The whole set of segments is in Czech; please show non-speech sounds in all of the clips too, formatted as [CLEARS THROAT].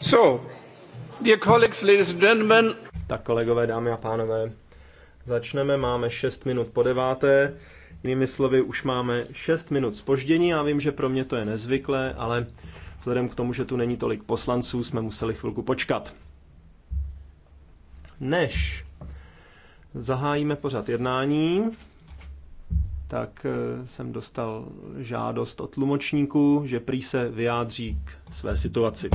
So, dear colleagues, ladies and gentlemen. Tak kolegové, dámy a pánové, začneme, máme 6 minut po deváté. Jinými slovy, už máme 6 minut spoždění, já vím, že pro mě to je nezvyklé, ale vzhledem k tomu, že tu není tolik poslanců, jsme museli chvilku počkat. Než zahájíme pořad jednání, tak eh, jsem dostal žádost od tlumočníků, že prý se vyjádří k své situaci.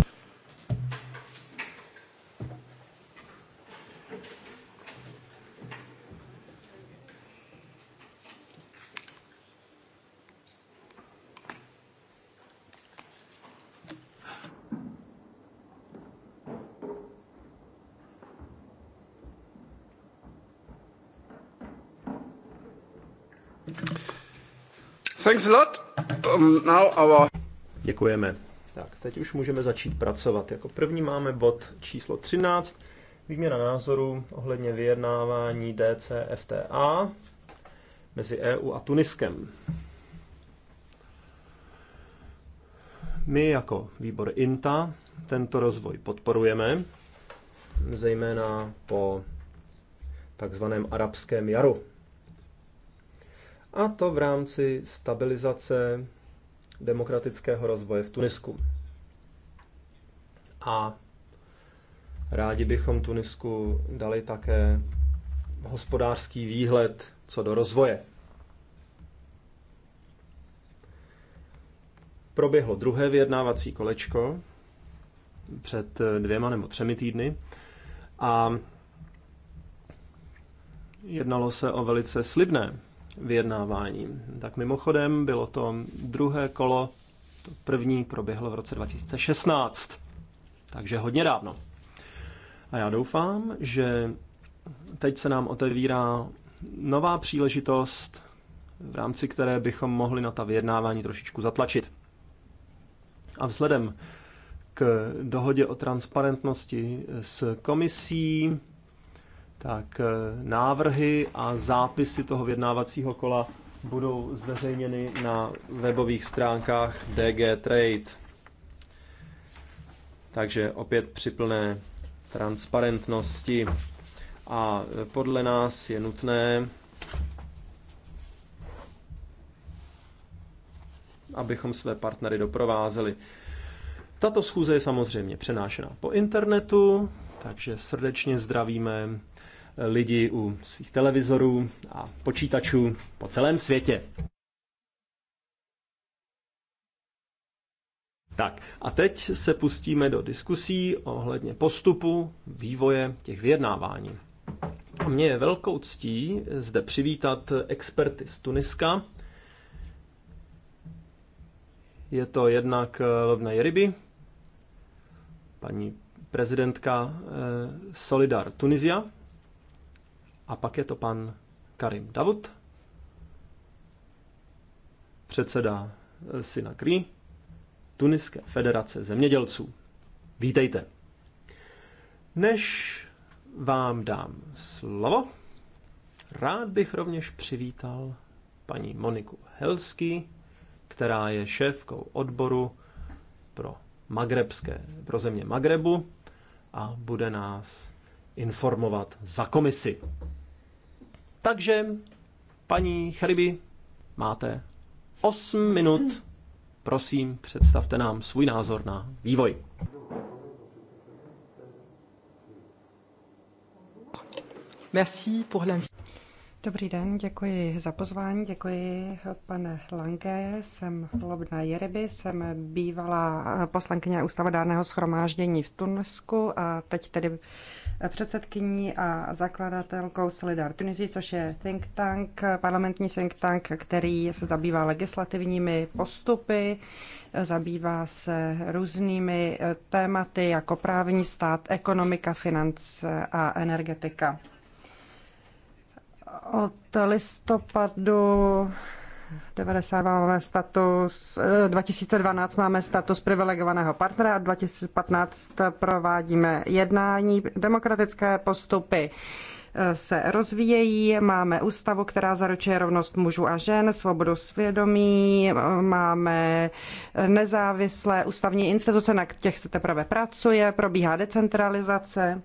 Thanks a lot. Um, now our... Děkujeme. Tak, teď už můžeme začít pracovat. Jako první máme bod číslo 13, výměna názoru ohledně vyjednávání DCFTA mezi EU a Tuniskem. My jako výbor INTA tento rozvoj podporujeme, zejména po takzvaném arabském jaru. A to v rámci stabilizace demokratického rozvoje v Tunisku a rádi bychom Tunisku dali také hospodářský výhled co do rozvoje. Proběhlo druhé vyjednávací kolečko před dvěma nebo třemi týdny a jednalo se o velice slibné vyjednávání. Tak mimochodem bylo to druhé kolo, to první proběhlo v roce 2016. Takže hodně dávno. A já doufám, že teď se nám otevírá nová příležitost, v rámci které bychom mohli na ta vyjednávání trošičku zatlačit. A vzhledem k dohodě o transparentnosti s komisí, tak návrhy a zápisy toho vyjednávacího kola budou zveřejněny na webových stránkách DG Trade. Takže opět při plné transparentnosti a e, podle nás je nutné, abychom své partnery doprovázeli. Tato schůze je samozřejmě přenášena po internetu, takže srdečně zdravíme e, lidi u svých televizorů a počítačů po celém světě. Tak a teď se pustíme do diskusí ohledně postupu, vývoje těch vyjednávání. mně je velkou ctí zde přivítat experty z Tuniska. Je to jednak eh, Lovna Jeriby, paní prezidentka eh, Solidar Tunisia, a pak je to pan Karim Davut, předseda eh, Sinakri, Tuniské federace zemědělců. Vítejte. Než vám dám slovo, rád bych rovněž přivítal paní Moniku Helsky, která je šéfkou odboru pro magrebské, pro země Magrebu a bude nás informovat za komisi. Takže, paní Chryby, máte 8 minut Prosím, představte nám svůj názor na vývoj. Merci pour l'invitation. Dobrý den, děkuji za pozvání, děkuji pane Lange, jsem Lobna Jereby, jsem bývalá poslankyně ústavodárného schromáždění v Tunisku a teď tedy předsedkyní a zakladatelkou Solidar Tunisii, což je think tank, parlamentní think tank, který se zabývá legislativními postupy, zabývá se různými tématy jako právní stát, ekonomika, finance a energetika. Od listopadu 90 máme status, 2012 eh, máme status privilegovaného partnera a 2015 provádíme jednání. Demokratické postupy eh, se rozvíjejí, máme ústavu, která zaručuje rovnost mužů a žen, svobodu svědomí, máme nezávislé ústavní instituce, na těch se teprve pracuje, probíhá decentralizace.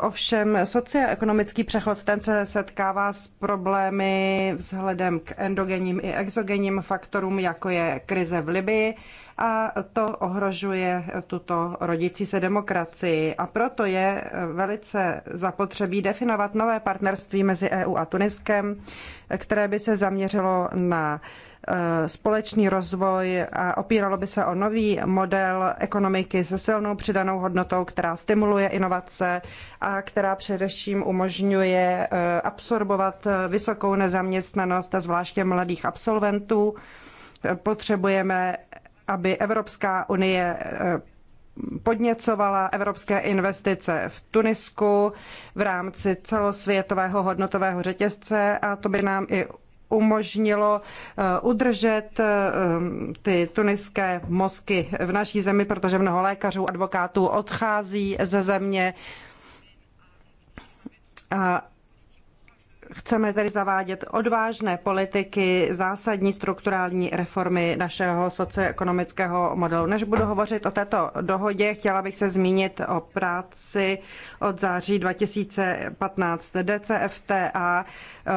Ovšem socioekonomický přechod ten se setkává s problémy vzhledem k endogenním i exogenním faktorům, jako je krize v Libii a to ohrožuje tuto rodící se demokracii. A proto je velice zapotřebí definovat nové partnerství mezi EU a Tuniskem, které by se zaměřilo na Eh, společný rozvoj a opíralo by se o nový model ekonomiky se silnou přidanou hodnotou, která stimuluje inovace a která především umožňuje eh, absorbovat vysokou nezaměstnanost, a zvláště mladých absolventů. Eh, potřebujeme, aby Evropská unie podněcovala evropské investice v Tunisku v rámci celosvětového hodnotového řetězce a to by nám i umožnilo eh, udržet eh, eh, ty tuniské mozky v naší zemi, protože mnoho lékařů, advokátů odchází ze země. Chceme tedy zavádět odvážné politiky, zásadní strukturální reformy našeho socioekonomického modelu. Než budu hovořit o této dohodě, chtěla bych se zmínit o práci od září 2015 DCFTA.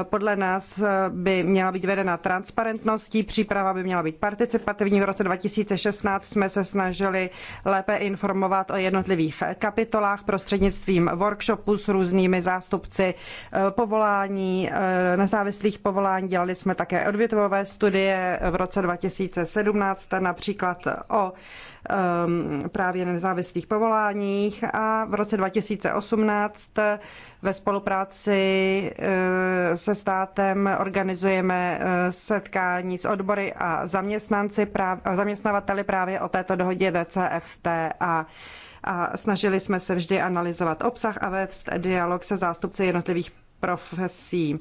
Podle nás by měla být vedena transparentností, příprava by měla být participativní. V roce 2016 jsme se snažili lépe informovat o jednotlivých kapitolách prostřednictvím workshopů s různými zástupci povolání vzdělávání eh, nezávislých povolání. Dělali jsme také odvětvové studie v roce 2017, například o ehm, právě nezávislých povoláních a v roce 2018 ve spolupráci eh, se státem organizujeme eh, setkání s odbory a zaměstnanci, práv, zaměstnavateli právě o této dohodě DCFT a a snažili jsme se vždy analyzovat obsah a vést dialog se zástupci jednotlivých profesí.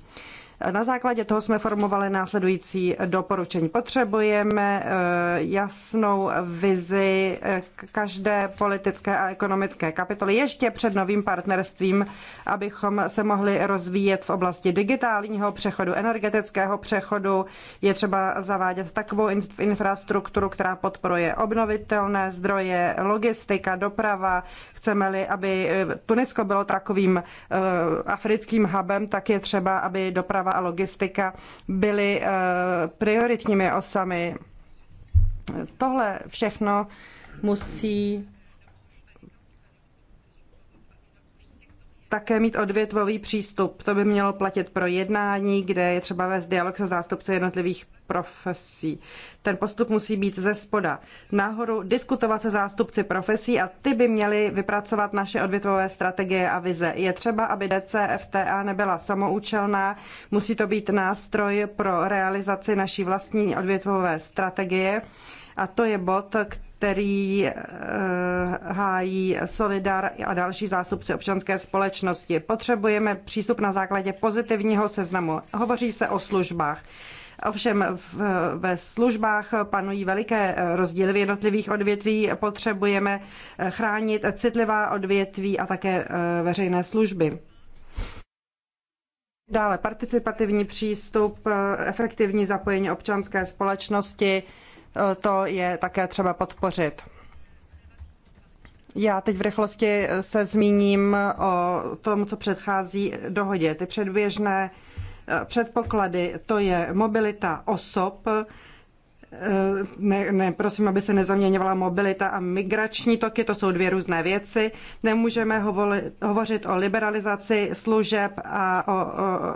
Na základě toho jsme formovali následující doporučení. Potřebujeme eh, jasnou vizi eh, každé politické a ekonomické kapitoly ještě před novým partnerstvím, abychom se mohli rozvíjet v oblasti digitálního přechodu, energetického přechodu. Je třeba zavádět takovou infrastrukturu, která podporuje obnovitelné zdroje, logistika, doprava. Chceme-li, aby eh, Tunisko bylo takovým africkým hubem, tak je třeba, aby doprava doprava a logistika byly eh, prioritními osami. Tohle všechno musí také mít odvětvový přístup. To by mělo platit pro jednání, kde je třeba vést dialog se zástupci jednotlivých profesí. Ten postup musí být ze spoda nahoru, diskutovat se zástupci profesí a ty by měli vypracovat naše odvětvové strategie a vize. Je třeba, aby DCFTA nebyla samoučelná, musí to být nástroj pro realizaci naší vlastní odvětvové strategie a to je bod, který který eh, hájí Solidar a další zástupci občanské společnosti. Potřebujeme přístup na základě pozitivního seznamu. Hovoří se o službách. Ovšem v, ve službách panují veliké eh, rozdíly v jednotlivých odvětví. Potřebujeme eh, chránit citlivá odvětví a také veřejné služby. Dále participativní přístup, efektivní zapojení občanské společnosti, to je také třeba podpořit. Já teď v rychlosti se zmíním o tom, co předchází dohodě. Ty předběžné eh, předpoklady, to je mobilita osob, eh, ne, ne, prosím, aby se nezaměňovala mobilita a migrační toky, to jsou dvě různé věci. Nemůžeme hovoli, hovořit o liberalizaci služeb a o,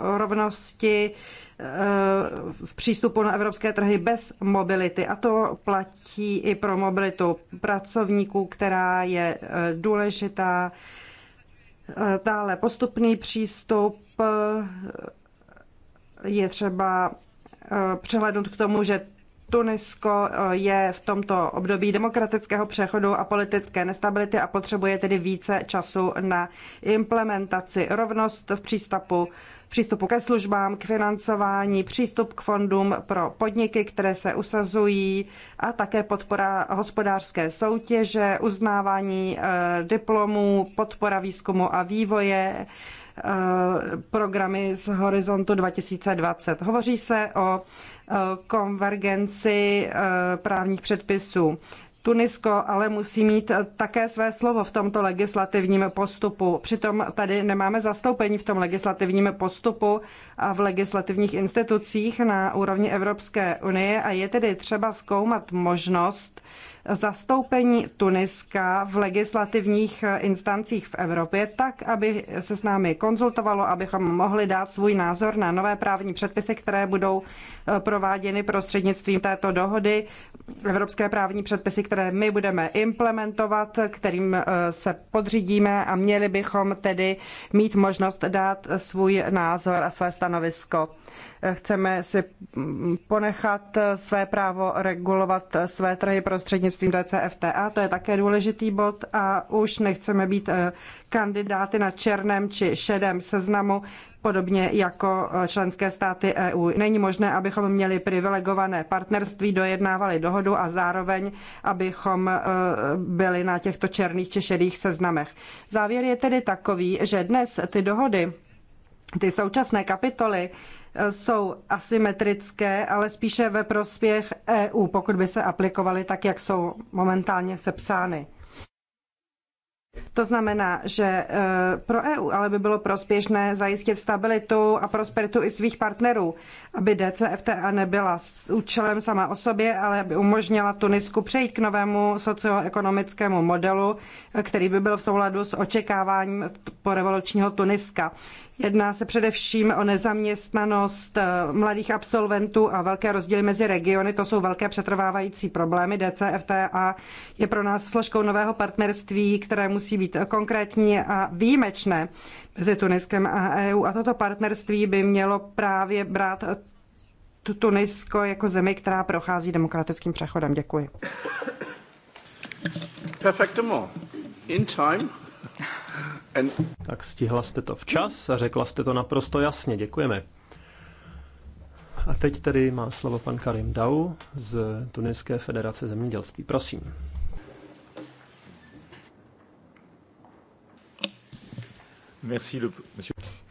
o, o rovnosti Eh, v přístupu na evropské trhy bez mobility. A to platí i pro mobilitu pracovníků, která je eh, důležitá. Eh, dále postupný přístup je třeba přehlednout k tomu, že Tunisko je v tomto období demokratického přechodu a politické nestability a potřebuje tedy více času na implementaci. Rovnost v přístupu přístupu ke službám, k financování, přístup k fondům pro podniky, které se usazují a také podpora hospodářské soutěže, uznávání eh, diplomů, podpora výzkumu a vývoje, eh, programy z Horizontu 2020. Hovoří se o eh, konvergenci právních předpisů. Tunisko ale musí mít také své slovo v tomto legislativním postupu. Přitom tady nemáme zastoupení v tom legislativním postupu a v legislativních institucích na úrovni Evropské unie a je tedy třeba zkoumat možnost, zastoupení Tuniska v legislativních eh, instancích v Evropě, tak, aby se s námi konzultovalo, abychom mohli dát svůj názor na nové právní předpisy, které budou eh, prováděny prostřednictvím této dohody, evropské právní předpisy, které my budeme implementovat, kterým eh, se podřídíme a měli bychom tedy mít možnost dát svůj názor a své stanovisko. Chceme si ponechat své právo regulovat své trhy prostřednictvím DCFTA, to je také důležitý bod a už nechceme být eh, kandidáty na černém či šedém seznamu, podobně jako eh, členské státy EU. Není možné, abychom měli privilegované partnerství, dojednávali dohodu a zároveň, abychom eh, byli na těchto černých či šedých seznamech. Závěr je tedy takový, že dnes ty dohody, ty současné kapitoly jsou asymetrické, ale spíše ve prospěch EU, pokud by se aplikovaly tak, jak jsou momentálně sepsány. To znamená, že e, pro EU ale by bylo prospěšné zajistit stabilitu a prosperitu i svých partnerů, aby DCFTA nebyla s účelem sama o sobě, ale aby umožnila Tunisku přejít k novému socioekonomickému modelu, který by byl v souladu s očekáváním porevolučního Tuniska. Jedná se především o nezaměstnanost eh, mladých absolventů a velké rozdíly mezi regiony. To jsou velké přetrvávající problémy. DCFTA je pro nás složkou nového partnerství, které musí být konkrétní a výjimečné mezi Tuniskem a EU. A toto partnerství by mělo právě brát Tunisko jako zemi, která prochází demokratickým přechodem. Děkuji. Perfectement. In time. And... Tak stihla jste to včas a řekla jste to naprosto jasně. Děkujeme. A teď tedy má slovo pan Karim Dau z Tuniské federace zemědělství. Prosím.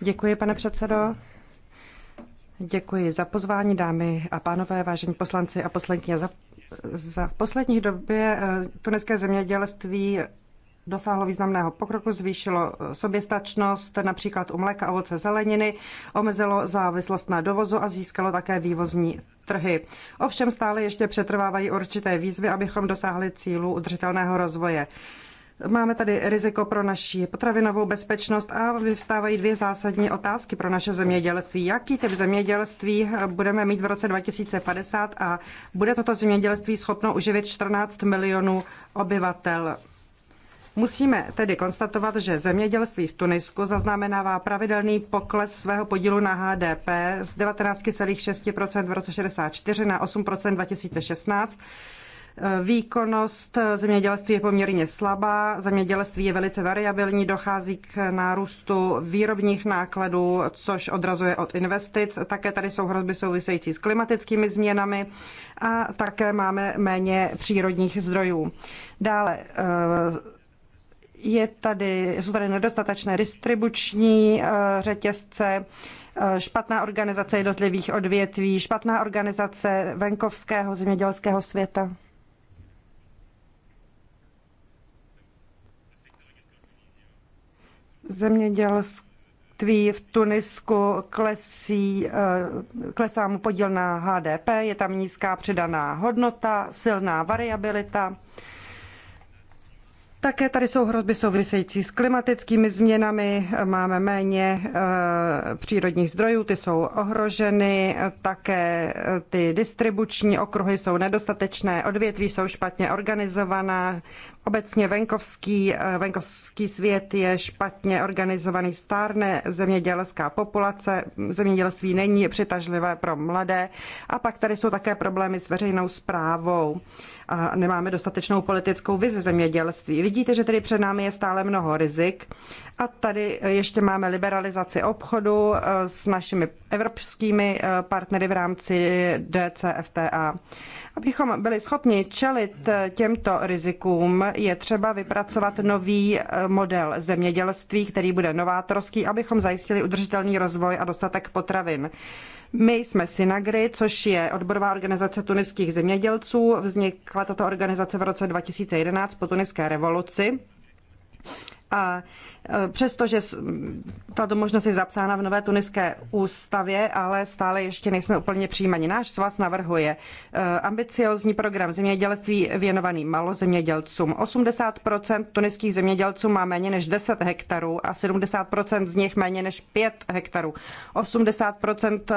Děkuji, pane předsedo. Děkuji za pozvání, dámy a pánové, vážení poslanci a poslankyně. Za, za v poslední době eh, tuneské zemědělství dosáhlo významného pokroku, zvýšilo eh, soběstačnost například u mléka, ovoce, zeleniny, omezilo závislost na dovozu a získalo také vývozní trhy. Ovšem stále ještě přetrvávají určité výzvy, abychom dosáhli cílu udržitelného rozvoje. Máme tady riziko pro naši potravinovou bezpečnost a vyvstávají dvě zásadní otázky pro naše zemědělství. Jaký typ zemědělství eh, budeme mít v roce 2050 a bude toto zemědělství schopno uživit 14 milionů obyvatel? Musíme tedy konstatovat, že zemědělství v Tunisku zaznamenává pravidelný pokles svého podílu na HDP z 19,6% v roce 64 na 8% 2016. Výkonnost zemědělství je poměrně slabá, zemědělství je velice variabilní, dochází k nárůstu výrobních nákladů, což odrazuje od investic. Také tady jsou hrozby související s klimatickými změnami a také máme méně přírodních zdrojů. Dále eh, je tady, jsou tady nedostatečné distribuční eh, řetězce, eh, špatná organizace jednotlivých odvětví, špatná organizace venkovského zemědělského světa. Zemědělství v Tunisku klesí, eh, klesá mu podíl na HDP, je tam nízká přidaná hodnota, silná variabilita. Také tady jsou hrozby související s klimatickými změnami, máme méně eh, přírodních zdrojů, ty jsou ohroženy, také eh, ty distribuční okruhy jsou nedostatečné, odvětví jsou špatně organizovaná, Obecně venkovský, eh, venkovský svět je špatně organizovaný, stárne zemědělská populace, zemědělství není přitažlivé pro mladé a pak tady jsou také problémy s veřejnou zprávou a nemáme dostatečnou politickou vizi zemědělství. Vidíte, že tady před námi je stále mnoho rizik a tady ještě máme liberalizaci obchodu eh, s našimi evropskými eh, partnery v rámci DCFTA. Abychom byli schopni čelit eh, těmto rizikům, je třeba vypracovat nový eh, model zemědělství, který bude novátorský, abychom zajistili udržitelný rozvoj a dostatek potravin. My jsme Synagry, což je odborová organizace tuniských zemědělců. Vznikla tato organizace v roce 2011 po tuniské revoluci. A Eh, přestože tato možnost je zapsána v nové tuniské ústavě, ale stále ještě nejsme úplně přijímani. Náš svaz navrhuje eh, ambiciozní program zemědělství věnovaný malozemědělcům. 80 tuniských zemědělců má méně než 10 hektarů a 70 z nich méně než 5 hektarů. 80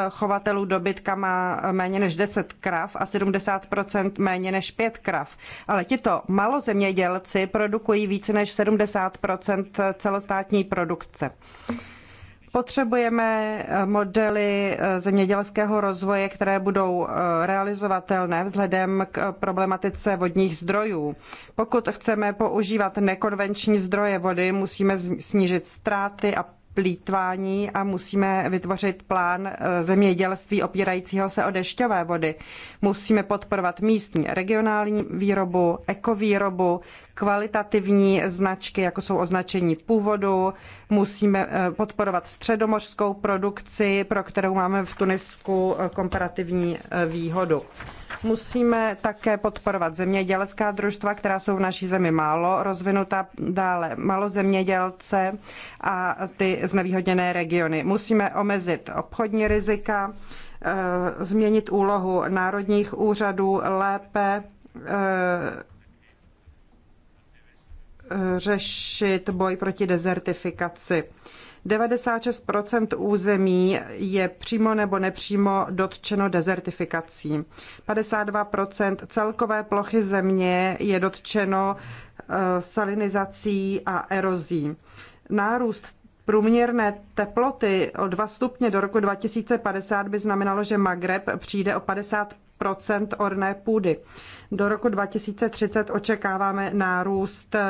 chovatelů dobytka má méně než 10 krav a 70 méně než 5 krav. Ale tito malozemědělci produkují více než 70 celo celostátní produkce. Potřebujeme eh, modely eh, zemědělského rozvoje, které budou eh, realizovatelné vzhledem k problematice vodních zdrojů. Pokud chceme používat nekonvenční zdroje vody, musíme snížit ztráty a plítvání a musíme vytvořit plán eh, zemědělství opírajícího se o dešťové vody. Musíme podporovat místní regionální výrobu, ekovýrobu, kvalitativní značky, jako jsou označení původu. Musíme eh, podporovat středomořskou produkci, pro kterou máme v Tunisku eh, komparativní výhodu. Musíme také podporovat zemědělská družstva, která jsou v naší zemi málo rozvinutá, dále malo zemědělce a ty znevýhodněné regiony. Musíme omezit obchodní rizika, eh, změnit úlohu národních úřadů lépe eh, eh, řešit boj proti dezertifikaci. 96 území je přímo nebo nepřímo dotčeno dezertifikací. 52 celkové plochy země je dotčeno eh, salinizací a erozí. Nárůst průměrné teploty o 2 stupně do roku 2050 by znamenalo, že Magreb přijde o 50 orné půdy. Do roku 2030 očekáváme nárůst eh,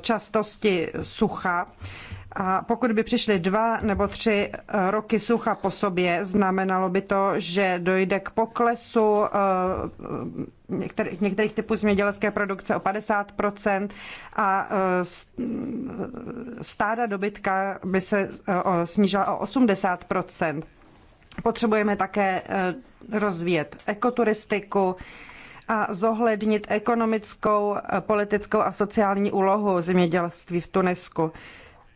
častosti sucha a pokud by přišly dva nebo tři eh, roky sucha po sobě, znamenalo by to, že dojde k poklesu eh, některých, některých typů zemědělské produkce o 50 a eh, stáda dobytka by se snížila o 80 Potřebujeme také rozvíjet ekoturistiku a zohlednit ekonomickou, politickou a sociální úlohu zemědělství v Tunisku.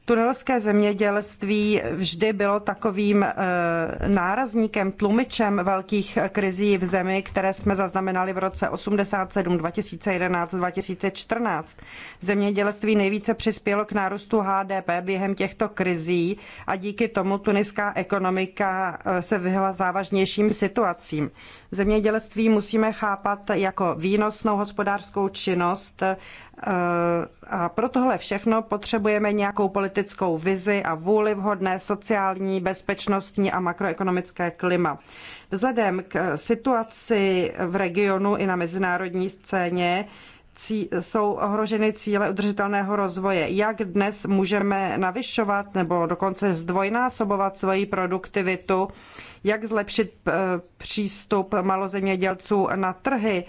Tunelské zemědělství vždy bylo takovým eh, nárazníkem, tlumičem velkých krizí v zemi, které jsme zaznamenali v roce 87, 2011, 2014. Zemědělství nejvíce přispělo k nárůstu HDP během těchto krizí a díky tomu tuniská ekonomika eh, se vyhla závažnějším situacím. Zemědělství musíme chápat jako výnosnou hospodářskou činnost eh, a pro tohle všechno potřebujeme nějakou politickou vizi a vůli vhodné sociální, bezpečnostní a makroekonomické klima. Vzhledem k eh, situaci v regionu i na mezinárodní scéně jsou ohroženy cíle udržitelného rozvoje. Jak dnes můžeme navyšovat nebo dokonce zdvojnásobovat svoji produktivitu jak zlepšit eh, přístup malozemědělců na trhy,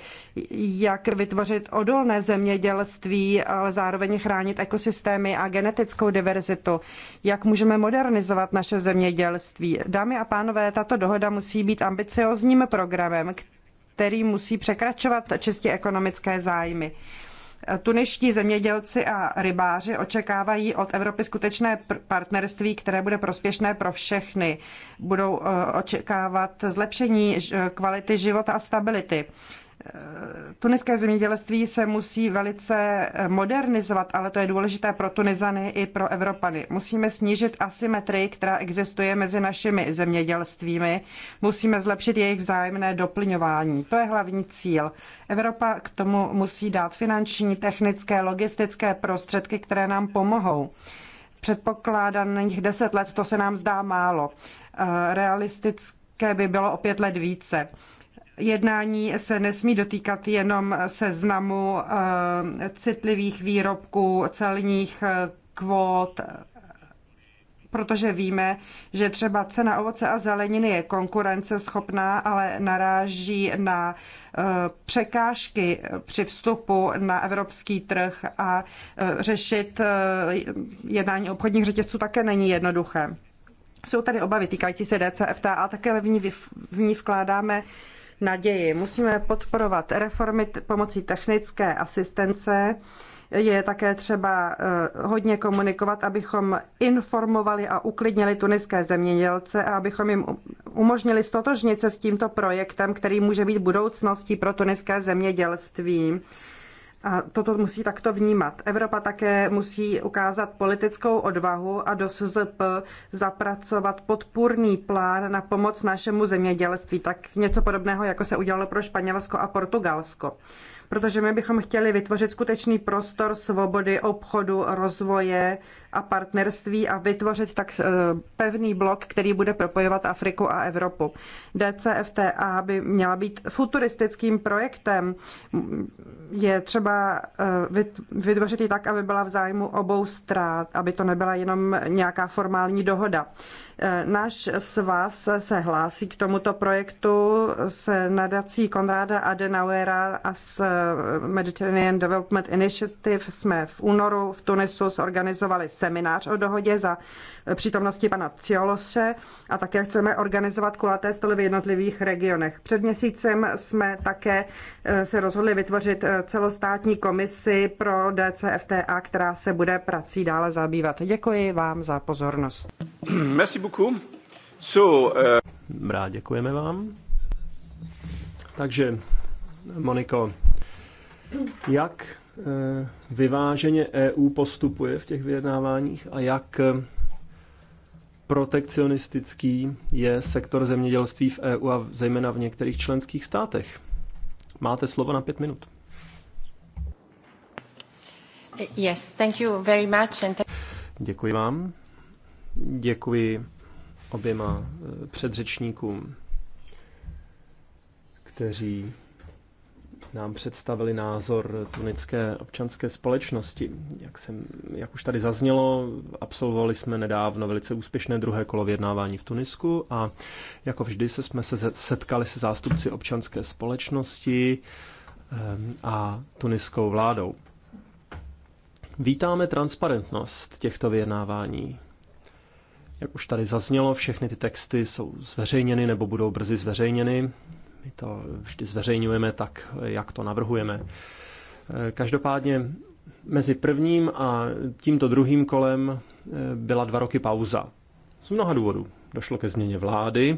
jak vytvořit odolné zemědělství, ale zároveň chránit ekosystémy a genetickou diverzitu, jak můžeme modernizovat naše zemědělství. Dámy a pánové, tato dohoda musí být ambiciozním programem, který musí překračovat čistě ekonomické zájmy. Tunešští zemědělci a rybáři očekávají od Evropy skutečné partnerství, které bude prospěšné pro všechny. Budou eh, očekávat zlepšení kvality života a stability. Tuniské zemědělství se musí velice eh, modernizovat, ale to je důležité pro Tunizany i pro Evropany. Musíme snížit asymetrii, která existuje mezi našimi zemědělstvími. Musíme zlepšit jejich vzájemné doplňování. To je hlavní cíl. Evropa k tomu musí dát finanční, technické, logistické prostředky, které nám pomohou. Předpokládaných deset let to se nám zdá málo. Eh, realistické by bylo o pět let více jednání se nesmí dotýkat jenom seznamu eh, citlivých výrobků, celních eh, kvót, protože víme, že třeba cena ovoce a zeleniny je konkurenceschopná, ale naráží na eh, překážky při vstupu na evropský trh a řešit jednání obchodních řetězců také není jednoduché. Jsou tady obavy týkající se DCFTA a také v ní vkládáme naději. Musíme podporovat reformy pomocí technické asistence. Je také třeba eh, hodně komunikovat, abychom informovali a uklidnili tuniské zemědělce a abychom jim umožnili stotožnit se s tímto projektem, který může být budoucností pro tuniské zemědělství. A toto musí takto vnímat. Evropa také musí ukázat politickou odvahu a do SZP zapracovat podpůrný plán na pomoc našemu zemědělství, tak něco podobného, jako se udělalo pro Španělsko a Portugalsko. Protože my bychom chtěli vytvořit skutečný prostor svobody, obchodu, rozvoje, a partnerství a vytvořit tak eh, pevný blok, který bude propojovat Afriku a Evropu. DCFTA by měla být futuristickým projektem. Je třeba eh, vytvořit ji tak, aby byla v zájmu obou strát, aby to nebyla jenom nějaká formální dohoda. Eh, náš svaz se hlásí k tomuto projektu s nadací Konráda Adenauera a s Mediterranean Development Initiative. Jsme v únoru v Tunisu zorganizovali seminář o dohodě za eh, přítomnosti pana Ciolose a také chceme organizovat kulaté stoly v jednotlivých regionech. Před měsícem jsme také eh, se rozhodli vytvořit eh, celostátní komisi pro DCFTA, která se bude prací dále zabývat. Děkuji vám za pozornost. [CLEARS THROAT] Merci beaucoup. So, uh... Brá, děkujeme vám. Takže, Moniko, jak Eh, vyváženě EU postupuje v těch vyjednáváních a jak eh, protekcionistický je sektor zemědělství v EU a zejména v některých členských státech. Máte slovo na pět minut. Yes, thank you very much and Děkuji vám. Děkuji oběma eh, předřečníkům, kteří nám představili názor tunické občanské společnosti. Jak, jsem, jak už tady zaznělo, absolvovali jsme nedávno velice úspěšné druhé kolo vyjednávání v Tunisku a jako vždy se jsme se setkali se zástupci občanské společnosti ehm, a tuniskou vládou. Vítáme transparentnost těchto vyjednávání. Jak už tady zaznělo, všechny ty texty jsou zveřejněny nebo budou brzy zveřejněny my to vždy zveřejňujeme tak, jak to navrhujeme. Každopádně mezi prvním a tímto druhým kolem eh, byla dva roky pauza. Z mnoha důvodů. Došlo ke změně vlády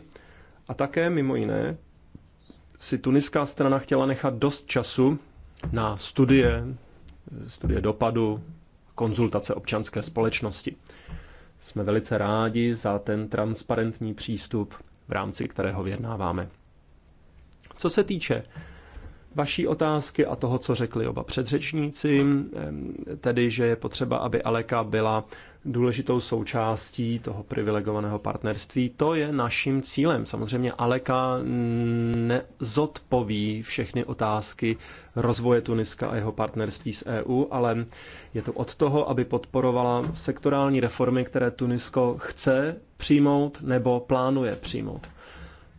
a také mimo jiné si tuniská strana chtěla nechat dost času na studie, eh, studie dopadu, konzultace občanské společnosti. Jsme velice rádi za ten transparentní přístup, v rámci kterého vyjednáváme. Co se týče vaší otázky a toho, co řekli oba předřečníci, tedy, že je potřeba, aby Aleka byla důležitou součástí toho privilegovaného partnerství. To je naším cílem. Samozřejmě Aleka nezodpoví všechny otázky rozvoje Tuniska a jeho partnerství s EU, ale je to od toho, aby podporovala sektorální reformy, které Tunisko chce přijmout nebo plánuje přijmout.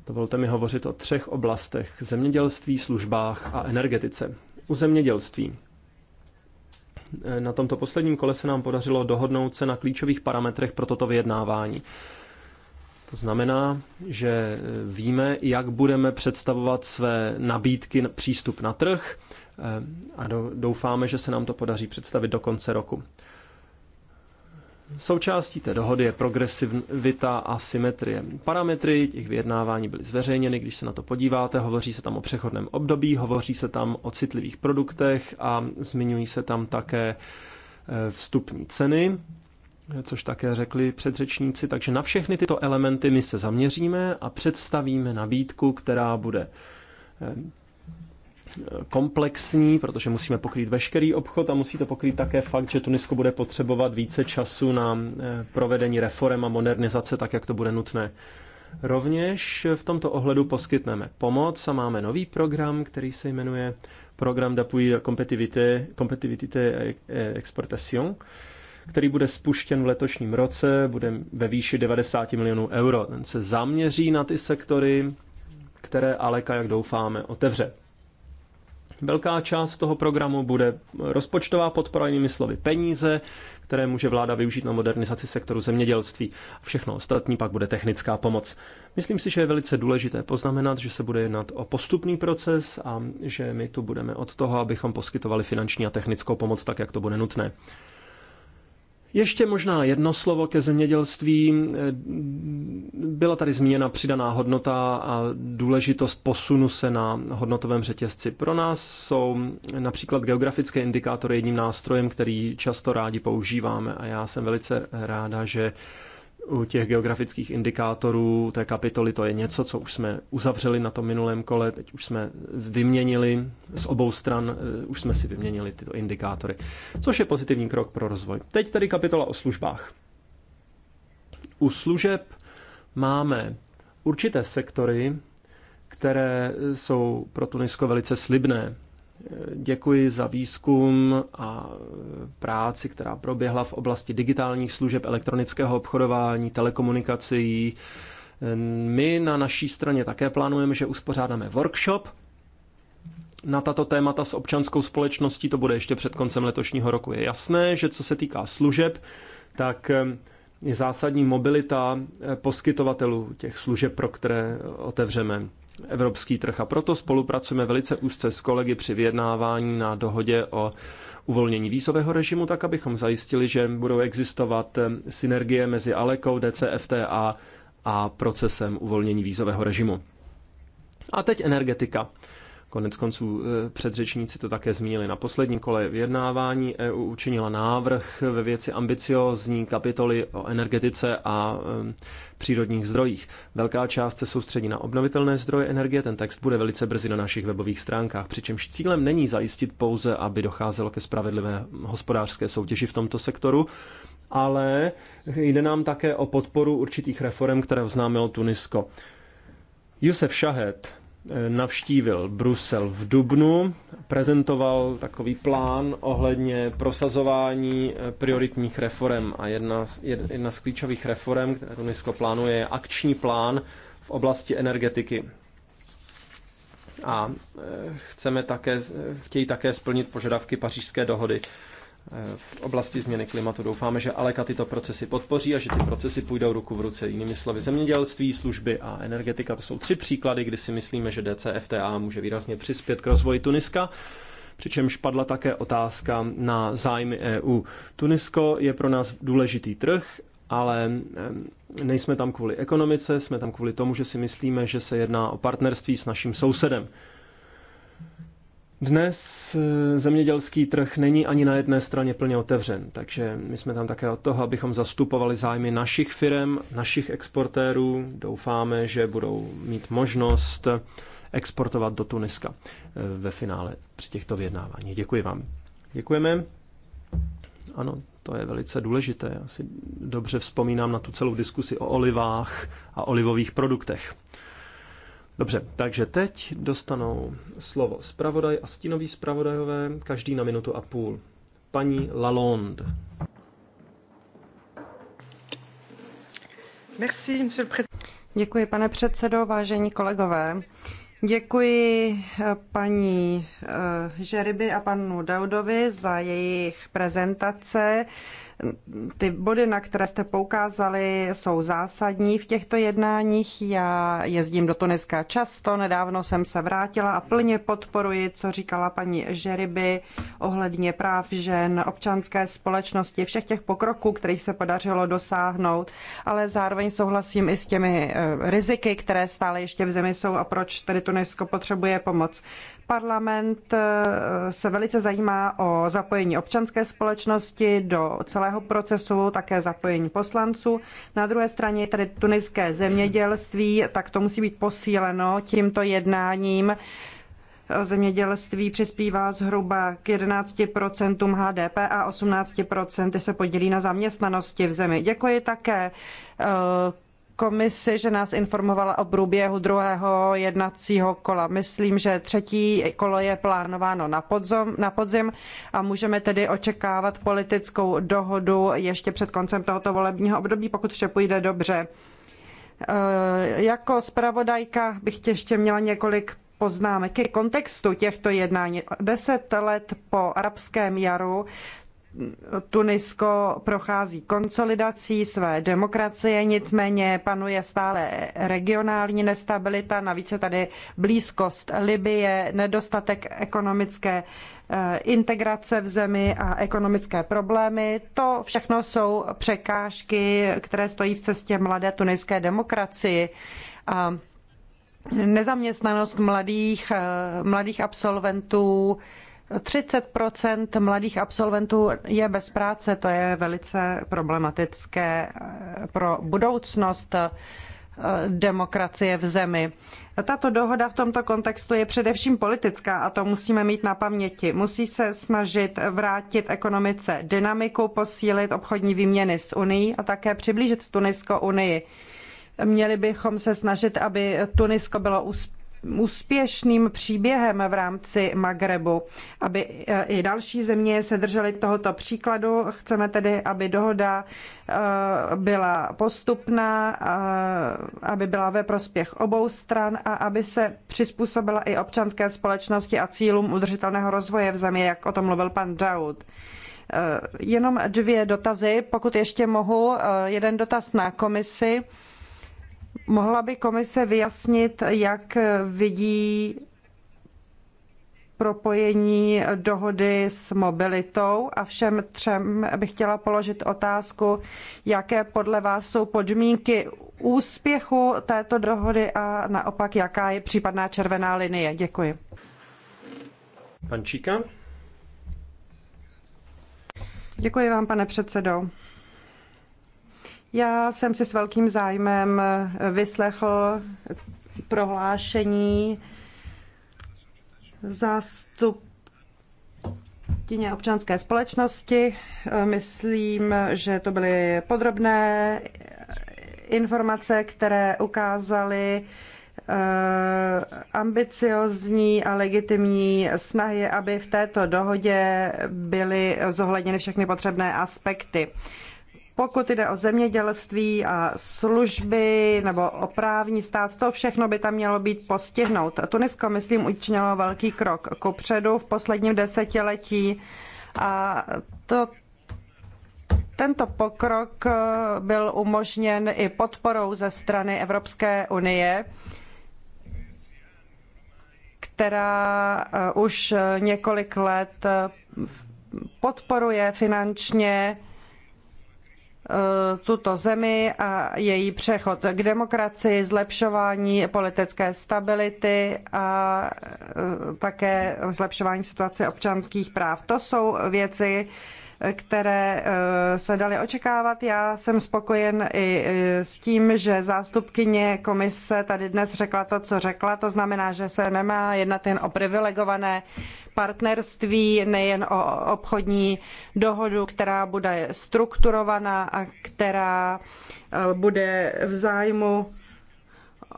Dovolte mi hovořit o třech oblastech. Zemědělství, službách a energetice. U zemědělství. Na tomto posledním kole se nám podařilo dohodnout se na klíčových parametrech pro toto vyjednávání. To znamená, že víme, jak budeme představovat své nabídky na přístup na trh eh, a doufáme, že se nám to podaří představit do konce roku. Součástí té dohody je progresivita a symetrie. Parametry těch vyjednávání byly zveřejněny, když se na to podíváte, hovoří se tam o přechodném období, hovoří se tam o citlivých produktech a zmiňují se tam také e, vstupní ceny, což také řekli předřečníci. Takže na všechny tyto elementy my se zaměříme a představíme nabídku, která bude e, komplexní, protože musíme pokrýt veškerý obchod a musí to pokrýt také fakt, že Tunisko bude potřebovat více času na eh, provedení reform a modernizace, tak jak to bude nutné. Rovněž v tomto ohledu poskytneme pomoc a máme nový program, který se jmenuje Program d'appui de competitivité, exportation, který bude spuštěn v letošním roce, bude ve výši 90 milionů euro. Ten se zaměří na ty sektory, které Aleka, jak doufáme, otevře. Velká část toho programu bude rozpočtová podpora, jinými slovy peníze, které může vláda využít na modernizaci sektoru zemědělství. Všechno ostatní pak bude technická pomoc. Myslím si, že je velice důležité poznamenat, že se bude jednat o postupný proces a že my tu budeme od toho, abychom poskytovali finanční a technickou pomoc tak, jak to bude nutné. Ještě možná jedno slovo ke zemědělství. Byla tady zmíněna přidaná hodnota a důležitost posunu se na hodnotovém řetězci. Pro nás jsou například geografické indikátory jedním nástrojem, který často rádi používáme a já jsem velice ráda, že u těch geografických indikátorů té kapitoly, to je něco, co už jsme uzavřeli na tom minulém kole, teď už jsme vyměnili z obou stran, eh, už jsme si vyměnili tyto indikátory, což je pozitivní krok pro rozvoj. Teď tady kapitola o službách. U služeb máme určité sektory, které jsou pro Tunisko velice slibné. Děkuji za výzkum a práci, která proběhla v oblasti digitálních služeb, elektronického obchodování, telekomunikací. My na naší straně také plánujeme, že uspořádáme workshop na tato témata s občanskou společností. To bude ještě před koncem letošního roku. Je jasné, že co se týká služeb, tak eh, je zásadní mobilita eh, poskytovatelů těch služeb, pro které otevřeme evropský trh. A proto spolupracujeme velice úzce s kolegy při vyjednávání na dohodě o uvolnění vízového režimu, tak abychom zajistili, že budou existovat eh, synergie mezi Alekou, DCFTA a procesem uvolnění vízového režimu. A teď energetika. Konec konců eh, předřečníci to také zmínili na posledním kole vyjednávání. EU učinila návrh ve věci ambiciozní kapitoly o energetice a eh, přírodních zdrojích. Velká část se soustředí na obnovitelné zdroje energie, ten text bude velice brzy na našich webových stránkách, přičemž cílem není zajistit pouze, aby docházelo ke spravedlivé hospodářské soutěži v tomto sektoru, ale jde nám také o podporu určitých reform, které oznámilo Tunisko. Josef Šahet, Eh, navštívil Brusel v Dubnu, prezentoval takový plán ohledně prosazování eh, prioritních reform a jedna, jedna z klíčových reform, kterou UNESCO plánuje, je akční plán v oblasti energetiky. A eh, chceme také, chtějí také splnit požadavky pařížské dohody v oblasti změny klimatu. Doufáme, že Aleka tyto procesy podpoří a že ty procesy půjdou ruku v ruce. Jinými slovy, zemědělství, služby a energetika to jsou tři příklady, kdy si myslíme, že DCFTA může výrazně přispět k rozvoji Tuniska. Přičemž padla také otázka na zájmy EU. Tunisko je pro nás důležitý trh, ale nejsme tam kvůli ekonomice, jsme tam kvůli tomu, že si myslíme, že se jedná o partnerství s naším sousedem. Dnes eh, zemědělský trh není ani na jedné straně plně otevřen, takže my jsme tam také od toho, abychom zastupovali zájmy našich firm, našich exportérů. Doufáme, že budou mít možnost exportovat do Tuniska eh, ve finále při těchto vyjednáváních. Děkuji vám. Děkujeme. Ano, to je velice důležité. Já si dobře vzpomínám na tu celou diskusi o olivách a olivových produktech. Dobře, takže teď dostanou slovo zpravodaj a stínový zpravodajové, každý na minutu a půl. Paní Lalonde. Merci, Děkuji, pane předsedo, vážení kolegové. Děkuji eh, paní eh, Žeriby a panu Daudovi za jejich prezentace. Ty body, na které jste poukázali, jsou zásadní v těchto jednáních. Já jezdím do Tuniska často, nedávno jsem se vrátila a plně podporuji, co říkala paní Žeriby ohledně práv žen, občanské společnosti, všech těch pokroků, kterých se podařilo dosáhnout, ale zároveň souhlasím i s těmi eh, riziky, které stále ještě v zemi jsou a proč tedy Tunisko potřebuje pomoc. Parlament eh, se velice zajímá o zapojení občanské společnosti do celého procesu, také zapojení poslanců. Na druhé straně je tady tuniské zemědělství, tak to musí být posíleno tímto jednáním. Zemědělství přispívá zhruba k 11% HDP a 18% se podílí na zaměstnanosti v zemi. Děkuji také eh, komisi, že nás informovala o průběhu druhého jednacího kola. Myslím, že třetí kolo je plánováno na, podzom, na podzim a můžeme tedy očekávat politickou dohodu ještě před koncem tohoto volebního období, pokud vše půjde dobře. Eh, jako zpravodajka bych tě ještě měla několik poznámek ke kontextu těchto jednání. Deset let po arabském jaru Tunisko prochází konsolidací své demokracie, nicméně panuje stále regionální nestabilita, navíc je tady blízkost Libye, nedostatek ekonomické eh, integrace v zemi a ekonomické problémy. To všechno jsou překážky, které stojí v cestě mladé tuniské demokracii. A nezaměstnanost mladých, eh, mladých absolventů 30 mladých absolventů je bez práce, to je velice problematické eh, pro budoucnost eh, demokracie v zemi. Tato dohoda v tomto kontextu je především politická a to musíme mít na paměti. Musí se snažit vrátit ekonomice dynamiku, posílit obchodní výměny s Unii a také přiblížit Tunisko Unii. Měli bychom se snažit, aby Tunisko bylo úspěšné úspěšným příběhem v rámci Magrebu, aby eh, i další země se držely tohoto příkladu. Chceme tedy, aby dohoda eh, byla postupná, eh, aby byla ve prospěch obou stran a aby se přizpůsobila i občanské společnosti a cílům udržitelného rozvoje v zemi, jak o tom mluvil pan Daud. Jenom dvě dotazy, pokud ještě mohu. Jeden dotaz na komisi. Mohla by komise vyjasnit, jak vidí propojení dohody s mobilitou a všem třem bych chtěla položit otázku, jaké podle vás jsou podmínky úspěchu této dohody a naopak, jaká je případná červená linie. Děkuji. Pan Číka. Děkuji vám, pane předsedo. Já jsem si s velkým zájmem vyslechl prohlášení zástupkyně občanské společnosti. Myslím, že to byly podrobné informace, které ukázaly eh, ambiciozní a legitimní snahy, aby v této dohodě byly zohledněny všechny potřebné aspekty. Pokud jde o zemědělství a služby nebo o právní stát, to všechno by tam mělo být postihnout. Tunisko, myslím, učinilo velký krok předu v posledním desetiletí a to, tento pokrok byl umožněn i podporou ze strany Evropské unie, která eh, už několik let eh, podporuje finančně Eh, tuto zemi a její přechod k demokracii, zlepšování politické stability a eh, také zlepšování situace občanských práv. To jsou věci, které eh, se daly očekávat. Já jsem spokojen i s tím, že zástupkyně komise tady dnes řekla to, co řekla. To znamená, že se nemá jednat jen o privilegované partnerství, nejen o obchodní dohodu, která bude strukturovaná a která eh, bude v zájmu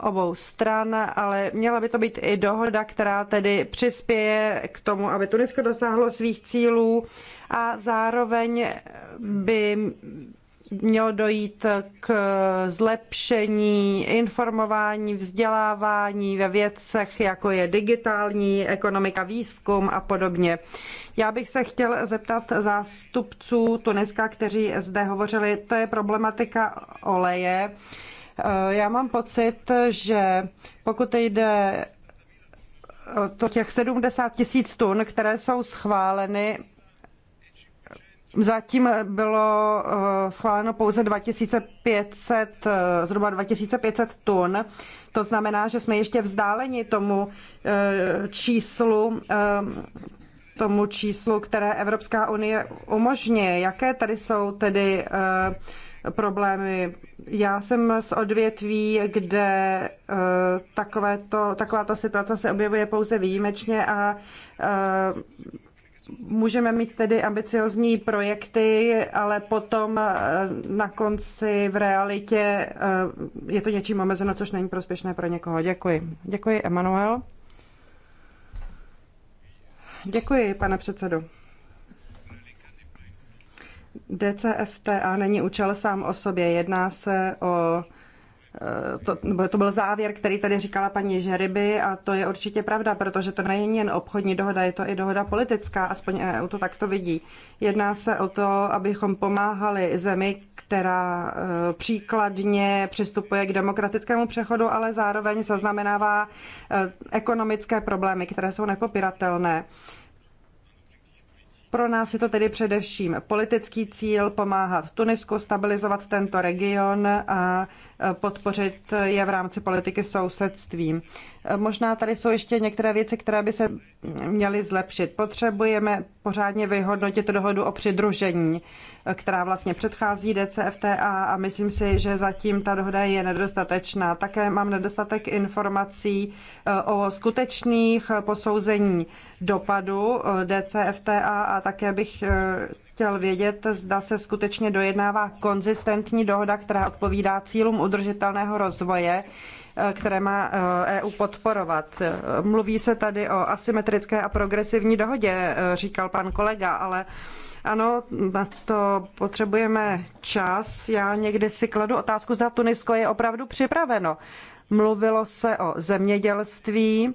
obou stran, ale měla by to být i dohoda, která tedy přispěje k tomu, aby Tunisko dosáhlo svých cílů a zároveň by mělo dojít k zlepšení informování, vzdělávání ve věcech, jako je digitální ekonomika, výzkum a podobně. Já bych se chtěl zeptat zástupců Tuniska, kteří zde hovořili, to je problematika oleje. Eh, já mám pocit, že pokud jde to těch 70 tisíc tun, které jsou schváleny, zatím bylo eh, schváleno pouze 2500, eh, zhruba 2500 tun. To znamená, že jsme ještě vzdáleni tomu číslu, tomu číslu, které Evropská unie umožňuje. Jaké tady jsou tedy uh, problémy. Já jsem z odvětví, kde eh, taková takováto situace se objevuje pouze výjimečně a eh, můžeme mít tedy ambiciozní projekty, ale potom eh, na konci v realitě je to něčím omezeno, což není prospěšné pro někoho. Děkuji. Děkuji, Emanuel. Děkuji, pane předsedo. DCFTA není účel sám o sobě, jedná se o eh, to, to byl závěr, který tady říkala paní Žeriby a to je určitě pravda, protože to není jen obchodní dohoda, je to i dohoda politická, aspoň EU to takto vidí. Jedná se o to, abychom pomáhali zemi, která eh, příkladně přistupuje k demokratickému přechodu, ale zároveň zaznamenává eh, ekonomické problémy, které jsou nepopiratelné. Pro nás je to tedy především politický cíl pomáhat Tunisku stabilizovat tento region a podpořit je v rámci politiky sousedství. Možná tady jsou ještě některé věci, které by se měly zlepšit. Potřebujeme pořádně vyhodnotit dohodu o přidružení, která vlastně předchází DCFTA a myslím si, že zatím ta dohoda je nedostatečná. Také mám nedostatek informací eh, o skutečných posouzení dopadu eh, DCFTA a také bych eh, chtěl vědět, zda se skutečně dojednává konzistentní dohoda, která odpovídá cílům udržitelného rozvoje které má EU eh, e podporovat. Mluví se tady o asymetrické a progresivní dohodě, eh, říkal pan kolega, ale ano, na to potřebujeme čas. Já někdy si kladu otázku, zda Tunisko je opravdu připraveno. Mluvilo se o zemědělství.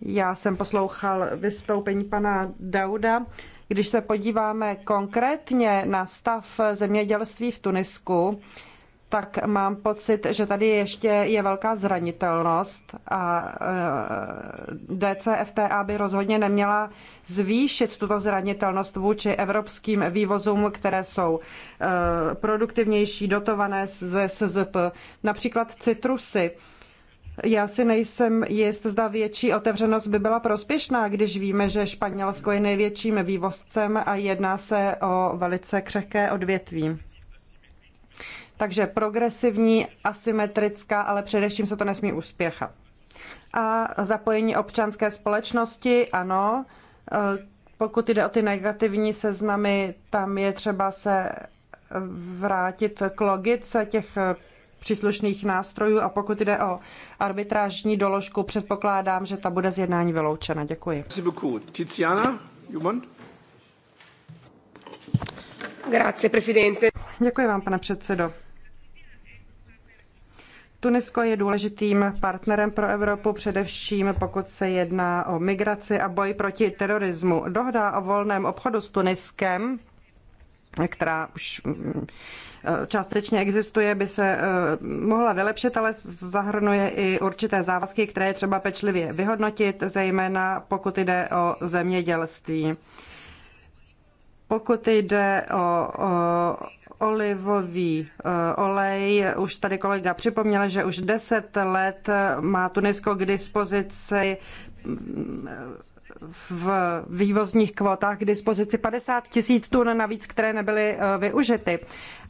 Já jsem poslouchal vystoupení pana Dauda. Když se podíváme konkrétně na stav zemědělství v Tunisku, tak mám pocit, že tady ještě je velká zranitelnost a eh, DCFTA by rozhodně neměla zvýšit tuto zranitelnost vůči evropským vývozům, které jsou eh, produktivnější, dotované ze SZP, například citrusy. Já si nejsem jist, zda větší otevřenost by byla prospěšná, když víme, že Španělsko je největším vývozcem a jedná se o velice křehké odvětví. Takže progresivní, asymetrická, ale především se to nesmí uspěchat. A zapojení občanské společnosti, ano. E, pokud jde o ty negativní seznamy, tam je třeba se vrátit k logice těch příslušných nástrojů a pokud jde o arbitrážní doložku, předpokládám, že ta bude z jednání vyloučena. Děkuji. Tiziana, Grazie, presidente. Děkuji vám, pane předsedo. Tunisko je důležitým partnerem pro Evropu, především pokud se jedná o migraci a boj proti terorismu. Dohoda o volném obchodu s Tuniskem, která už mm, částečně existuje, by se eh, mohla vylepšit, ale zahrnuje i určité závazky, které je třeba pečlivě vyhodnotit, zejména pokud jde o zemědělství. Pokud jde o, o olivový eh, olej. Už tady kolega připomněl, že už 10 let má Tunisko k dispozici mm, v vývozních kvotách k dispozici 50 tisíc tun navíc, které nebyly eh, využity.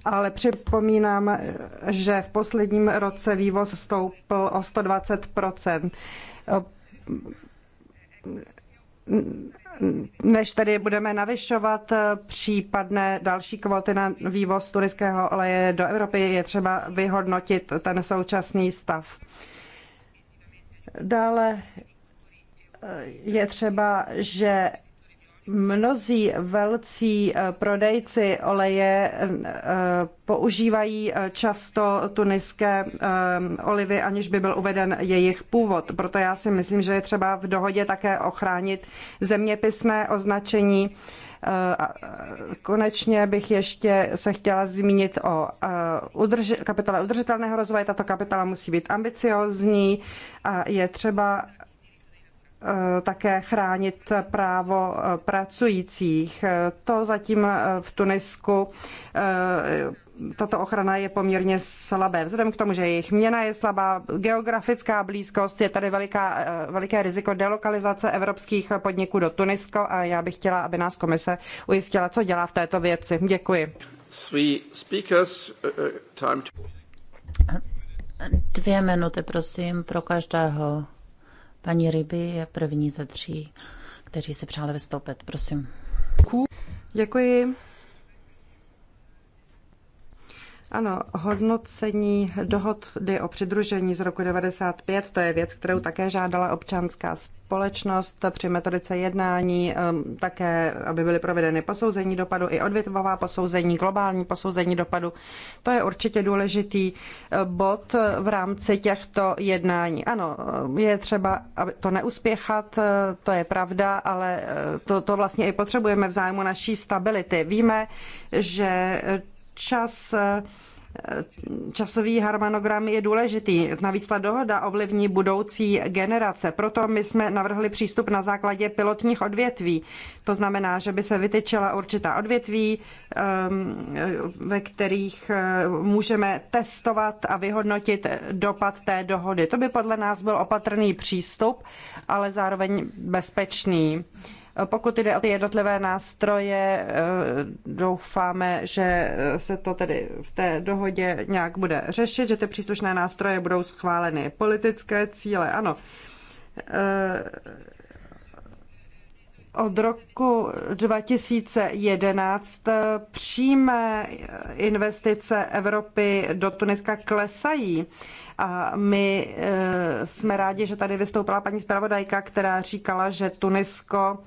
Ale připomínám, že v posledním roce vývoz stoupl o 120 než tedy budeme navyšovat eh, případné další kvóty na vývoz tureckého oleje do Evropy, je třeba vyhodnotit ten současný stav. Dále eh, je třeba, že Mnozí velcí eh, prodejci oleje eh, používají eh, často tuniské olivy, aniž by byl uveden jejich původ. Proto já si myslím, že je třeba v dohodě také ochránit zeměpisné označení. Konečně bych ještě se chtěla zmínit o kapitole udržitelného rozvoje. Tato kapitola musí být ambiciozní a je třeba, Eh, také chránit právo eh, pracujících. To zatím eh, v Tunisku tato ochrana je poměrně slabé. Vzhledem k tomu, že jejich měna je slabá, geografická blízkost, je tady veliká, veliké riziko delokalizace evropských podniků do Tunisko a já bych chtěla, aby nás komise ujistila, co dělá v této věci. Děkuji. Dvě minuty, prosím, pro každého. Paní Ryby je první ze tří, kteří si přáli vystoupit. Prosím. Děkuji. Ano, hodnocení dohody o přidružení z roku 95, to je věc, kterou také žádala občanská společnost při metodice jednání, ehm, také, aby byly provedeny posouzení dopadu i odvětvová posouzení, globální posouzení dopadu. To je určitě důležitý eh, bod v rámci těchto jednání. Ano, ehm, je třeba to neuspěchat, eh, to je pravda, ale eh, to, to vlastně i potřebujeme v zájmu naší stability. Víme, že čas časový harmonogram je důležitý. Navíc ta dohoda ovlivní budoucí generace. Proto my jsme navrhli přístup na základě pilotních odvětví. To znamená, že by se vytyčila určitá odvětví, ehm, ve kterých eh, můžeme testovat a vyhodnotit dopad té dohody. To by podle nás byl opatrný přístup, ale zároveň bezpečný. Pokud jde o ty jednotlivé nástroje, eh, doufáme, že se to tedy v té dohodě nějak bude řešit, že ty příslušné nástroje budou schváleny. Politické cíle, ano. Eh, od roku 2011 eh, přímé investice Evropy do Tuniska klesají a my eh, jsme rádi, že tady vystoupila paní zpravodajka, která říkala, že Tunisko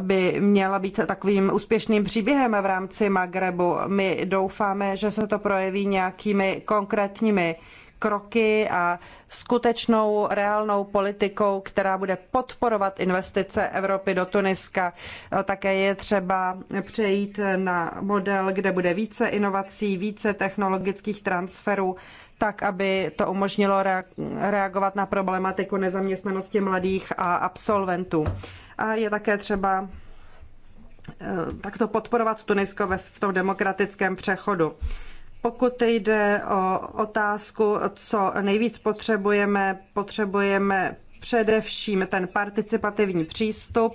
by měla být takovým úspěšným příběhem v rámci Magrebu. My doufáme, že se to projeví nějakými konkrétními kroky a skutečnou reálnou politikou, která bude podporovat investice Evropy do Tuniska. Eh, také je třeba přejít na model, kde bude více inovací, více technologických transferů tak, aby to umožnilo reagovat na problematiku nezaměstnanosti mladých a absolventů. A je také třeba eh, takto podporovat Tunisko v tom demokratickém přechodu. Pokud jde o otázku, co nejvíc potřebujeme, potřebujeme především ten participativní přístup,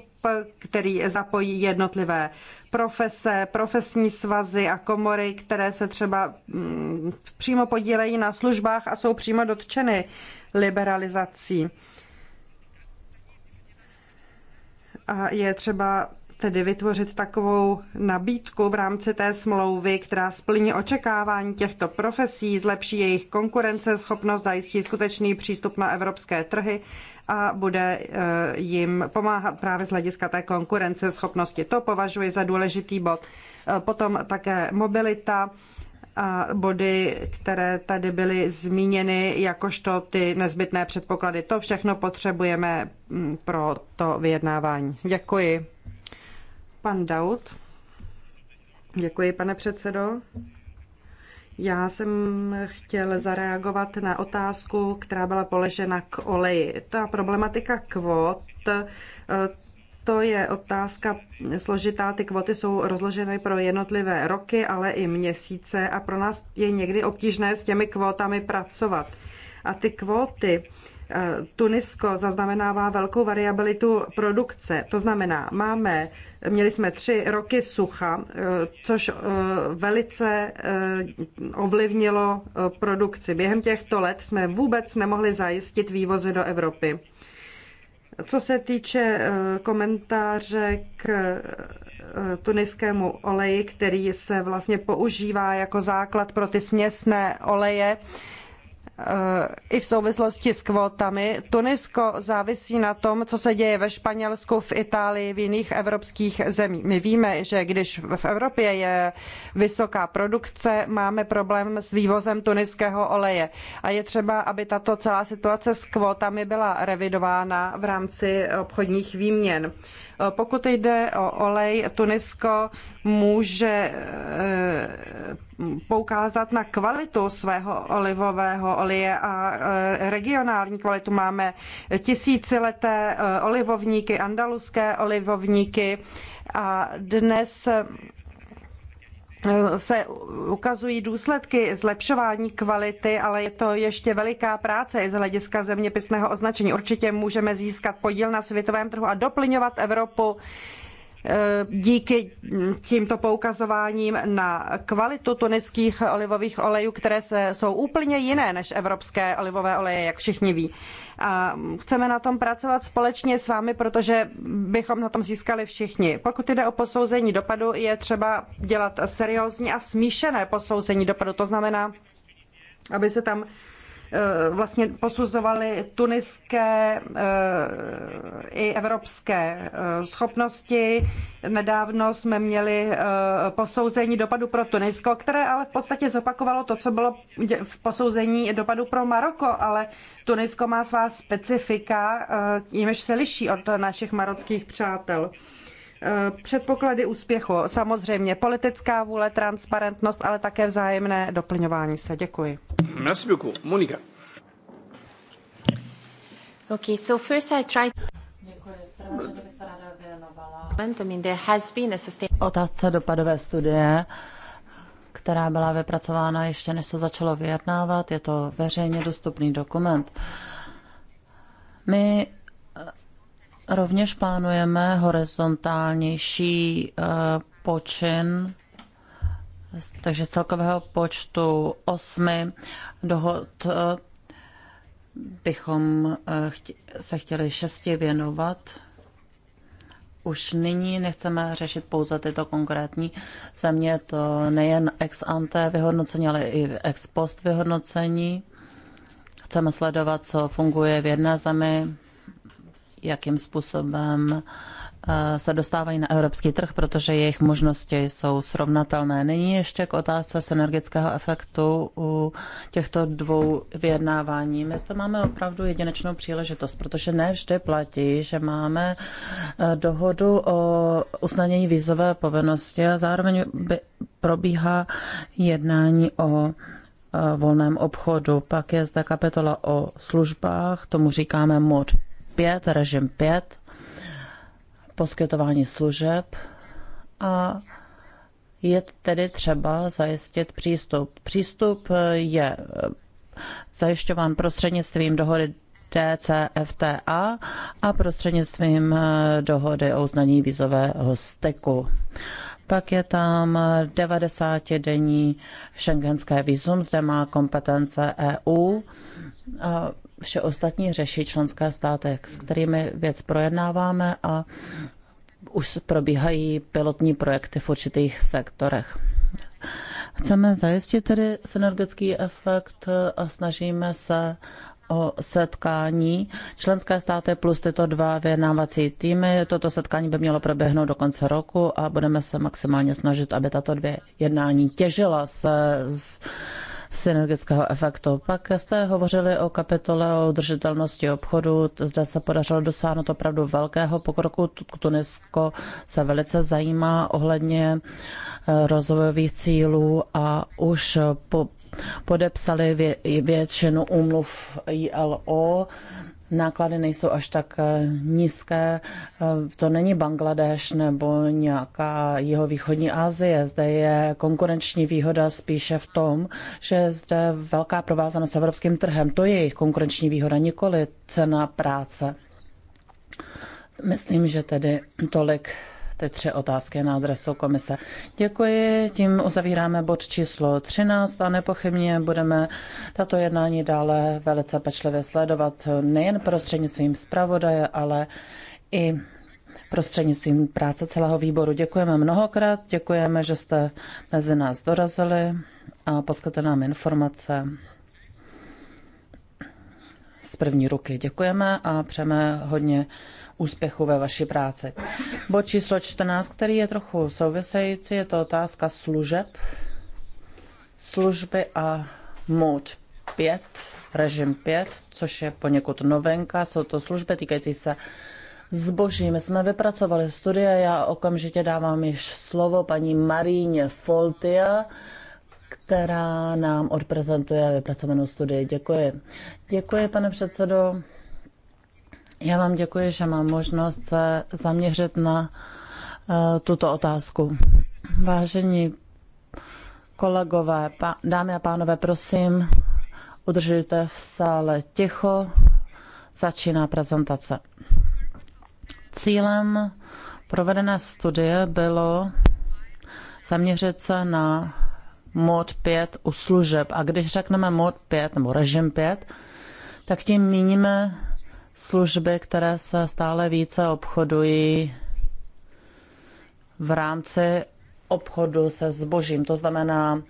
který zapojí jednotlivé profese, profesní svazy a komory, které se třeba mm, přímo podílejí na službách a jsou přímo dotčeny liberalizací. A je třeba tedy vytvořit takovou nabídku v rámci té smlouvy, která splní očekávání těchto profesí, zlepší jejich konkurenceschopnost, zajistí skutečný přístup na evropské trhy a bude eh, jim pomáhat právě z hlediska té schopnosti. To považuji za důležitý bod. Eh, potom také mobilita a body, které tady byly zmíněny, jakožto ty nezbytné předpoklady. To všechno potřebujeme mm, pro to vyjednávání. Děkuji. Pan Daut. Děkuji, pane předsedo. Já jsem chtěl zareagovat na otázku, která byla položena k oleji. Ta problematika kvot, eh, to je otázka složitá. Ty kvoty jsou rozloženy pro jednotlivé roky, ale i měsíce a pro nás je někdy obtížné s těmi kvótami pracovat. A ty kvóty Eh, Tunisko zaznamenává velkou variabilitu produkce. To znamená, máme, měli jsme tři roky sucha, eh, což eh, velice ovlivnilo produkci. Během těchto let jsme vůbec nemohli zajistit vývozy do Evropy. Co se týče komentáře k tuniskému oleji, který se vlastně používá jako základ pro ty směsné oleje, i v souvislosti s kvótami. Tunisko závisí na tom, co se děje ve Španělsku, v Itálii, v jiných evropských zemích. My víme, že když v Evropě je vysoká produkce, máme problém s vývozem tuniského oleje. A je třeba, aby tato celá situace s kvótami byla revidována v rámci obchodních výměn. Eh, pokud jde o olej, Tunisko může eh, poukázat na kvalitu svého olivového oleje a eh, regionální kvalitu. Máme tisícileté olivovníky, andaluské olivovníky a dnes Eh, se ukazují důsledky zlepšování kvality, ale je to ještě veliká práce i z hlediska zeměpisného označení. Určitě můžeme získat podíl na světovém trhu a doplňovat Evropu Eh, díky tímto poukazováním na kvalitu tuniských olivových olejů, které se, jsou úplně jiné než evropské olivové oleje, jak všichni ví. A chceme na tom pracovat společně s vámi, protože bychom na tom získali všichni. Pokud jde o posouzení dopadu, je třeba dělat seriózní a smíšené posouzení dopadu. To znamená, aby se tam Eh, vlastně posuzovali tuniské eh, i evropské eh, schopnosti. Nedávno jsme měli posouzení dopadu pro Tunisko, které ale v podstatě zopakovalo to, co bylo v posouzení dopadu pro Maroko, ale Tunisko má svá specifika, jimž se liší od našich marockých přátel. Eh, předpoklady úspěchu. Samozřejmě politická vůle, transparentnost, ale také vzájemné doplňování se. Děkuji. Merci beaucoup. Monika. Okay, so first I tried... Otázce dopadové studie, která byla vypracována ještě než se začalo vyjednávat, je to veřejně dostupný dokument. My Rovněž plánujeme horizontálnější eh, počin, takže z celkového počtu osmi dohod eh, bychom eh, se chtěli šesti věnovat. Už nyní nechceme řešit pouze tyto konkrétní země, to nejen ex ante vyhodnocení, ale i ex post vyhodnocení. Chceme sledovat, co funguje v jedné zemi, jakým způsobem eh, se dostávají na evropský trh, protože jejich možnosti jsou srovnatelné. Nyní ještě k otázce synergického efektu u těchto dvou vyjednávání. My zde máme opravdu jedinečnou příležitost, protože ne vždy platí, že máme eh, dohodu o usnadnění vízové povinnosti a zároveň probíhá jednání o eh, volném obchodu. Pak je zde kapitola o službách, tomu říkáme mod 5, režim 5, poskytování služeb a je tedy třeba zajistit přístup. Přístup je eh, zajišťován prostřednictvím dohody DCFTA a prostřednictvím eh, dohody o uznání vízového styku. Pak je tam 90-denní šengenské výzum, zde má kompetence EU vše ostatní řeší členské státy, s kterými věc projednáváme a už probíhají pilotní projekty v určitých sektorech. Chceme zajistit tedy synergický efekt a snažíme se o setkání. Členské státy plus tyto dva vyjednávací týmy. Toto setkání by mělo proběhnout do konce roku a budeme se maximálně snažit, aby tato dvě jednání těžila se z synergického efektu. Pak jste hovořili o kapitole o udržitelnosti obchodu. Zde se podařilo dosáhnout opravdu velkého pokroku. Tunisko se velice zajímá ohledně eh, rozvojových cílů a už po podepsali vě, většinu úmluv ILO náklady nejsou až tak eh, nízké. Eh, to není Bangladeš nebo nějaká východní Asie. Zde je konkurenční výhoda spíše v tom, že zde velká provázanost s evropským trhem. To je jejich konkurenční výhoda, nikoli cena práce. Myslím, že tedy tolik Teď tři otázky na adresu komise. Děkuji, tím uzavíráme bod číslo 13 a nepochybně budeme tato jednání dále velice pečlivě sledovat nejen prostřednictvím zpravodaje, ale i prostřednictvím práce celého výboru. Děkujeme mnohokrát, děkujeme, že jste mezi nás dorazili a poskytli nám informace z první ruky. Děkujeme a přejeme hodně úspěchu ve vaší práci. Bod číslo 14, který je trochu související, je to otázka služeb, služby a mód 5, režim 5, což je poněkud novenka, jsou to služby týkající se zboží. My jsme vypracovali studie, já okamžitě dávám již slovo paní Maríně Foltia, která nám odprezentuje vypracovanou studii. Děkuji. Děkuji, pane předsedo. Já vám děkuji, že mám možnost se zaměřit na eh, tuto otázku. Vážení kolegové, dámy a pánové, prosím, udržujte v sále ticho. Začíná prezentace. Cílem provedené studie bylo zaměřit se na mod 5 u služeb. A když řekneme mod 5 nebo režim 5, tak tím míníme služby, které se stále více obchodují v rámci obchodu se zbožím, to znamená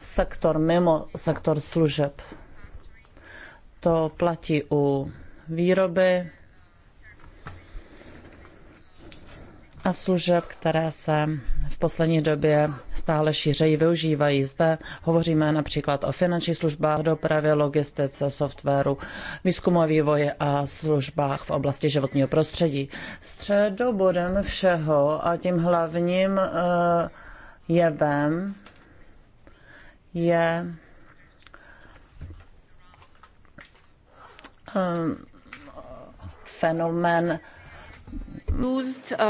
sektor mimo sektor služeb. To platí u výroby, a služeb, které se v poslední době stále šířeji využívají. Zde hovoříme například o finanční službách, dopravě, logistice, softwaru, výzkumu a vývoji a službách v oblasti životního prostředí. Středobodem všeho a tím hlavním eh, jevem je eh, fenomén Eh,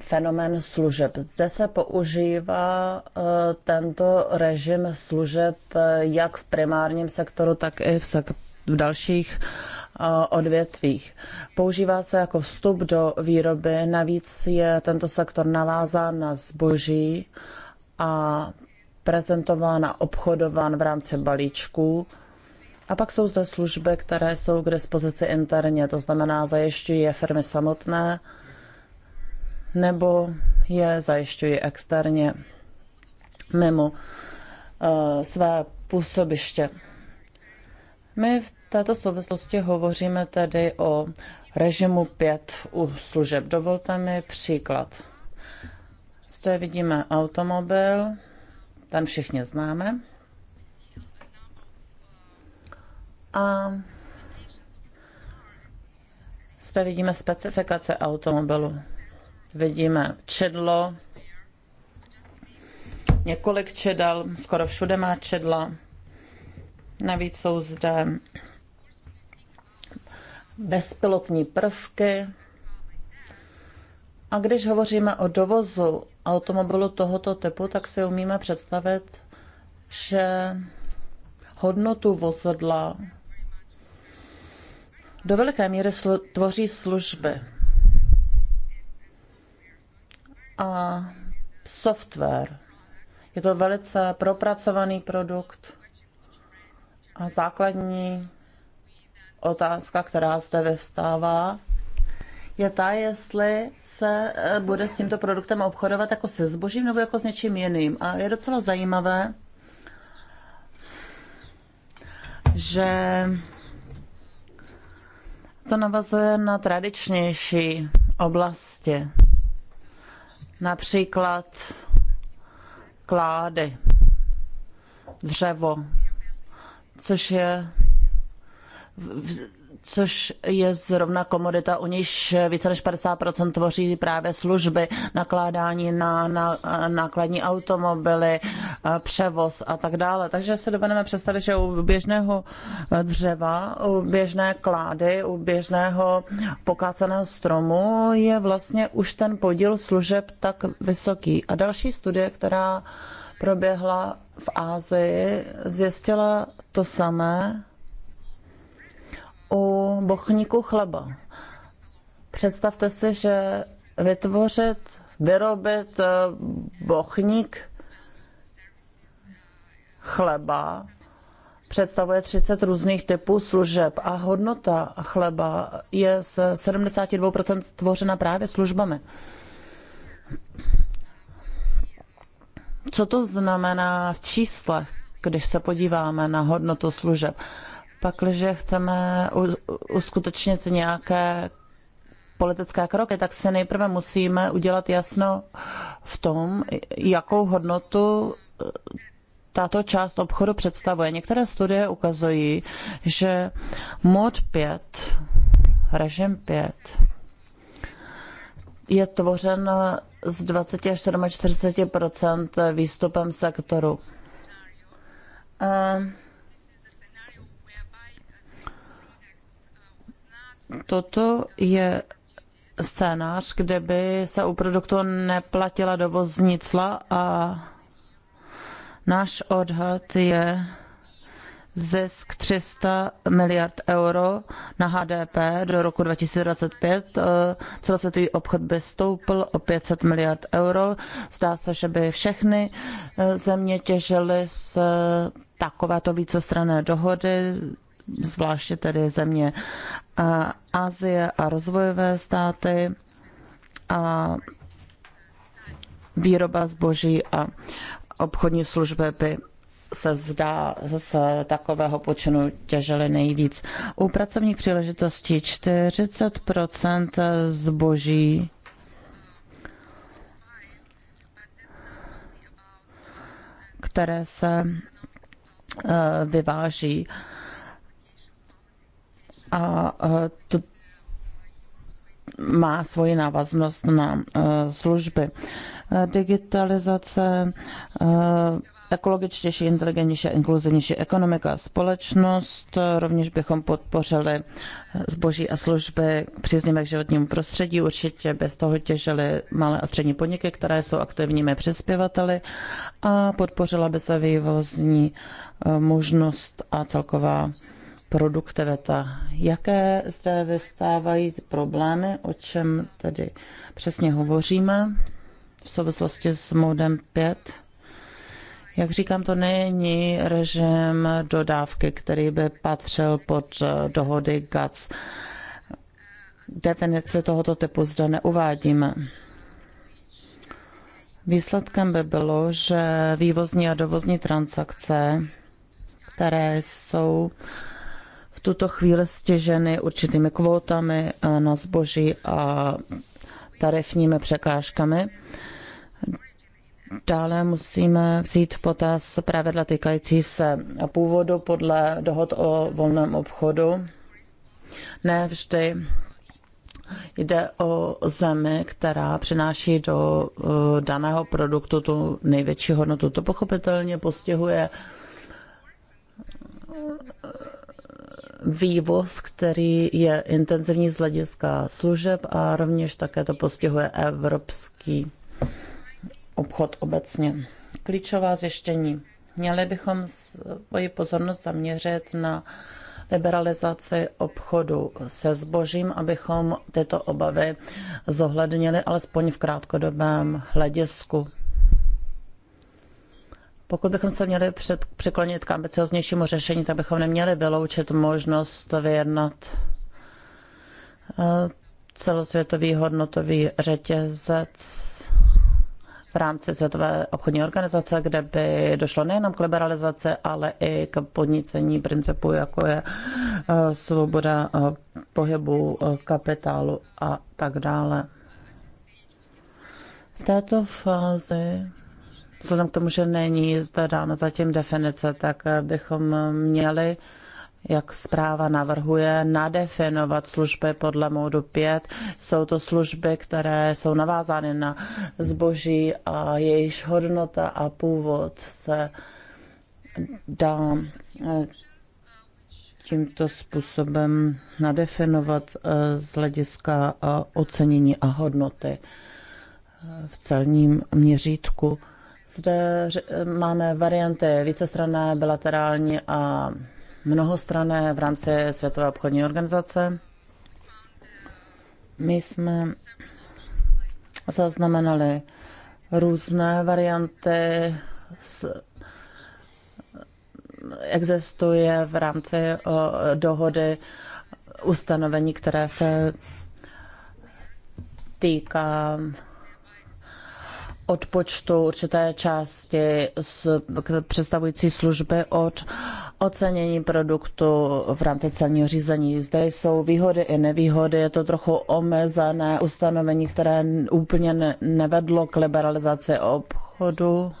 fenomén služeb. Zde se používá eh, tento režim služeb eh, jak v primárním sektoru, tak i v, sektoru, v dalších odvětvích. Používá se jako vstup do výroby, navíc je tento sektor navázán na zboží a prezentován a obchodován v rámci balíčků a pak jsou zde služby, které jsou k dispozici interně, to znamená zajišťují je firmy samotné nebo je zajišťují externě mimo uh, své působiště. My v této souvislosti hovoříme tedy o režimu 5 u služeb. Dovolte mi příklad. Zde vidíme automobil, ten všichni známe. A zde vidíme specifikace automobilu. Vidíme čedlo, několik čedel, skoro všude má čedla. Navíc jsou zde bezpilotní prvky. A když hovoříme o dovozu automobilu tohoto typu, tak si umíme představit, že hodnotu vozidla do velké míry slu- tvoří služby a software. Je to velice propracovaný produkt a základní otázka, která zde vyvstává, je ta, jestli se e, bude s tímto produktem obchodovat jako se zbožím nebo jako s něčím jiným. A je docela zajímavé, že to navazuje na tradičnější oblasti, například klády, dřevo, což je v což je zrovna komodita, u níž více než 50% tvoří právě služby, nakládání na, na nákladní automobily, eh, převoz a tak dále. Takže si dovedeme představit, že u běžného dřeva, u běžné klády, u běžného pokáceného stromu je vlastně už ten podíl služeb tak vysoký. A další studie, která proběhla v Ázii, zjistila to samé, u bochníku chleba. Představte si, že vytvořit, vyrobit eh, bochník chleba představuje 30 různých typů služeb a hodnota chleba je z 72% tvořena právě službami. Co to znamená v číslech, když se podíváme na hodnotu služeb? Pakliže chceme uskutečnit nějaké politické kroky, tak si nejprve musíme udělat jasno v tom, jakou hodnotu eh, tato část obchodu představuje. Některé studie ukazují, že mod 5, režim 5, je tvořen z 20 až 47 výstupem sektoru. Eh, Toto je scénář, kde by se u produktu neplatila dovozní cla a náš odhad je zisk 300 miliard euro na HDP do roku 2025. Eh, celosvětový obchod by stoupl o 500 miliard euro. Zdá se, že by všechny eh, země těžily z eh, takovéto vícostranné dohody zvláště tedy země eh, Asie a rozvojové státy a výroba zboží a obchodní služby by se zdá z takového počinu těžili nejvíc. U pracovních příležitostí 40 zboží které se eh, vyváží a e, to má svoji návaznost na e, služby. E, digitalizace, ekologičtější, inteligentnější a inkluzivnější ekonomika a společnost. Rovněž bychom podpořili zboží a služby příznivé k životnímu prostředí. Určitě bez toho těžily malé a střední podniky, které jsou aktivními přispěvateli a podpořila by se vývozní možnost a celková produktivita. Jaké zde vystávají problémy, o čem tedy přesně hovoříme v souvislosti s modem 5? Jak říkám, to není režim dodávky, který by patřil pod dohody GATS. Definice tohoto typu zde neuvádíme. Výsledkem by bylo, že vývozní a dovozní transakce, které jsou uh, tuto chvíli stěženy určitými kvótami eh, na zboží a tarifními překážkami. Dále musíme vzít potaz pravidla týkající se původu podle dohod o volném obchodu. Ne vždy jde o zemi, která přináší do eh, daného produktu tu největší hodnotu. To pochopitelně postihuje vývoz, který je intenzivní z hlediska služeb a rovněž také to postihuje evropský obchod obecně. Klíčová zjištění. Měli bychom svoji pozornost zaměřit na liberalizaci obchodu se zbožím, abychom tyto obavy zohlednili alespoň v krátkodobém hledisku. Pokud bychom se měli před, přiklonit k ambicioznějšímu řešení, tak bychom neměli vyloučit možnost vyjednat eh, celosvětový hodnotový řetězec v rámci Světové obchodní organizace, kde by došlo nejenom k liberalizaci, ale i k podnícení principu jako je eh, svoboda eh, pohybu kapitálu a tak dále. V této fázi Vzhledem k tomu, že není zde dána zatím definice, tak bychom měli jak zpráva navrhuje, nadefinovat služby podle módu 5. Jsou to služby, které jsou navázány na zboží a jejíž hodnota a původ se dá eh, tímto způsobem nadefinovat eh, z hlediska eh, ocenění a hodnoty v celním měřítku. Zde máme varianty vícestranné, bilaterální a mnohostrané v rámci Světové obchodní organizace. My jsme zaznamenali různé varianty. Existuje v rámci dohody ustanovení, které se týká odpočtu určité části z, představující služby od ocenění produktu v rámci celního řízení. Zde jsou výhody i nevýhody, je to trochu omezené ustanovení, které úplně nevedlo k liberalizaci obchodu.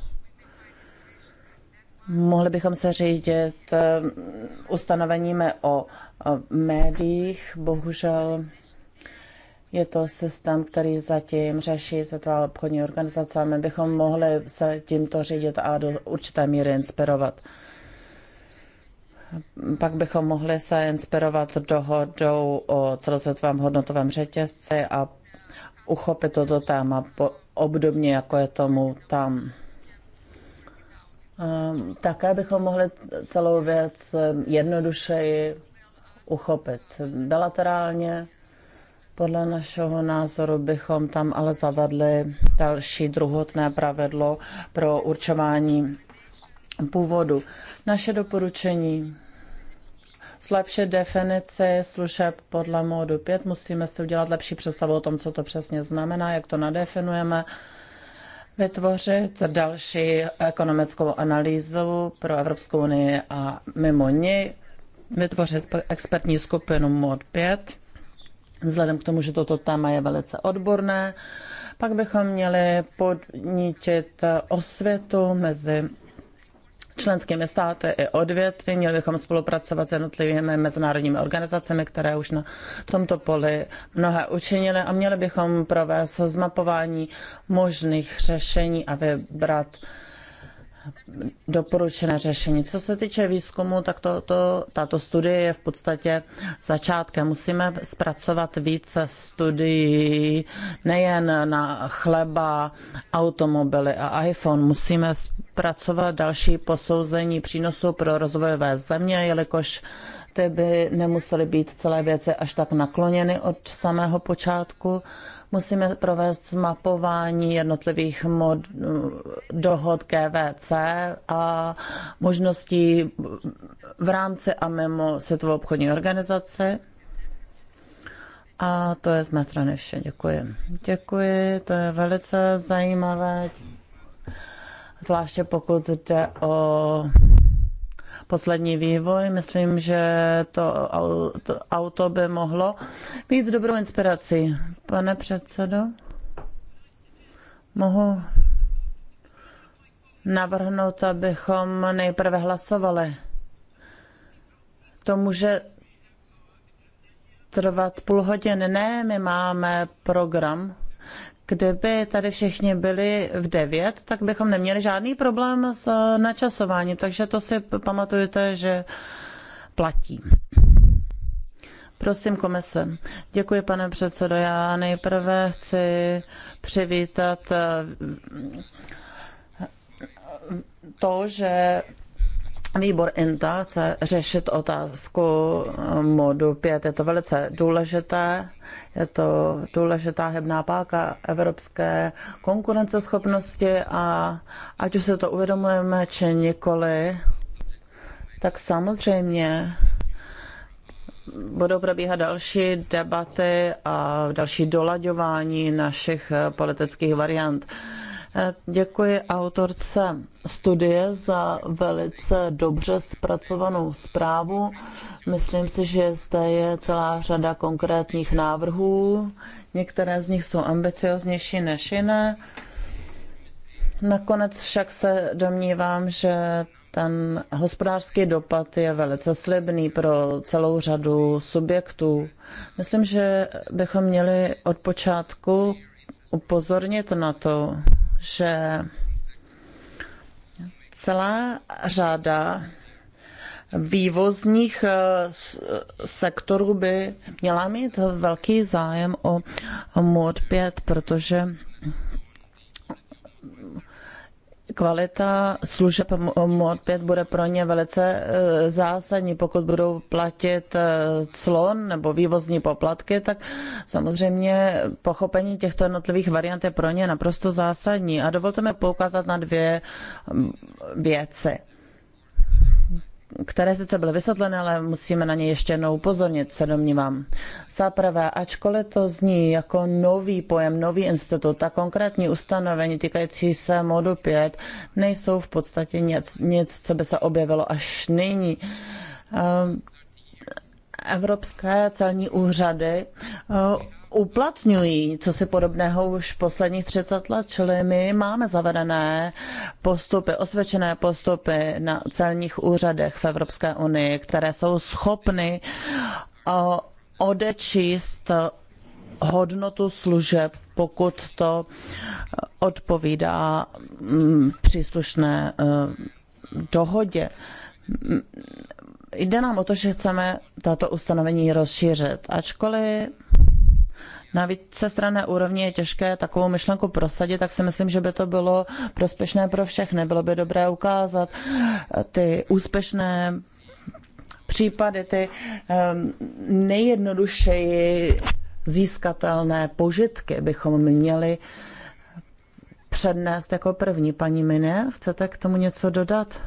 Mohli bychom se řídit eh, ustanoveními o médiích, bohužel je to systém, který zatím řeší Světová obchodní organizace a my bychom mohli se tímto řídit a do určité míry inspirovat. Pak bychom mohli se inspirovat dohodou o celosvětovém hodnotovém řetězci a uchopit toto téma obdobně, jako je tomu tam. Také bychom mohli celou věc jednodušeji uchopit bilaterálně, podle našeho názoru bychom tam ale zavedli další druhotné pravidlo pro určování původu. Naše doporučení zlepšit definici služeb podle módu 5. Musíme si udělat lepší představu o tom, co to přesně znamená, jak to nadefinujeme vytvořit další ekonomickou analýzu pro Evropskou unii a mimo ní vytvořit expertní skupinu MOD 5 Vzhledem k tomu, že toto téma je velice odborné, pak bychom měli podnítit osvětu mezi členskými státy i odvětví. Měli bychom spolupracovat s jednotlivými mezinárodními organizacemi, které už na tomto poli mnohé učinily a měli bychom provést zmapování možných řešení a vybrat doporučené řešení. Co se týče výzkumu, tak to, to, tato studie je v podstatě začátkem. Musíme zpracovat více studií, nejen na chleba, automobily a iPhone. Musíme zpracovat další posouzení přínosu pro rozvojové země, jelikož ty by nemusely být celé věci až tak nakloněny od samého počátku. Musíme provést zmapování jednotlivých mod, dohod GVC a možností v rámci a mimo Světovou obchodní organizaci. A to je z mé strany vše. Děkuji. Děkuji, to je velice zajímavé, zvláště pokud jde o poslední vývoj. Myslím, že to auto by mohlo být dobrou inspirací. Pane předsedo, mohu navrhnout, abychom nejprve hlasovali. To může trvat půl hodiny. Ne, my máme program, Kdyby tady všichni byli v 9, tak bychom neměli žádný problém s eh, načasováním, takže to si pamatujte, že platí. Prosím komise. Děkuji, pane předsedo. Já nejprve chci přivítat eh, to, že Výbor INTA chce řešit otázku eh, modu 5. Je to velice důležité. Je to důležitá hebná páka evropské konkurenceschopnosti a ať už se to uvědomujeme či nikoli, tak samozřejmě budou probíhat další debaty a další dolaďování našich eh, politických variant. Děkuji autorce studie za velice dobře zpracovanou zprávu. Myslím si, že zde je celá řada konkrétních návrhů. Některé z nich jsou ambicioznější než jiné. Nakonec však se domnívám, že ten hospodářský dopad je velice slibný pro celou řadu subjektů. Myslím, že bychom měli od počátku upozornit na to, že celá řada vývozních eh, sektorů by měla mít velký zájem o MOD 5, protože kvalita služeb MOD 5 bude pro ně velice e, zásadní. Pokud budou platit e, clon nebo vývozní poplatky, tak samozřejmě pochopení těchto jednotlivých variant je pro ně naprosto zásadní. A dovolte mi poukázat na dvě věci které sice byly vysvětleny, ale musíme na ně ještě jednou upozornit, se domnívám. Za prvé, ačkoliv to zní jako nový pojem, nový institut, ta konkrétní ustanovení týkající se modu 5 nejsou v podstatě nic, nic co by se objevilo až nyní. Ehm, Evropské celní úřady eh, uplatňují, co si podobného už posledních 30 let, čili my máme zavedené postupy, osvědčené postupy na celních úřadech v Evropské unii, které jsou schopny eh, odečíst hodnotu služeb, pokud to eh, odpovídá mm, příslušné eh, dohodě. Mm, jde nám o to, že chceme tato ustanovení rozšířit, ačkoliv na strana úrovni je těžké takovou myšlenku prosadit, tak si myslím, že by to bylo prospěšné pro všechny. Bylo by dobré ukázat eh, ty úspěšné případy, ty ehm, nejjednodušeji získatelné požitky bychom měli přednést jako první. Paní Miner, chcete k tomu něco dodat?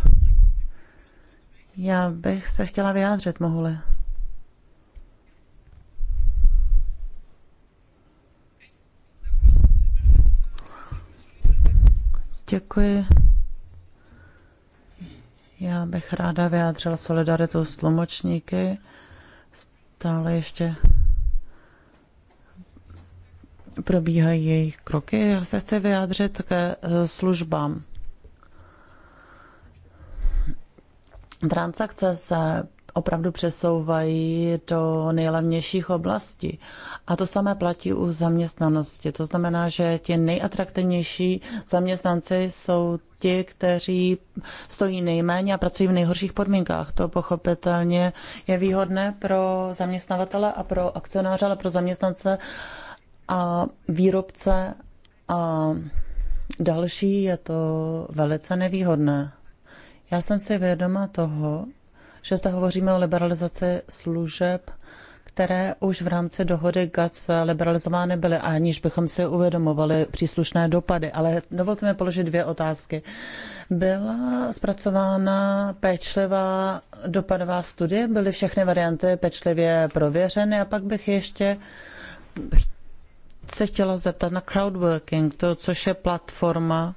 Já bych se chtěla vyjádřit, mohu-li. Děkuji. Já bych ráda vyjádřila solidaritu s tlumočníky. Stále ještě probíhají jejich kroky. Já se chci vyjádřit ke eh, službám. Transakce se opravdu přesouvají do nejlevnějších oblastí. A to samé platí u zaměstnanosti. To znamená, že ti nejatraktivnější zaměstnanci jsou ti, kteří stojí nejméně a pracují v nejhorších podmínkách. To pochopitelně je výhodné pro zaměstnavatele a pro akcionáře, ale pro zaměstnance a výrobce a další je to velice nevýhodné. Já jsem si vědoma toho, že zde hovoříme o liberalizaci služeb, které už v rámci dohody GATS liberalizovány byly, aniž bychom si uvědomovali příslušné dopady. Ale dovolte mi položit dvě otázky. Byla zpracována pečlivá dopadová studie, byly všechny varianty pečlivě prověřeny a pak bych ještě se chtěla zeptat na crowdworking, to, což je platforma,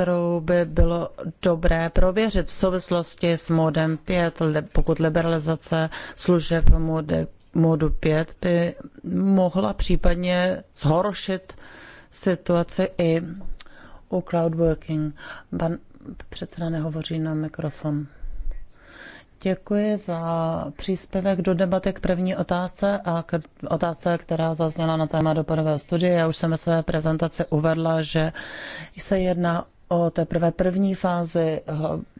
kterou by bylo dobré prověřit v souvislosti s modem 5, pokud liberalizace služeb mode, modu 5 by mohla případně zhoršit situaci i u cloudworking. Pan předseda nehovoří na mikrofon. Děkuji za příspěvek do debaty k první otázce a k otázce, která zazněla na téma dopadové studie. Já už jsem ve své prezentaci uvedla, že se jedná o teprve první fázi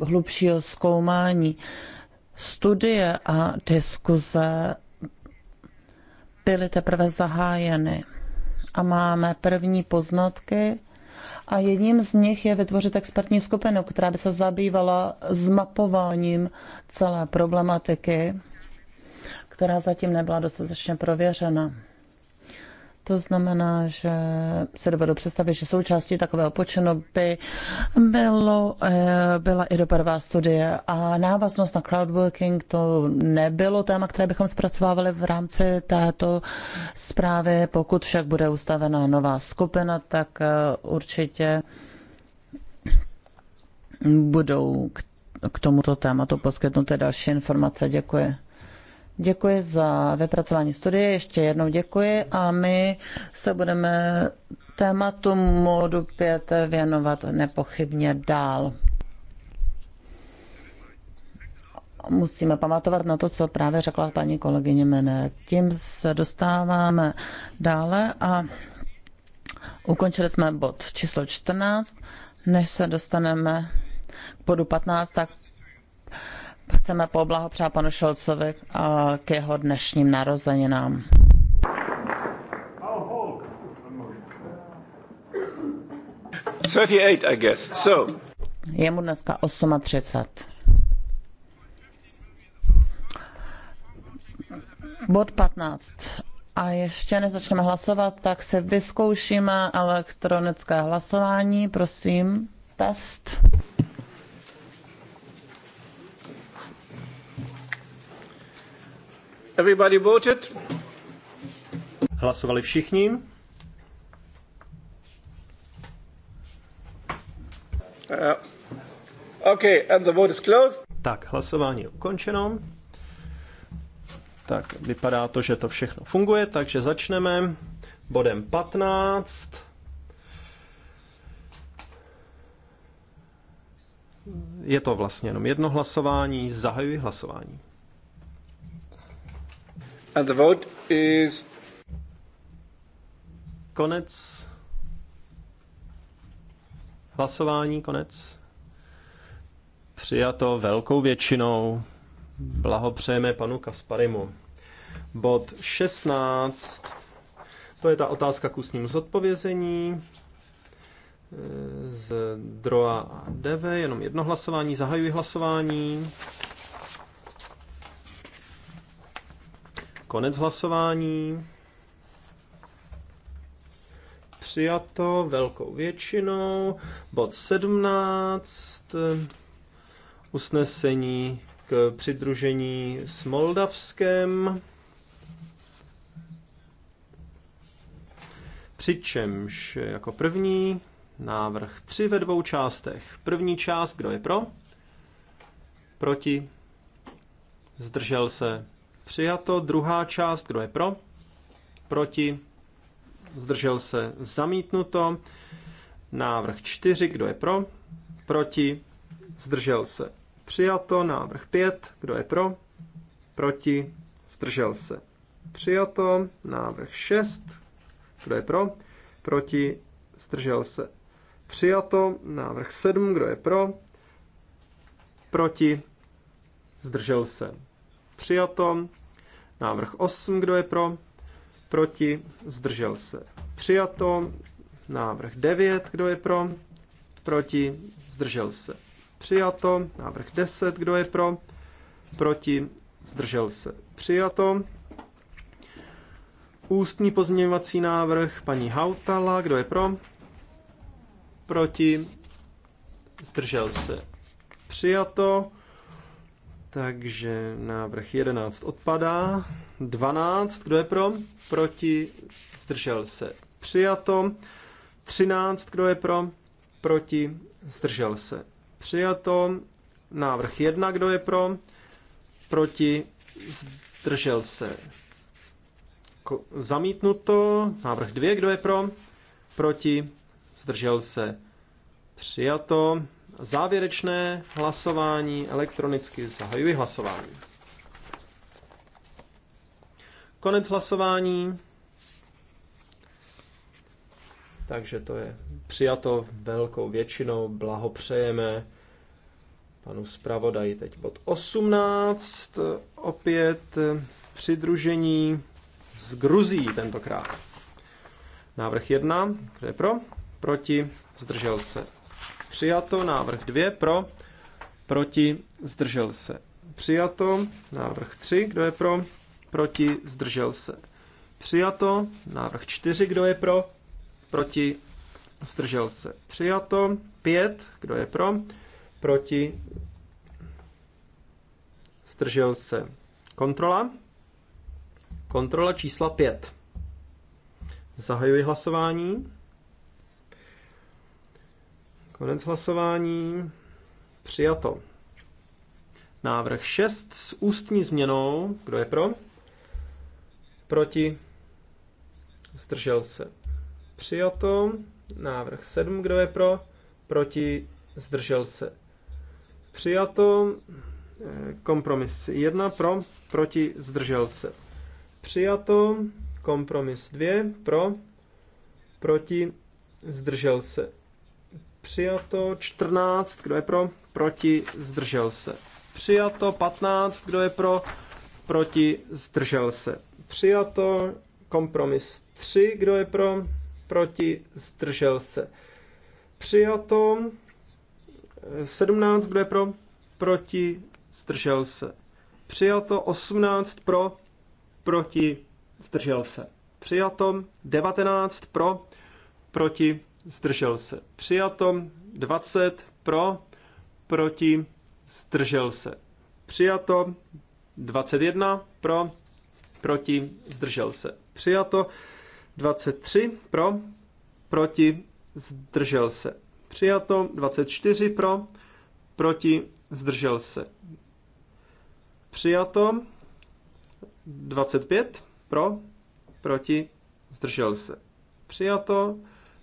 hlubšího zkoumání. Studie a diskuze byly teprve zahájeny a máme první poznatky a jedním z nich je vytvořit expertní skupinu, která by se zabývala zmapováním celé problematiky, která zatím nebyla dostatečně prověřena. To znamená, že se dovedu představit, že součástí takového počinu by bylo, eh, byla i dopadová studie a návaznost na crowdworking to nebylo téma, které bychom zpracovávali v rámci této zprávy. Pokud však bude ustavena nová skupina, tak eh, určitě budou k tomuto tématu poskytnuté další informace. Děkuji. Děkuji za vypracování studie, ještě jednou děkuji a my se budeme tématu módu 5 věnovat nepochybně dál. Musíme pamatovat na to, co právě řekla paní kolegyně Mene. Tím se dostáváme dále a ukončili jsme bod číslo 14. Než se dostaneme k bodu 15, tak Chceme poblahopřát panu Šolcovi k jeho dnešním narozeninám. I guess. So. Je mu dneska 38. Bod 15. A ještě než začneme hlasovat, tak se vyzkoušíme elektronické hlasování. Prosím, test. Everybody voted? Hlasovali všichni. Uh, okay, and the vote is closed. Tak, hlasování je ukončeno. Tak, vypadá to, že to všechno funguje, takže začneme bodem 15. Je to vlastně jenom jedno hlasování. Zahajuji hlasování. And the vote is... Konec. Hlasování, konec. Přijato velkou většinou. Blahopřejeme panu Kasparimu. Bod 16. To je ta otázka k ústnímu zodpovězení e, z DROA a DV, jenom jedno hlasování, zahajuji hlasování. Konec hlasování. Přijato velkou většinou. Bod 17. Usnesení k přidružení s Moldavskem. Přičemž jako první návrh tři ve dvou částech. První část, kdo je pro? Proti? Zdržel se? Přijato druhá část, kdo je pro? Proti? Zdržel se zamítnuto. Návrh 4, kdo je pro? Proti? Zdržel se přijato. Návrh 5, kdo je pro? Proti? Zdržel se přijato. Návrh 6, kdo je pro? Proti? Zdržel se přijato. Návrh 7, kdo je pro? Proti? Zdržel se přijato. Návrh 8, kdo je pro? Proti? Zdržel se. Přijato. Návrh 9, kdo je pro? Proti? Zdržel se. Přijato. Návrh 10, kdo je pro? Proti? Zdržel se. Přijato. Ústní pozměňovací návrh paní Hautala, kdo je pro? Proti? Zdržel se. Přijato. Takže návrh 11 odpadá. 12, kdo je pro? Proti, zdržel se. Přijato. 13, kdo je pro? Proti, zdržel se. Přijato. Návrh 1, kdo je pro? Proti, zdržel se. Ko- zamítnuto. Návrh 2, kdo je pro? Proti, zdržel se. Přijato závěrečné hlasování elektronicky. Zahajuji hlasování. Konec hlasování. Takže to je přijato velkou většinou. Blahopřejeme panu zpravodaji. Teď bod 18. Opět přidružení z Gruzí tentokrát. Návrh 1. Kdo je pro? Proti? Zdržel se Přijato. Návrh 2 pro. Proti. Zdržel se. Přijato. Návrh 3. Kdo je pro? Proti. Zdržel se. Přijato. Návrh 4. Kdo je pro? Proti. Zdržel se. Přijato. 5. Kdo je pro? Proti. Zdržel se. Kontrola. Kontrola čísla 5. Zahajuji hlasování. Konec hlasování. Přijato. Návrh 6 s ústní změnou. Kdo je pro? Proti? Zdržel se. Přijato. Návrh 7. Kdo je pro? Proti? Zdržel se. Přijato. Kompromis 1 pro, proti, zdržel se. Přijato. Kompromis 2 pro, proti, zdržel se. Přijato 14, kdo je pro? Proti, zdržel se. Přijato 15, kdo je pro? Proti, zdržel se. Přijato kompromis 3, kdo je pro? Proti, zdržel se. Přijato 17, kdo je pro? Proti, zdržel se. Přijato 18 pro, proti, zdržel se. Přijato 19 pro, proti, zdržel se. Přijato 20 pro, proti, zdržel se. Přijato 21 pro, proti, zdržel se. Přijato 23 pro, proti, zdržel se. Přijato 24 pro, proti, zdržel se. Přijato 25 pro, proti, zdržel se. Přijato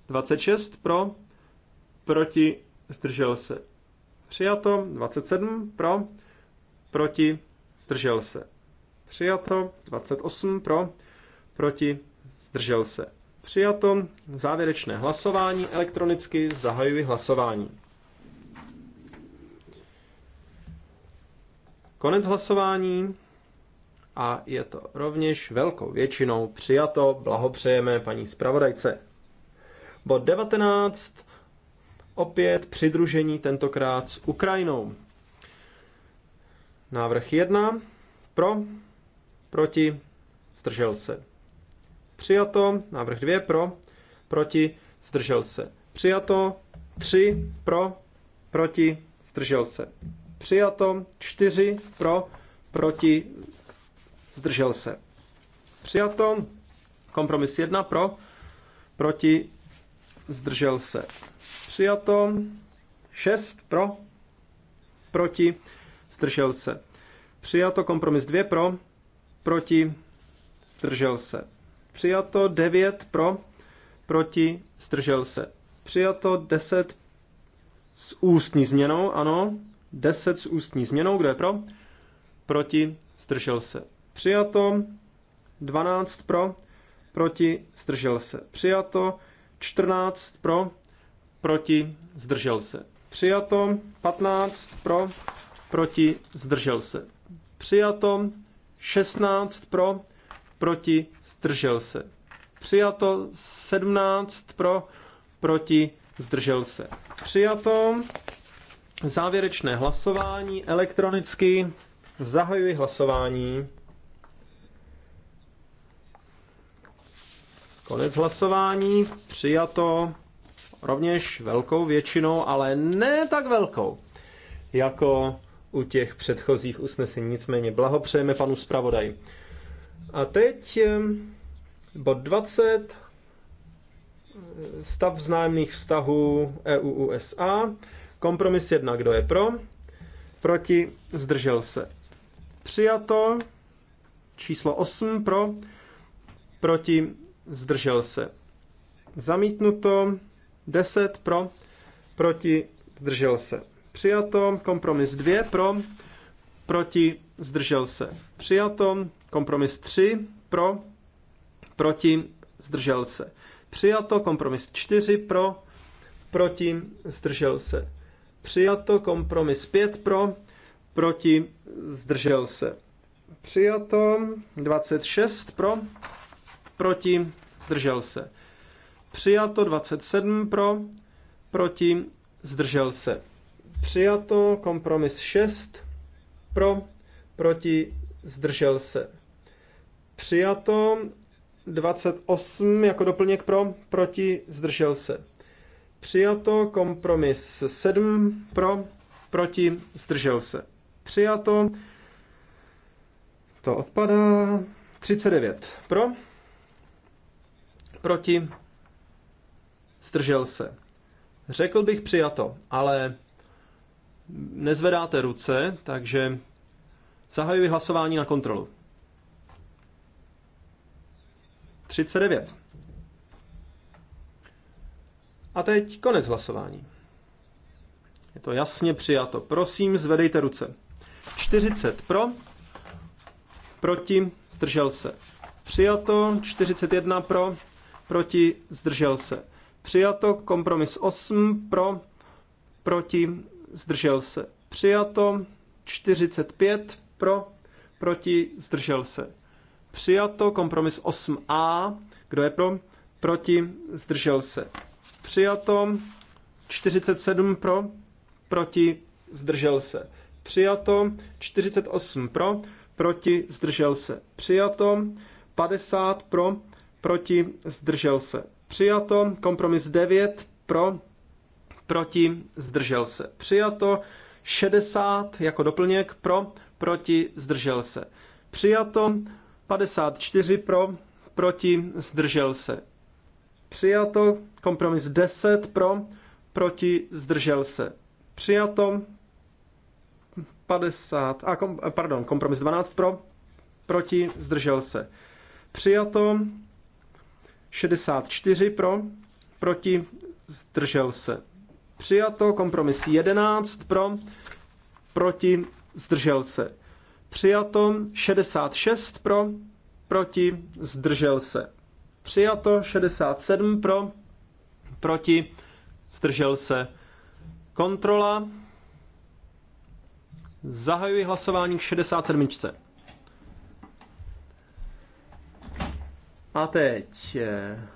26 pro, proti, zdržel se. Přijato. 27 pro, proti, zdržel se. Přijato. 28 pro, proti, zdržel se. Přijato. Závěrečné hlasování. Elektronicky zahajuji hlasování. Konec hlasování a je to rovněž velkou většinou přijato. Blahopřejeme paní zpravodajce. Bod 19, opět přidružení tentokrát s Ukrajinou. Návrh 1, pro, proti, zdržel se. Přijato, návrh 2, pro, proti, zdržel se. Přijato, 3, pro, proti, zdržel se. Přijato, 4, pro, proti, zdržel se. Přijato, kompromis 1, pro, proti, zdržel se. Přijato. 6 pro, proti, zdržel se. Přijato kompromis 2 pro, proti, zdržel se. Přijato 9 pro, proti, zdržel se. Přijato 10 s ústní změnou, ano. 10 s ústní změnou, kdo je pro? Proti, zdržel se. Přijato 12 pro, proti, zdržel se. Přijato 14 pro, proti, zdržel se. Přijato 15 pro, proti, zdržel se. Přijato 16 pro, proti, zdržel se. Přijato 17 pro, proti, zdržel se. Přijato závěrečné hlasování elektronicky. Zahajuji hlasování. Konec hlasování. Přijato rovněž velkou většinou, ale ne tak velkou, jako u těch předchozích usnesení. Nicméně blahopřejeme panu zpravodaj. A teď bod 20. Stav vzájemných vztahů EU-USA. Kompromis jedna, Kdo je pro? Proti? Zdržel se. Přijato. Číslo 8 pro. Proti? zdržel se. Zamítnuto 10 pro, proti, zdržel se. Přijato, kompromis 2 pro, proti, zdržel se. Přijato, kompromis 3 pro, proti, zdržel se. Přijato, kompromis 4 pro, proti, zdržel se. Přijato, kompromis 5 pro, proti, zdržel se. Přijato, 26 pro, proti, zdržel se. Přijato 27 pro, proti, zdržel se. Přijato kompromis 6 pro, proti, zdržel se. Přijato 28 jako doplněk pro, proti, zdržel se. Přijato kompromis 7 pro, proti, zdržel se. Přijato, to odpadá, 39 pro, Proti? Zdržel se. Řekl bych přijato, ale nezvedáte ruce, takže zahajuji hlasování na kontrolu. 39. A teď konec hlasování. Je to jasně přijato. Prosím, zvedejte ruce. 40 pro, proti, zdržel se. Přijato, 41 pro, proti, zdržel se. Přijato, kompromis 8, pro, proti, zdržel se. Přijato, 45, pro, proti, zdržel se. Přijato, kompromis 8a, kdo je pro, proti, zdržel se. Přijato, 47 pro, proti, zdržel se. Přijato, 48 pro, proti, zdržel se. Přijato, 50 pro, proti, zdržel se. Přijato, kompromis 9, pro, proti, zdržel se. Přijato, 60 jako doplněk, pro, proti, zdržel se. Přijato, 54 pro, proti, zdržel se. Přijato, kompromis 10 pro, proti, zdržel se. Přijato, 50, a kom, pardon, kompromis 12 pro, proti, zdržel se. Přijato, 64 pro, proti, zdržel se. Přijato, kompromis 11 pro, proti, zdržel se. Přijato 66 pro, proti, zdržel se. Přijato 67 pro, proti, zdržel se. Kontrola. Zahajuji hlasování k 67. A teď. Eh,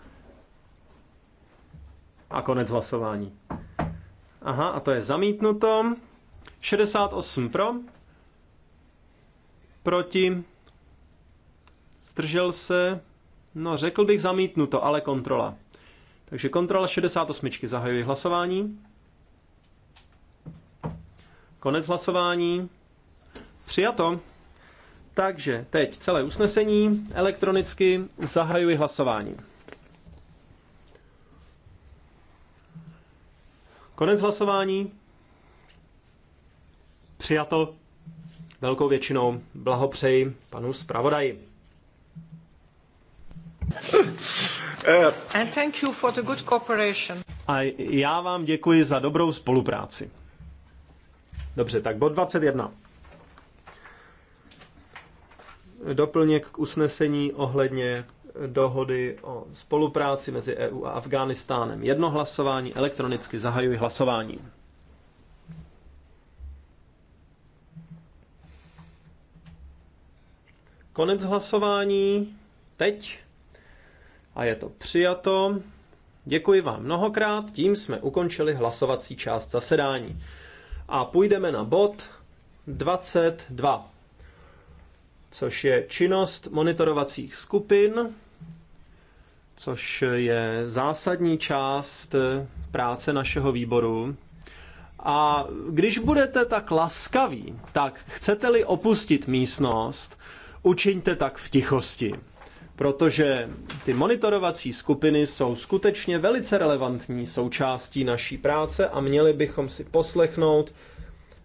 a konec hlasování. Aha, a to je zamítnuto. 68 pro. Proti. Zdržel se. No, řekl bych zamítnuto, ale kontrola. Takže kontrola 68. Zahajuji hlasování. Konec hlasování. Přijato. Takže teď celé usnesení elektronicky zahajuji hlasování. Konec hlasování. Přijato velkou většinou. Blahopřeji panu zpravodaji. And thank you for the good cooperation. A já vám děkuji za dobrou spolupráci. Dobře, tak bod 21 doplněk k usnesení ohledně dohody o spolupráci mezi EU a Afghánistánem. Jedno hlasování elektronicky zahajuji hlasování. Konec hlasování teď a je to přijato. Děkuji vám mnohokrát, tím jsme ukončili hlasovací část zasedání. A půjdeme na bod 22 což je činnost monitorovacích skupin, což je zásadní část práce našeho výboru. A když budete tak laskaví, tak chcete-li opustit místnost, učiňte tak v tichosti. Protože ty monitorovací skupiny jsou skutečně velice relevantní součástí naší práce a měli bychom si poslechnout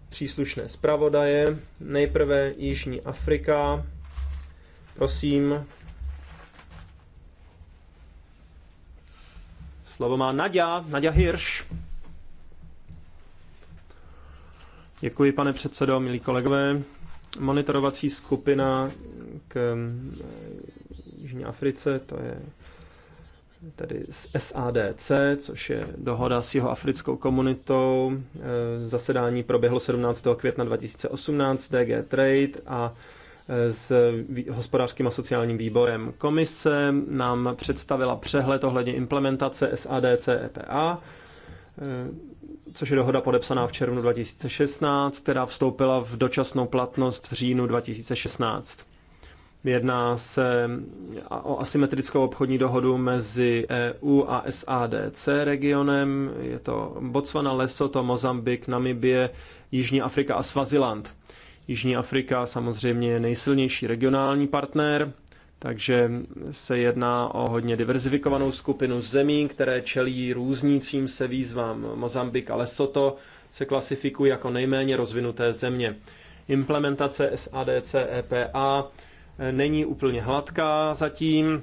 příslušné zpravodaje. Nejprve Jižní Afrika. Prosím. Slovo má Nadia, Nadia Hirš. Děkuji, pane předsedo, milí kolegové. Monitorovací skupina k eh, Jižní Africe, to je tedy z SADC, což je dohoda s jeho africkou komunitou. E, zasedání proběhlo 17. května 2018 DG Trade a e, s hospodářským a sociálním výborem. Komise nám představila přehled ohledně implementace SADC EPA, e, což je dohoda podepsaná v červnu 2016, která vstoupila v dočasnou platnost v říjnu 2016. Jedná se o asymetrickou obchodní dohodu mezi EU a SADC regionem. Je to Botswana, Lesoto, Mozambik, Namibie, Jižní Afrika a Swaziland. Jižní Afrika samozřejmě je nejsilnější regionální partner, takže se jedná o hodně diverzifikovanou skupinu zemí, které čelí různícím se výzvám. Mozambik a Lesoto se klasifikují jako nejméně rozvinuté země. Implementace SADC EPA není úplně hladká zatím.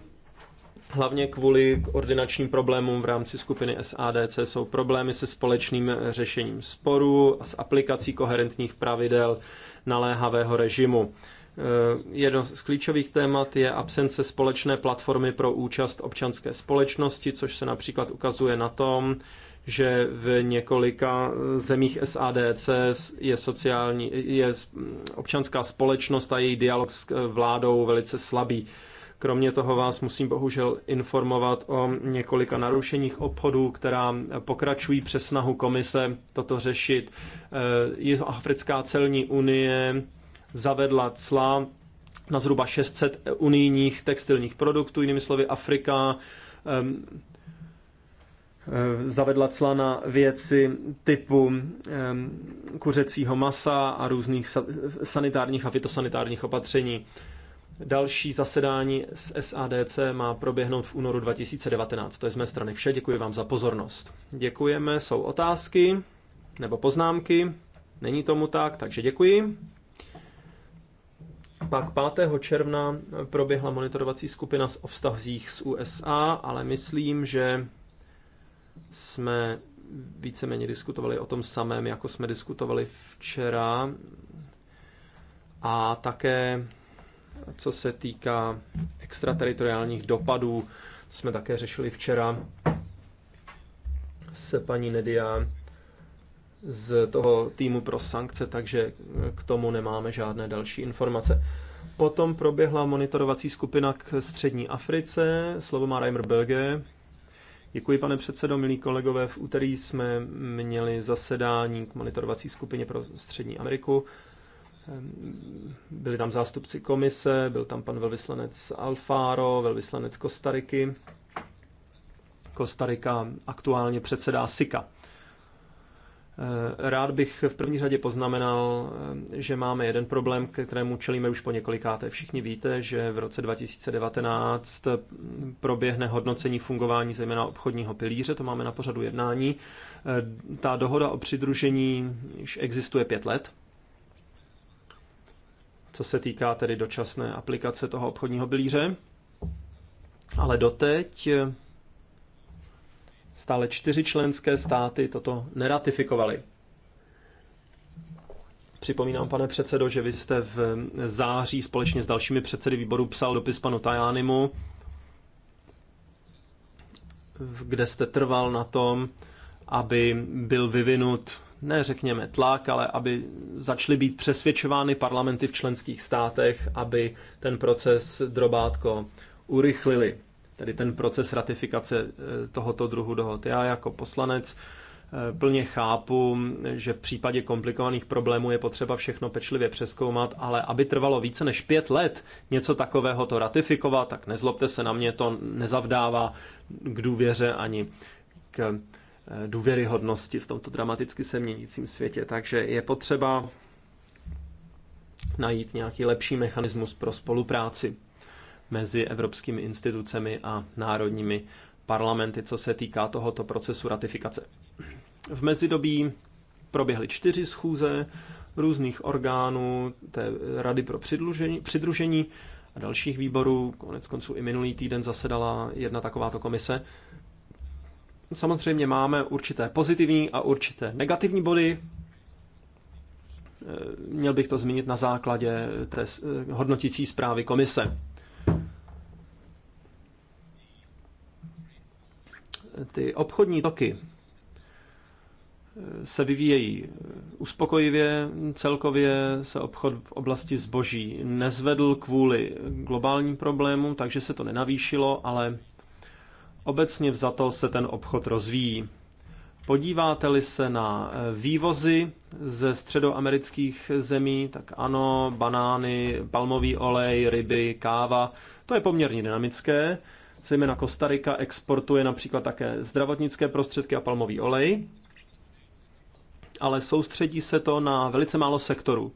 Hlavně kvůli ordinačním problémům v rámci skupiny SADC jsou problémy se společným řešením sporů a s aplikací koherentních pravidel naléhavého režimu. Eh, jedno z klíčových témat je absence společné platformy pro účast občanské společnosti, což se například ukazuje na tom, že v několika zemích SADC je, sociální, je občanská společnost a její dialog s vládou velice slabý. Kromě toho vás musím bohužel informovat o několika narušeních obchodů, která pokračují přes snahu komise toto řešit. Eh, Africká celní unie zavedla cla na zhruba 600 unijních textilních produktů, jinými slovy Afrika ehm, Eh, zavedla cla na věci typu eh, kuřecího masa a různých sanitárních a fitosanitárních opatření. Další zasedání s SADC má proběhnout v únoru 2019. To je z mé strany vše. Děkuji vám za pozornost. Děkujeme. Jsou otázky nebo poznámky? Není tomu tak, takže děkuji. Pak 5. června proběhla monitorovací skupina o vztahzích z USA, ale myslím, že jsme víceméně diskutovali o tom samém, jako jsme diskutovali včera. A také, co se týká extrateritoriálních dopadů, jsme také řešili včera se paní Nedia z toho týmu pro sankce, takže k tomu nemáme žádné další informace. Potom proběhla monitorovací skupina k střední Africe, slovo má Reimer Böge, Děkuji, pane předsedo, milí kolegové. V úterý jsme měli zasedání k monitorovací skupině pro Střední Ameriku. Byli tam zástupci komise, byl tam pan velvyslanec Alfaro, velvyslanec Kostariky. Kostarika aktuálně předsedá SIKA. Eh, rád bych v první řadě poznamenal, eh, že máme jeden problém, ke kterému čelíme už po několikáté. Všichni víte, že v roce 2019 eh, proběhne hodnocení fungování zejména obchodního pilíře, to máme na pořadu jednání. Ta dohoda o přidružení již existuje pět let, co se týká tedy dočasné aplikace toho obchodního pilíře. Ale doteď Stále čtyři členské státy toto neratifikovaly. Připomínám, pane předsedo, že vy jste v září společně s dalšími předsedy výboru psal dopis panu Tajánimu, kde jste trval na tom, aby byl vyvinut, ne řekněme tlak, ale aby začaly být přesvědčovány parlamenty v členských státech, aby ten proces drobátko urychlili tedy ten proces ratifikace eh, tohoto druhu dohod. Já jako poslanec eh, plně chápu, že v případě komplikovaných problémů je potřeba všechno pečlivě přeskoumat, ale aby trvalo více než pět let něco takového to ratifikovat, tak nezlobte se na mě, to nezavdává k důvěře ani k eh, důvěryhodnosti v tomto dramaticky se měnícím světě. Takže je potřeba najít nějaký lepší mechanismus pro spolupráci mezi evropskými institucemi a národními parlamenty, co se týká tohoto procesu ratifikace. V mezidobí proběhly čtyři schůze různých orgánů, té Rady pro přidružení, přidružení a dalších výborů. Konec konců i minulý týden zasedala jedna takováto komise. Samozřejmě máme určité pozitivní a určité negativní body. Měl bych to zmínit na základě té hodnotící zprávy komise. ty obchodní toky eh, se vyvíjejí uspokojivě, celkově se obchod v oblasti zboží nezvedl kvůli globálním problémům, takže se to nenavýšilo, ale obecně vzato se ten obchod rozvíjí. Podíváte-li se na eh, vývozy ze středoamerických zemí, tak ano, banány, palmový olej, ryby, káva, to je poměrně dynamické, Zejména Kostarika exportuje například také zdravotnické prostředky a palmový olej, ale soustředí se to na velice málo sektorů.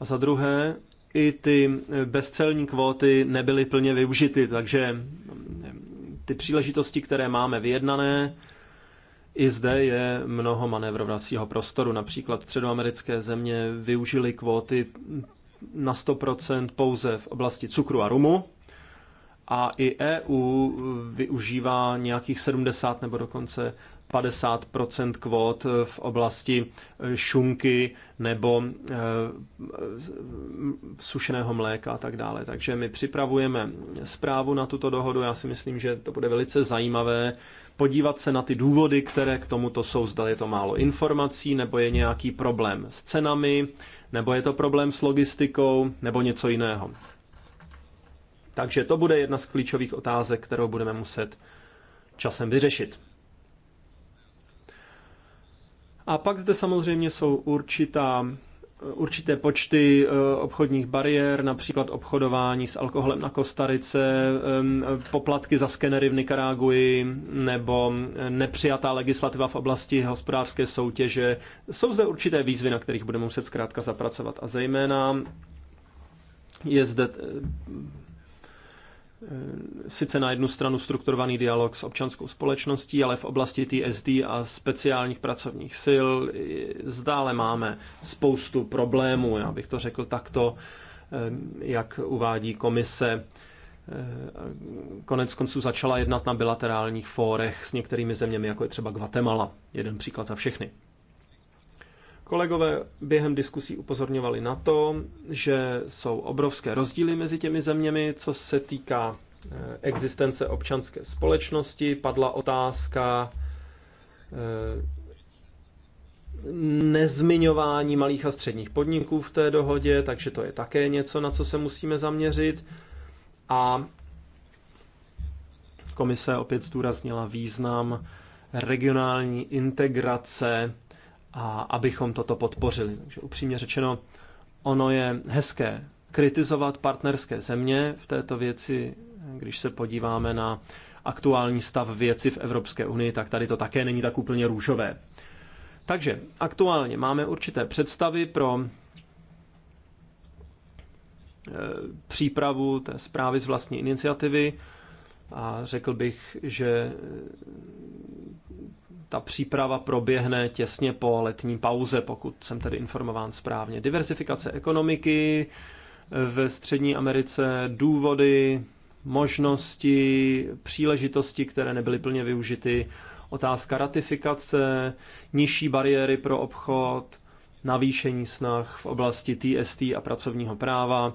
A za druhé, i ty bezcelní kvóty nebyly plně využity, takže eh, ty příležitosti, které máme vyjednané, i zde je mnoho manévrovacího prostoru. Například středoamerické země využily kvóty na 100% pouze v oblasti cukru a rumu, a i EU eh, využívá nějakých 70 nebo dokonce 50 kvót eh, v oblasti eh, šunky nebo sušeného mléka a tak dále. Takže my připravujeme zprávu na tuto dohodu. Já si myslím, že to bude velice zajímavé podívat se na ty důvody, které k tomuto jsou. Zda je to málo informací, nebo je nějaký problém s cenami, nebo je to problém s logistikou, nebo něco jiného. Takže to bude jedna z klíčových otázek, kterou budeme muset časem vyřešit. A pak zde samozřejmě jsou určitá, určité počty eh, obchodních bariér, například obchodování s alkoholem na Kostarice, eh, poplatky za skenery v Nikaraguji nebo nepřijatá legislativa v oblasti hospodářské soutěže. Jsou zde určité výzvy, na kterých budeme muset zkrátka zapracovat a zejména je zde eh, Eh, sice na jednu stranu strukturovaný dialog s občanskou společností, ale v oblasti TSD a speciálních pracovních sil eh, zdále máme spoustu problémů, já bych to řekl takto, eh, jak uvádí komise. Konec konců začala jednat na bilaterálních fórech s některými zeměmi, jako je třeba Guatemala. Jeden příklad za všechny. Kolegové během diskusí upozorňovali na to, že jsou obrovské rozdíly mezi těmi zeměmi, co se týká eh, existence občanské společnosti. Padla otázka eh, nezmiňování malých a středních podniků v té dohodě, takže to je také něco, na co se musíme zaměřit. A komise opět zdůraznila význam regionální integrace a abychom toto podpořili. Takže upřímně řečeno, ono je hezké kritizovat partnerské země v této věci, když se podíváme na aktuální stav věci v Evropské unii, tak tady to také není tak úplně růžové. Takže aktuálně máme určité představy pro e, přípravu té zprávy z vlastní iniciativy a řekl bych, že ta příprava proběhne těsně po letní pauze, pokud jsem tedy informován správně. Diversifikace ekonomiky eh, ve Střední Americe, důvody, možnosti, příležitosti, které nebyly plně využity, otázka ratifikace, nižší bariéry pro obchod, navýšení snah v oblasti TST a pracovního práva,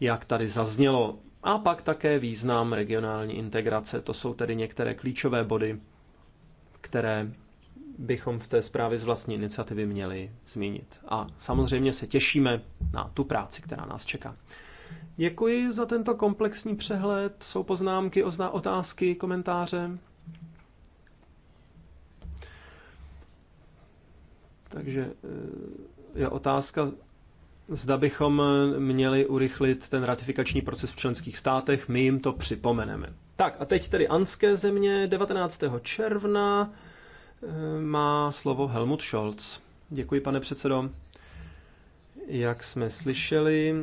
jak tady zaznělo. A pak také význam regionální integrace. To jsou tedy některé klíčové body které bychom v té zprávě z vlastní iniciativy měli zmínit. A samozřejmě se těšíme na tu práci, která nás čeká. Děkuji za tento komplexní přehled. Jsou poznámky, ozná otázky, komentáře? Takže eh, je otázka, zda bychom eh, měli urychlit ten ratifikační proces v členských státech, my jim to připomeneme. Tak a teď tedy anské země 19. června eh, má slovo Helmut Scholz. Děkuji, pane předsedo. Jak jsme slyšeli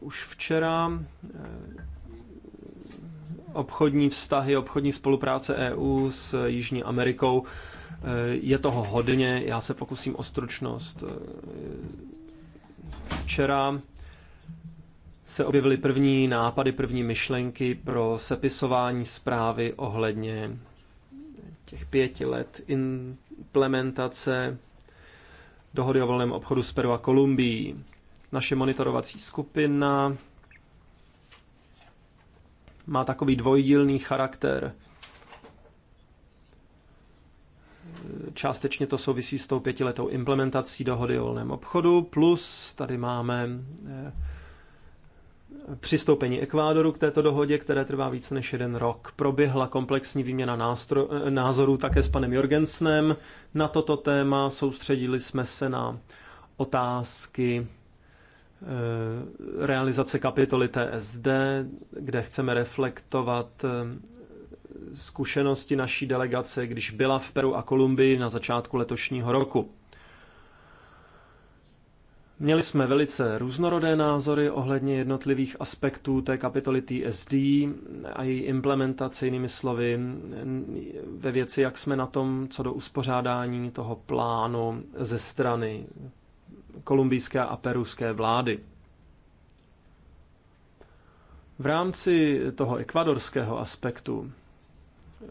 už včera, eh, obchodní vztahy, obchodní spolupráce EU s Jižní Amerikou, je toho hodně, já se pokusím o stručnost Včera se objevily první nápady, první myšlenky pro sepisování zprávy ohledně těch pěti let implementace dohody o volném obchodu s Peru a Kolumbií. Naše monitorovací skupina má takový dvojdílný charakter – Částečně to souvisí s tou pětiletou implementací dohody o volném obchodu, plus tady máme eh, přistoupení Ekvádoru k této dohodě, které trvá více než jeden rok. Proběhla komplexní výměna nástro, eh, názorů také s panem Jorgensnem na toto téma. Soustředili jsme se na otázky eh, realizace kapitoly TSD, kde chceme reflektovat zkušenosti naší delegace, když byla v Peru a Kolumbii na začátku letošního roku. Měli jsme velice různorodé názory ohledně jednotlivých aspektů té kapitoly TSD a její implementace, jinými slovy, ve věci, jak jsme na tom, co do uspořádání toho plánu ze strany kolumbijské a peruské vlády. V rámci toho ekvadorského aspektu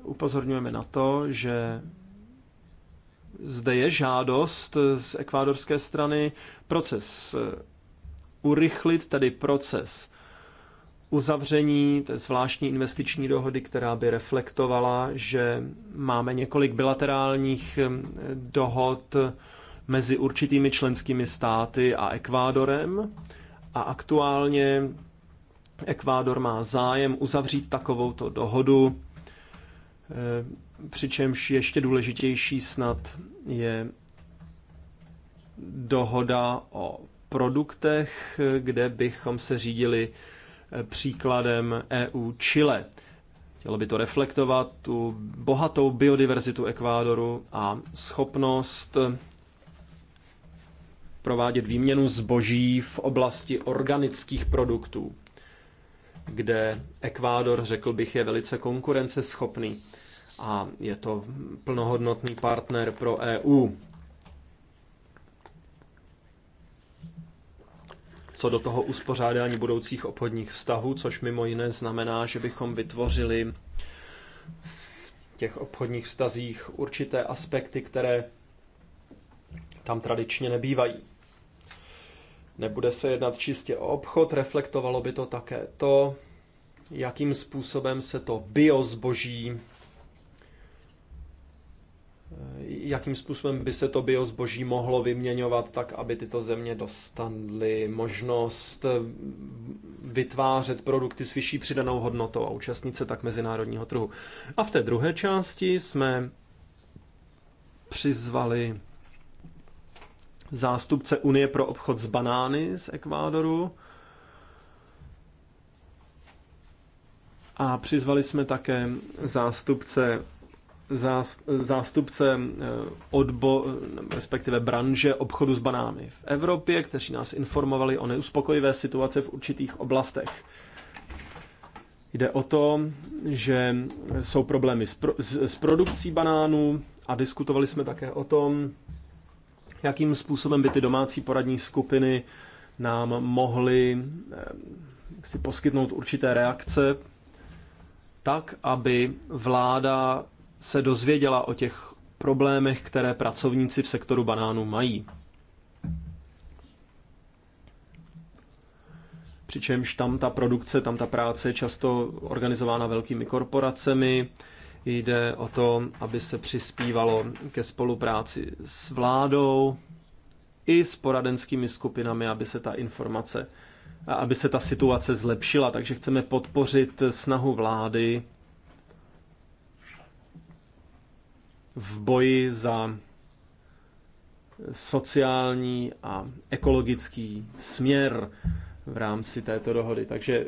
upozorňujeme na to, že zde je žádost z ekvádorské strany proces eh, urychlit, tedy proces uzavření té zvláštní investiční dohody, která by reflektovala, že máme několik bilaterálních eh, dohod mezi určitými členskými státy a Ekvádorem a aktuálně Ekvádor má zájem uzavřít takovouto dohodu Eh, přičemž ještě důležitější snad je dohoda o produktech, eh, kde bychom se řídili eh, příkladem EU Chile. Chtělo by to reflektovat tu bohatou biodiverzitu Ekvádoru a schopnost provádět výměnu zboží v oblasti organických produktů, kde Ekvádor, řekl bych, je velice konkurenceschopný a je to plnohodnotný partner pro EU. Co do toho uspořádání budoucích obchodních vztahů, což mimo jiné znamená, že bychom vytvořili v těch obchodních vztazích určité aspekty, které tam tradičně nebývají. Nebude se jednat čistě o obchod, reflektovalo by to také to, jakým způsobem se to biozboží Eh, jakým způsobem by se to biozboží mohlo vyměňovat tak, aby tyto země dostaly možnost eh, vytvářet produkty s vyšší přidanou hodnotou a účastnit se tak mezinárodního trhu. A v té druhé části jsme přizvali zástupce Unie pro obchod s banány z Ekvádoru, A přizvali jsme také zástupce zástupce eh, odbo, respektive branže obchodu s banány v Evropě, kteří nás informovali o neuspokojivé situaci v určitých oblastech. Jde o to, že jsou problémy s, pro, s, s produkcí banánů a diskutovali jsme také o tom, jakým způsobem by ty domácí poradní skupiny nám mohly eh, si poskytnout určité reakce, tak, aby vláda se dozvěděla o těch problémech, které pracovníci v sektoru banánů mají. Přičemž tam ta produkce, tam ta práce je často organizována velkými korporacemi. Jde o to, aby se přispívalo ke spolupráci s vládou i s poradenskými skupinami, aby se ta informace, aby se ta situace zlepšila. Takže chceme podpořit snahu vlády v boji za sociální a ekologický směr v rámci této dohody. Takže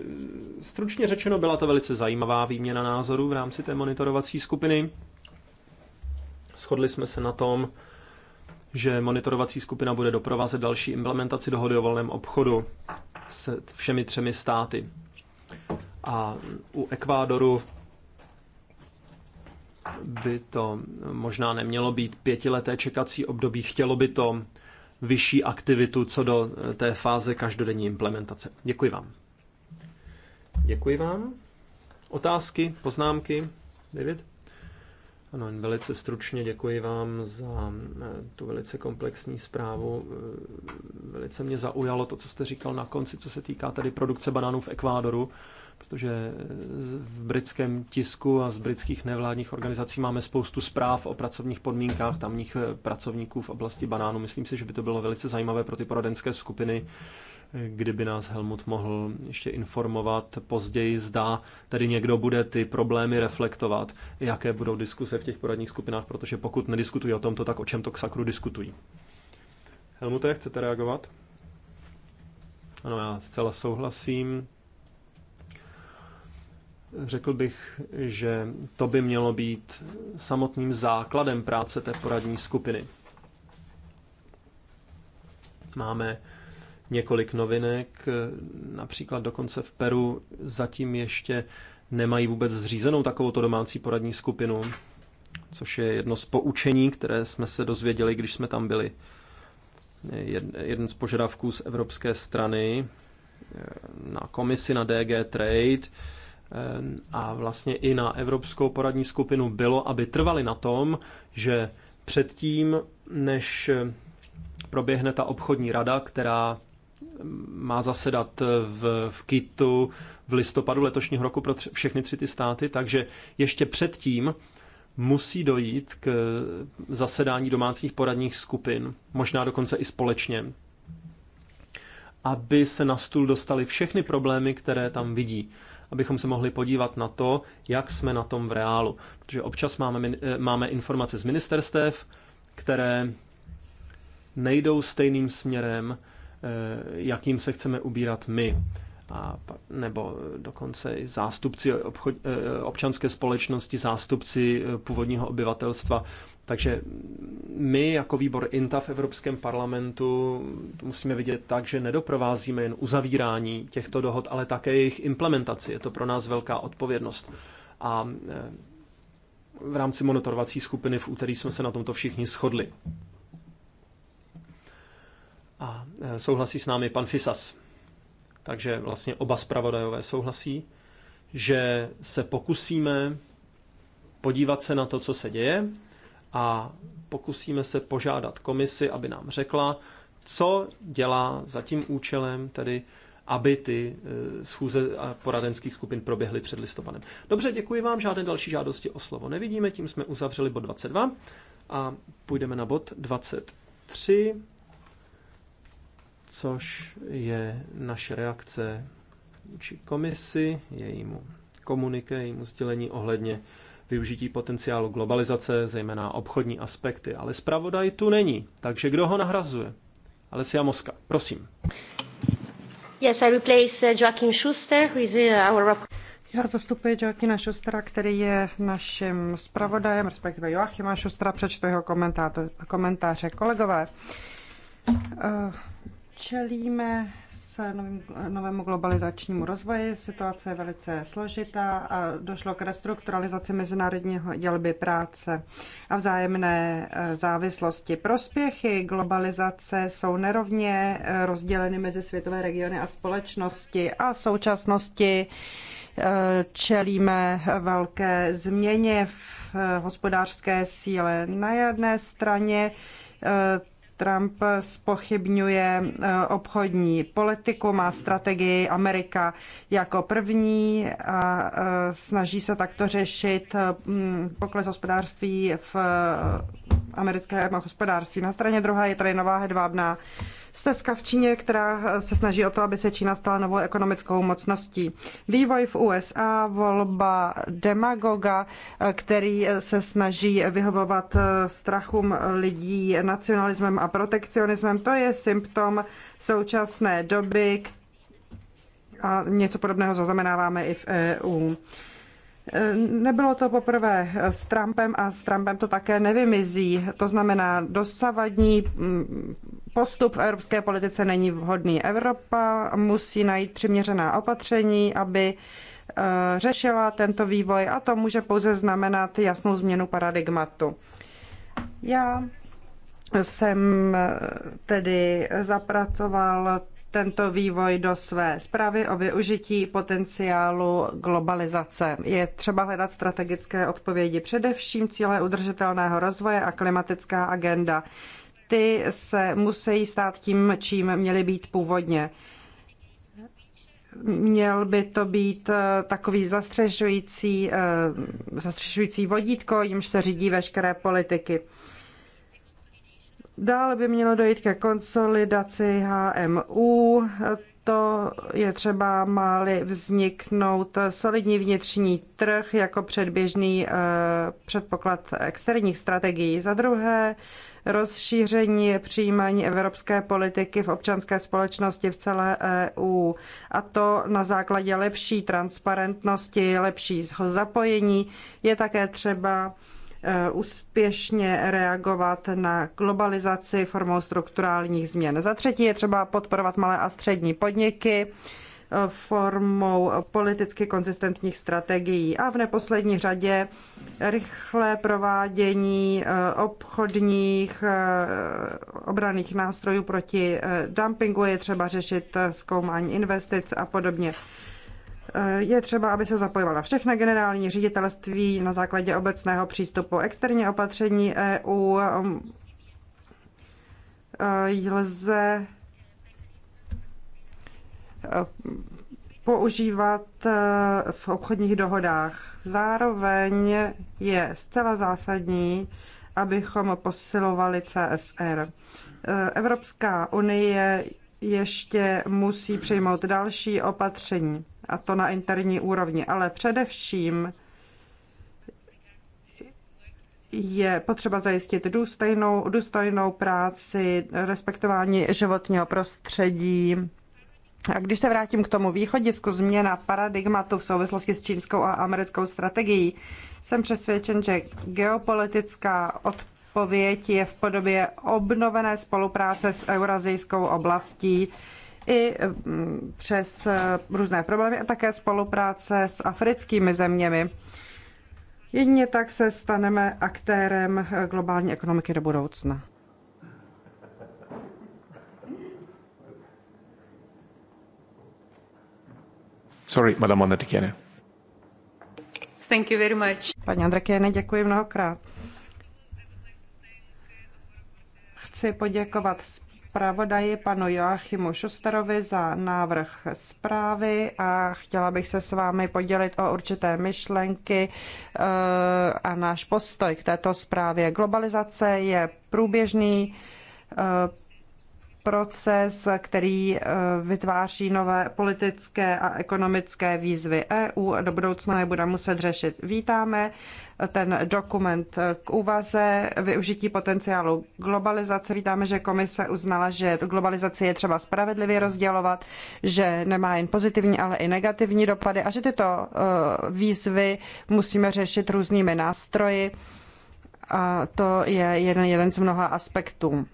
stručně řečeno byla to velice zajímavá výměna názorů v rámci té monitorovací skupiny. Shodli jsme se na tom, že monitorovací skupina bude doprovázet další implementaci dohody o volném obchodu se všemi třemi státy. A u Ekvádoru by to možná nemělo být pětileté čekací období, chtělo by to vyšší aktivitu co do eh, té fáze každodenní implementace. Děkuji vám. Děkuji vám. Otázky, poznámky? David? Ano, velice stručně děkuji vám za eh, tu velice komplexní zprávu. Eh, velice mě zaujalo to, co jste říkal na konci, co se týká tady produkce banánů v Ekvádoru protože v britském tisku a z britských nevládních organizací máme spoustu zpráv o pracovních podmínkách tamních eh, pracovníků v oblasti banánu. Myslím si, že by to bylo velice zajímavé pro ty poradenské skupiny, eh, kdyby nás Helmut mohl ještě informovat později, zda tedy někdo bude ty problémy reflektovat, jaké budou diskuse v těch poradních skupinách, protože pokud nediskutují o tomto, tak o čem to k sakru diskutují. Helmute, chcete reagovat? Ano, já zcela souhlasím Řekl bych, že to by mělo být samotným základem práce té poradní skupiny. Máme několik novinek, například dokonce v Peru zatím ještě nemají vůbec zřízenou takovouto domácí poradní skupinu, což je jedno z poučení, které jsme se dozvěděli, když jsme tam byli. Jeden z požadavků z evropské strany eh, na komisi na DG Trade Ehm, a vlastně i na Evropskou poradní skupinu bylo, aby trvali na tom, že předtím, než eh, proběhne ta obchodní rada, která mm, má zasedat eh, v, v Kitu v listopadu letošního roku pro tři, všechny tři ty státy, takže ještě předtím musí dojít k zasedání domácích poradních skupin, možná dokonce i společně, aby se na stůl dostaly všechny problémy, které tam vidí abychom se mohli podívat na to, jak jsme na tom v reálu. Protože občas máme, eh, máme informace z ministerstev, které nejdou stejným směrem, eh, jakým se chceme ubírat my. A, nebo dokonce i zástupci obchod, eh, občanské společnosti, zástupci původního obyvatelstva takže my jako výbor INTA v Evropském parlamentu musíme vidět tak, že nedoprovázíme jen uzavírání těchto dohod, ale také jejich implementaci. Je to pro nás velká odpovědnost. A e, v rámci monitorovací skupiny v úterý jsme se na tomto všichni shodli. A e, souhlasí s námi pan Fisas. Takže vlastně oba zpravodajové souhlasí, že se pokusíme podívat se na to, co se děje, a pokusíme se požádat komisi, aby nám řekla, co dělá za tím účelem, tedy aby ty e, schůze poradenských skupin proběhly před listopadem. Dobře, děkuji vám, žádné další žádosti o slovo nevidíme, tím jsme uzavřeli bod 22 a půjdeme na bod 23, což je naše reakce či komisi, jejímu komunike, jejímu sdělení ohledně využití potenciálu globalizace, zejména obchodní aspekty. Ale zpravodaj tu není, takže kdo ho nahrazuje? Alessia Moska, prosím. Yes, I replace uh, Joachim Schuster, who is uh, our já zastupuji Joachina Šustra, který je naším zpravodajem, respektive Joachima Šustra, přečtu jeho komentáře. Kolegové, eh, čelíme se novým, novému globalizačnímu rozvoji. Situace je velice složitá a došlo k restrukturalizaci mezinárodního dělby práce a vzájemné eh, závislosti. Prospěchy globalizace jsou nerovně eh, rozděleny mezi světové regiony a společnosti a v současnosti eh, čelíme velké změně v hospodářské síle. Na jedné straně Trump spochybňuje eh, obchodní politiku, má strategii Amerika jako první a eh, snaží se takto řešit eh, mm, pokles hospodářství v americkém hospodářství. Na straně druhé je tady nová hedvábná stezka v Číně, která eh, se snaží o to, aby se Čína stala novou ekonomickou mocností. Vývoj v USA, volba demagoga, eh, který eh, se snaží vyhovovat strachům lidí nacionalismem a protekcionismem, to je symptom současné doby a něco podobného zaznamenáváme i v EU. Nebylo to poprvé s Trumpem a s Trumpem to také nevymizí. To znamená, dosavadní mm, postup v evropské politice není vhodný. Evropa musí najít přiměřená opatření, aby eh, řešila tento vývoj a to může pouze znamenat jasnou změnu paradigmatu. Já jsem eh, tedy zapracoval tento vývoj do své zprávy o využití potenciálu globalizace. Je třeba hledat strategické odpovědi, především cíle udržitelného rozvoje a klimatická agenda. Ty se musí stát tím, čím měly být původně. Měl by to být eh, takový zastřešující, eh, zastřešující vodítko, jimž se řídí veškeré politiky. Dále by mělo dojít ke konsolidaci HMU. To je třeba máli vzniknout solidní vnitřní trh jako předběžný eh, předpoklad externích strategií. Za druhé, rozšíření přijímání evropské politiky v občanské společnosti v celé EU. A to na základě lepší transparentnosti, lepšího zapojení je také třeba Eh, úspěšně reagovat na globalizaci formou strukturálních změn. Za třetí je třeba podporovat malé a střední podniky eh, formou politicky konzistentních strategií a v neposlední řadě rychlé provádění eh, obchodních obraných nástrojů proti dumpingu je třeba řešit zkoumání investic a podobně. Eh, je třeba, aby se zapojovala všechna generální ředitelství na základě obecného přístupu externí opatření EU. Eh, lze eh, používat v obchodních dohodách. Zároveň je zcela zásadní, abychom posilovali CSR. Evropská unie ještě musí přijmout další opatření, a to na interní úrovni, ale především je potřeba zajistit důstojnou, důstojnou práci, respektování životního prostředí. A když se vrátím k tomu východisku změna paradigmatu v souvislosti s čínskou a americkou strategií, jsem přesvědčen, že geopolitická odpověď odpověď je v podobě obnovené spolupráce s eurazijskou oblastí i mm, přes eh, různé problémy a také spolupráce s africkými zeměmi. Jedině tak se staneme aktérem eh, globální ekonomiky do budoucna. Sorry, Madame Andrikiene. Thank you very much. Paní Andrekene, děkuji mnohokrát. chci poděkovat zpravodaji panu Joachimu Šusterovi za návrh zprávy a chtěla bych se s vámi podělit o určité myšlenky eh, a náš postoj k této zprávě. Globalizace je průběžný eh, proces, který eh, vytváří nové politické a ekonomické výzvy EU a do budoucna je bude muset řešit. Vítáme ten dokument k úvaze využití potenciálu globalizace. Vítáme, že komise uznala, že globalizaci je třeba spravedlivě rozdělovat, že nemá jen pozitivní, ale i negativní dopady a že tyto eh, výzvy musíme řešit různými nástroji. A to je jeden, jeden z mnoha aspektů.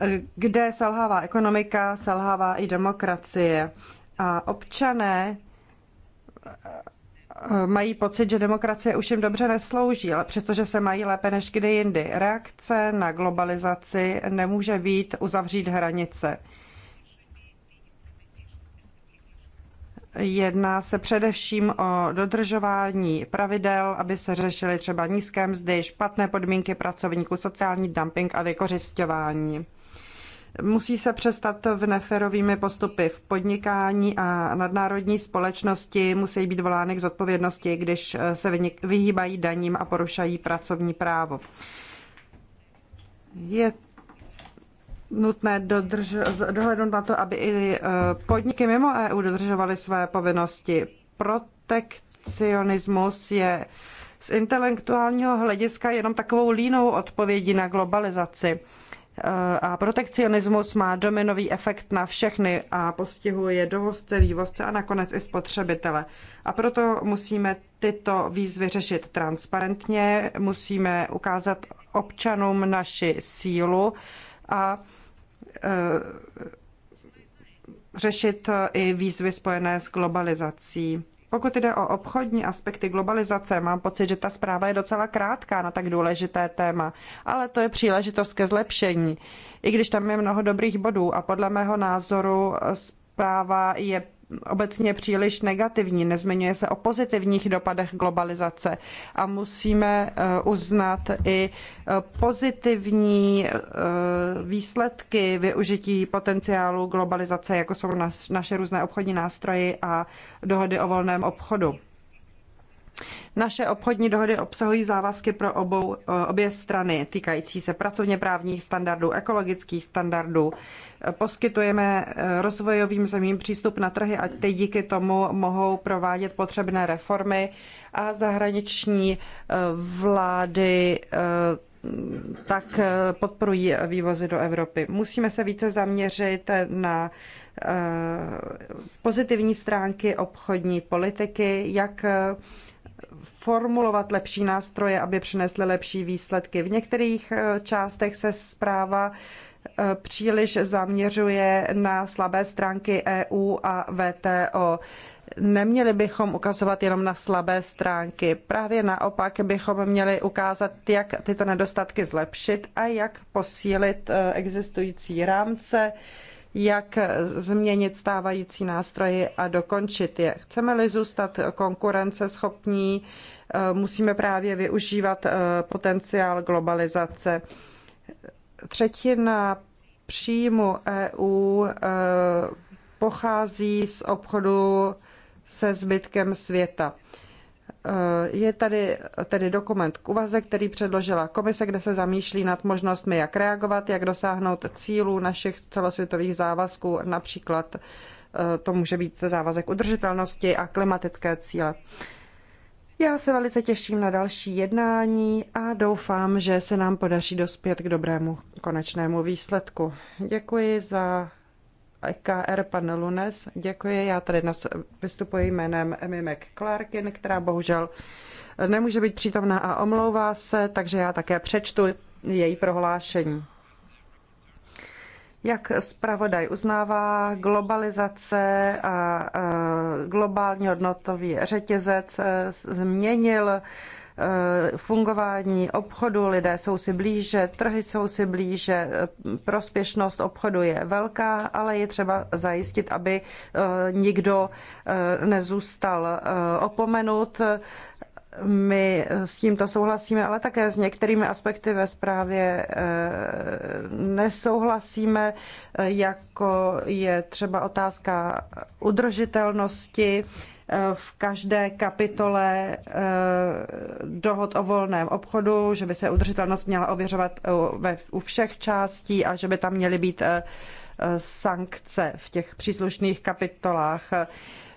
Eh, kde selhává ekonomika, selhává i demokracie. A občané Eh, mají pocit, že demokracie už jim dobře neslouží, ale přestože se mají lépe než kdy jindy. Reakce na globalizaci nemůže být uzavřít hranice. Jedná se především o dodržování pravidel, aby se řešily třeba nízké mzdy, špatné podmínky pracovníků, sociální dumping a vykořišťování. Musí se přestat v neferovými postupy v podnikání a nadnárodní společnosti musí být volány k zodpovědnosti, když eh, se vyhýbají daním a porušají pracovní právo. Je nutné dodrž, dohlednout na to, aby i eh, podniky mimo EU dodržovaly své povinnosti. Protekcionismus je z intelektuálního hlediska jenom takovou línou odpovědí na globalizaci Eh, a protekcionismus má dominový efekt na všechny a postihuje dovozce, vývozce a nakonec i spotřebitele. A proto musíme tyto výzvy řešit transparentně, musíme ukázat občanům naši sílu a eh, řešit i výzvy spojené s globalizací. Pokud jde o obchodní aspekty globalizace, mám pocit, že ta zpráva je docela krátká na tak důležité téma, ale to je příležitost ke zlepšení, i když tam je mnoho dobrých bodů a podle mého názoru zpráva je obecně příliš negativní, nezmiňuje se o pozitivních dopadech globalizace a musíme eh, uznat i eh, pozitivní eh, výsledky využití potenciálu globalizace, jako jsou naše různé obchodní nástroje a dohody o volném obchodu. Naše obchodní dohody obsahují závazky pro obou, eh, obě strany, týkající se pracovně právních standardů, ekologických standardů. Eh, poskytujeme eh, rozvojovým zemím přístup na trhy a ty díky tomu mohou provádět potřebné reformy a zahraniční vlády tak podporují vývozy do Evropy. Musíme se více zaměřit na pozitivní stránky obchodní politiky, jak formulovat lepší nástroje, aby přinesly lepší výsledky. V některých eh, částech se zpráva eh, příliš zaměřuje na slabé stránky EU a VTO. Neměli bychom ukazovat jenom na slabé stránky. Právě naopak bychom měli ukázat, jak tyto nedostatky zlepšit a jak posílit eh, existující rámce, jak změnit stávající nástroje a dokončit je. Chceme-li zůstat konkurenceschopní, eh, musíme právě využívat eh, potenciál globalizace. Třetina příjmu EU eh, pochází z obchodu se zbytkem světa. Eh, je tady tedy dokument k uvaze, který předložila komise, kde se zamýšlí nad možnostmi, jak reagovat, jak dosáhnout cílů našich celosvětových závazků, například eh, to může být závazek udržitelnosti a klimatické cíle. Já se velice těším na další jednání a doufám, že se nám podaří dospět k dobrému konečnému výsledku. Děkuji za KR pan Lunes. Děkuji, já tady nas vystupuji jménem Emmy McClarkin, která bohužel nemůže být přítomná a omlouvá se, takže já také přečtu její prohlášení. Jak zpravodaj uznává, globalizace a globální hodnotový řetězec e, změnil Eh, fungování obchodu, lidé jsou si blíže, trhy jsou si blíže, eh, prospěšnost obchodu je velká, ale je třeba zajistit, aby eh, nikdo nezůstal opomenut my s tímto souhlasíme, ale také s některými aspekty ve zprávě eh, nesouhlasíme, eh, jako je třeba otázka udržitelnosti eh, v každé kapitole dohod o volném obchodu, že by se udržitelnost měla ověřovat u všech částí a že by tam měly být sankce v těch příslušných kapitolách.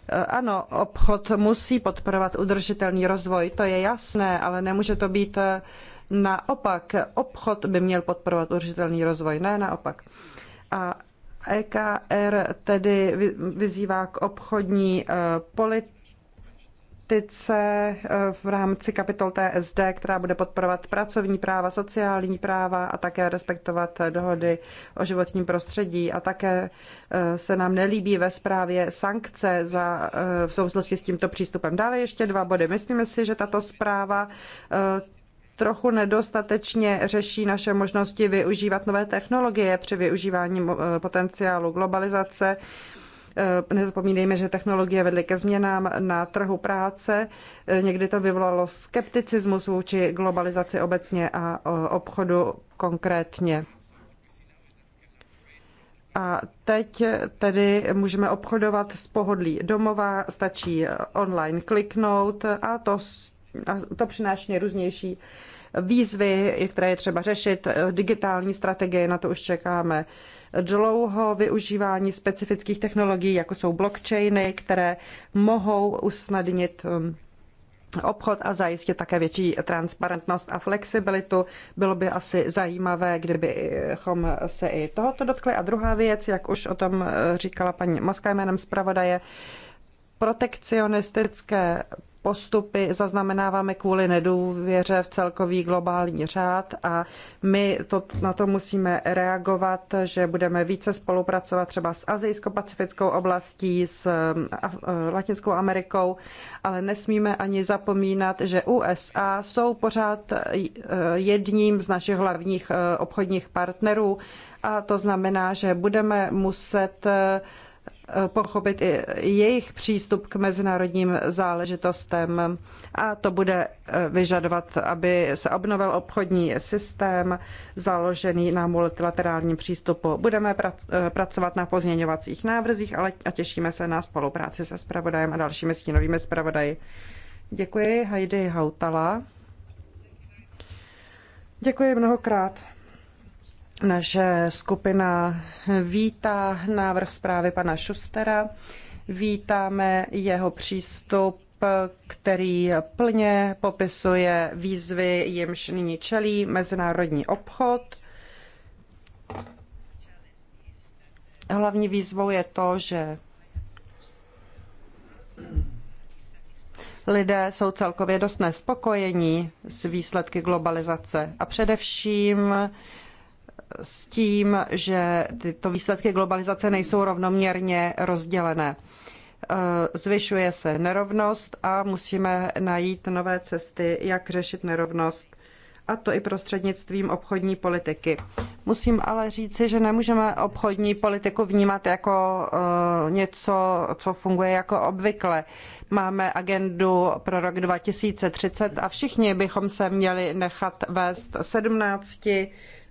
Eh, ano, obchod musí podporovat udržitelný rozvoj, to je jasné, ale nemůže to být eh, naopak. Obchod by měl podporovat udržitelný rozvoj, ne naopak. A EKR tedy vyzývá k obchodní eh, politice politice eh, v rámci kapitol TSD, která bude podporovat pracovní práva, sociální práva a také respektovat dohody o životním prostředí. A také eh, se nám nelíbí ve zprávě sankce za, eh, v souvislosti s tímto přístupem. Dále ještě dva body. Myslíme si, že tato zpráva trochu nedostatečně řeší naše možnosti využívat nové technologie při využívání potenciálu globalizace Eh, nezapomínejme, že technologie vedly ke změnám na trhu práce. Eh, někdy to vyvolalo skepticismus vůči globalizaci obecně a obchodu konkrétně. A teď tedy můžeme obchodovat z pohodlí domova, stačí online kliknout a to, a to přináší nejrůznější výzvy, které je třeba řešit, eh, digitální strategie, na to už čekáme dlouho využívání specifických technologií, jako jsou blockchainy, které mohou usnadnit um, obchod a zajistit také větší transparentnost a flexibilitu. Bylo by asi zajímavé, kdybychom se i tohoto dotkli. A druhá věc, jak už o tom eh, říkala paní Moska jménem zpravodaje, protekcionistické postupy zaznamenáváme kvůli nedůvěře v celkový globální řád a my to, na to musíme reagovat, že budeme více spolupracovat třeba s azijsko-pacifickou oblastí, s um, uh, Latinskou Amerikou, ale nesmíme ani zapomínat, že USA jsou pořád uh, jedním z našich hlavních uh, obchodních partnerů a to znamená, že budeme muset Eh, pochopit i jejich přístup k mezinárodním záležitostem a to bude eh, vyžadovat, aby se obnovil obchodní systém založený na multilaterálním přístupu. Budeme eh, pracovat na pozměňovacích návrzích ale a těšíme se na spolupráci se spravodajem a dalšími stínovými spravodaji. Děkuji Heidi Hautala. Děkuji mnohokrát. Naše skupina vítá návrh zprávy pana Šustera. Vítáme jeho přístup, který plně popisuje výzvy, jimž nyní čelí mezinárodní obchod. Hlavní výzvou je to, že lidé jsou celkově dost nespokojení s výsledky globalizace a především s tím, že tyto výsledky globalizace nejsou rovnoměrně rozdělené. E, zvyšuje se nerovnost a musíme najít nové cesty, jak řešit nerovnost a to i prostřednictvím obchodní politiky. Musím ale říci, že nemůžeme obchodní politiku vnímat jako e, něco, co funguje jako obvykle. Máme agendu pro rok 2030 a všichni bychom se měli nechat vést 17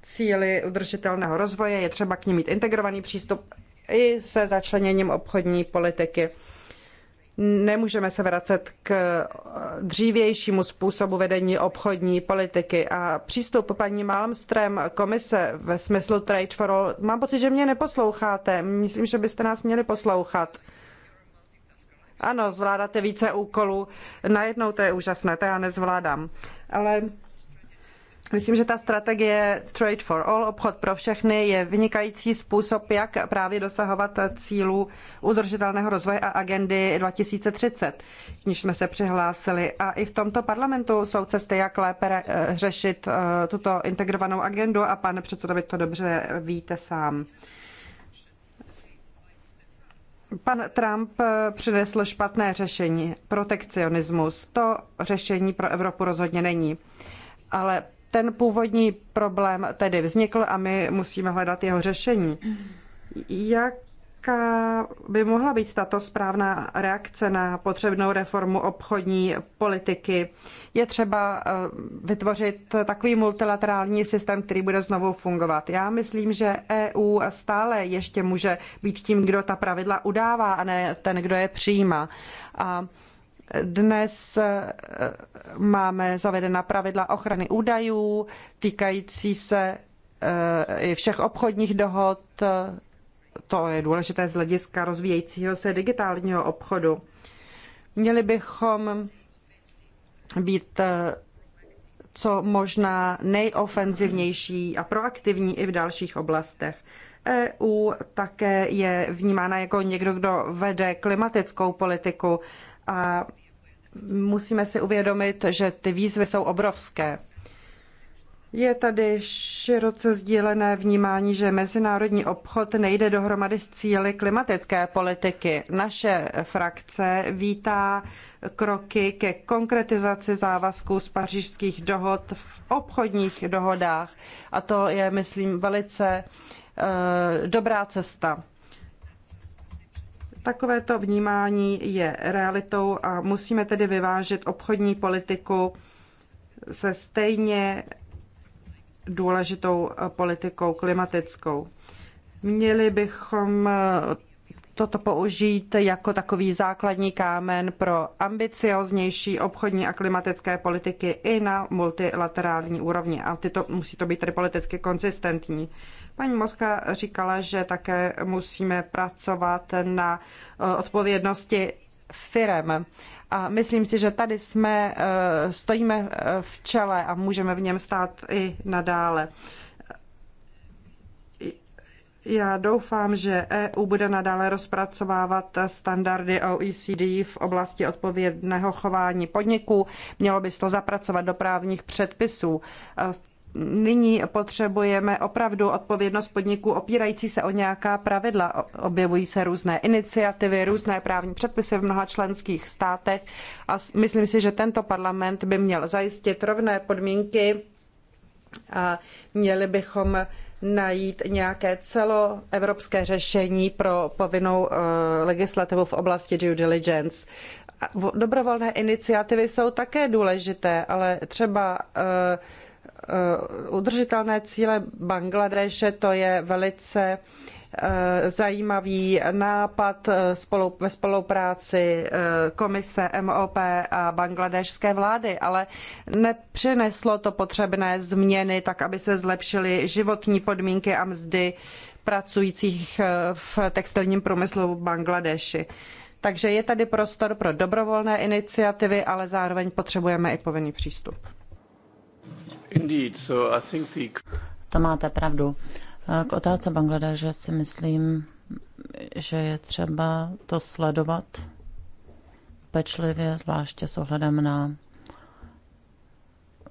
cíly udržitelného rozvoje, je třeba k ním mít integrovaný přístup i se začleněním obchodní politiky. Nemůžeme se vracet k dřívějšímu způsobu vedení obchodní politiky a přístup paní Malmström komise ve smyslu Trade for All, mám pocit, že mě neposloucháte. Myslím, že byste nás měli poslouchat. Ano, zvládáte více úkolů. Najednou to je úžasné, to já nezvládám. Ale Myslím, že ta strategie Trade for All, obchod pro všechny, je vynikající způsob, jak právě dosahovat cílů udržitelného rozvoje a agendy 2030, k níž jsme se přihlásili. A i v tomto parlamentu jsou cesty, jak lépe řešit eh, tuto integrovanou agendu a pane předsedo, vy to dobře víte sám. Pan Trump eh, přinesl špatné řešení, protekcionismus. To řešení pro Evropu rozhodně není. Ale ten původní problém tedy vznikl a my musíme hledat jeho řešení. Jaká by mohla být tato správná reakce na potřebnou reformu obchodní politiky? Je třeba eh, vytvořit takový multilaterální systém, který bude znovu fungovat. Já myslím, že EU stále ještě může být tím, kdo ta pravidla udává, a ne ten, kdo je přijímá. A dnes eh, máme zavedena pravidla ochrany údajů týkající se eh, i všech obchodních dohod. To je důležité z hlediska rozvíjejícího se digitálního obchodu. Měli bychom být eh, co možná nejofenzivnější a proaktivní i v dalších oblastech. EU také je vnímána jako někdo, kdo vede klimatickou politiku a musíme si uvědomit, že ty výzvy jsou obrovské. Je tady široce sdílené vnímání, že mezinárodní obchod nejde dohromady s cíly klimatické politiky. Naše frakce vítá kroky ke konkretizaci závazků z pařížských dohod v obchodních dohodách. A to je, myslím, velice eh, dobrá cesta. Takovéto vnímání je realitou a musíme tedy vyvážit obchodní politiku se stejně důležitou eh, politikou klimatickou. Měli bychom eh, toto použít jako takový základní kámen pro ambicioznější obchodní a klimatické politiky i na multilaterální úrovni. A tyto, musí to být tedy politicky konzistentní. Paní Moska říkala, že také musíme pracovat na eh, odpovědnosti firem. A myslím si, že tady jsme, eh, stojíme eh, v čele a můžeme v něm stát i nadále. Já doufám, že EU bude nadále rozpracovávat standardy OECD v oblasti odpovědného chování podniků. Mělo by se to zapracovat do právních předpisů. V nyní potřebujeme opravdu odpovědnost podniků opírající se o nějaká pravidla. Objevují se různé iniciativy, různé právní předpisy v mnoha členských státech a myslím si, že tento parlament by měl zajistit rovné podmínky a měli bychom najít nějaké celoevropské řešení pro povinnou eh, legislativu v oblasti due diligence dobrovolné iniciativy jsou také důležité, ale třeba eh, Eh, udržitelné cíle Bangladeše, to je velice eh, zajímavý nápad eh, spolu, ve spolupráci komise MOP a bangladešské vlády, ale nepřineslo to potřebné změny tak, aby se zlepšily životní podmínky a mzdy pracujících v textilním průmyslu v Bangladeši. Takže je tady prostor pro dobrovolné iniciativy, ale zároveň potřebujeme i povinný přístup. To máte pravdu. K otázce Bangladeže si myslím, že je třeba to sledovat pečlivě, zvláště s ohledem na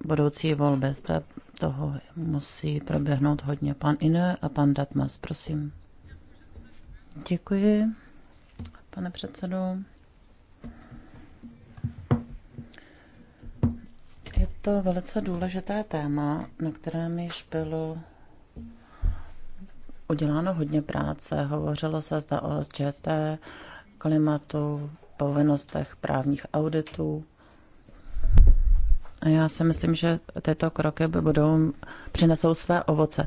budoucí volby. Zde toho musí proběhnout hodně. Pan Ine a pan Datmas, prosím. Děkuji, pane předsedo. to velice důležité téma, na kterém již bylo uděláno hodně práce. Hovořilo se zda o SGT, klimatu, povinnostech právních auditů. A já si myslím, že tyto kroky by budou, přinesou své ovoce.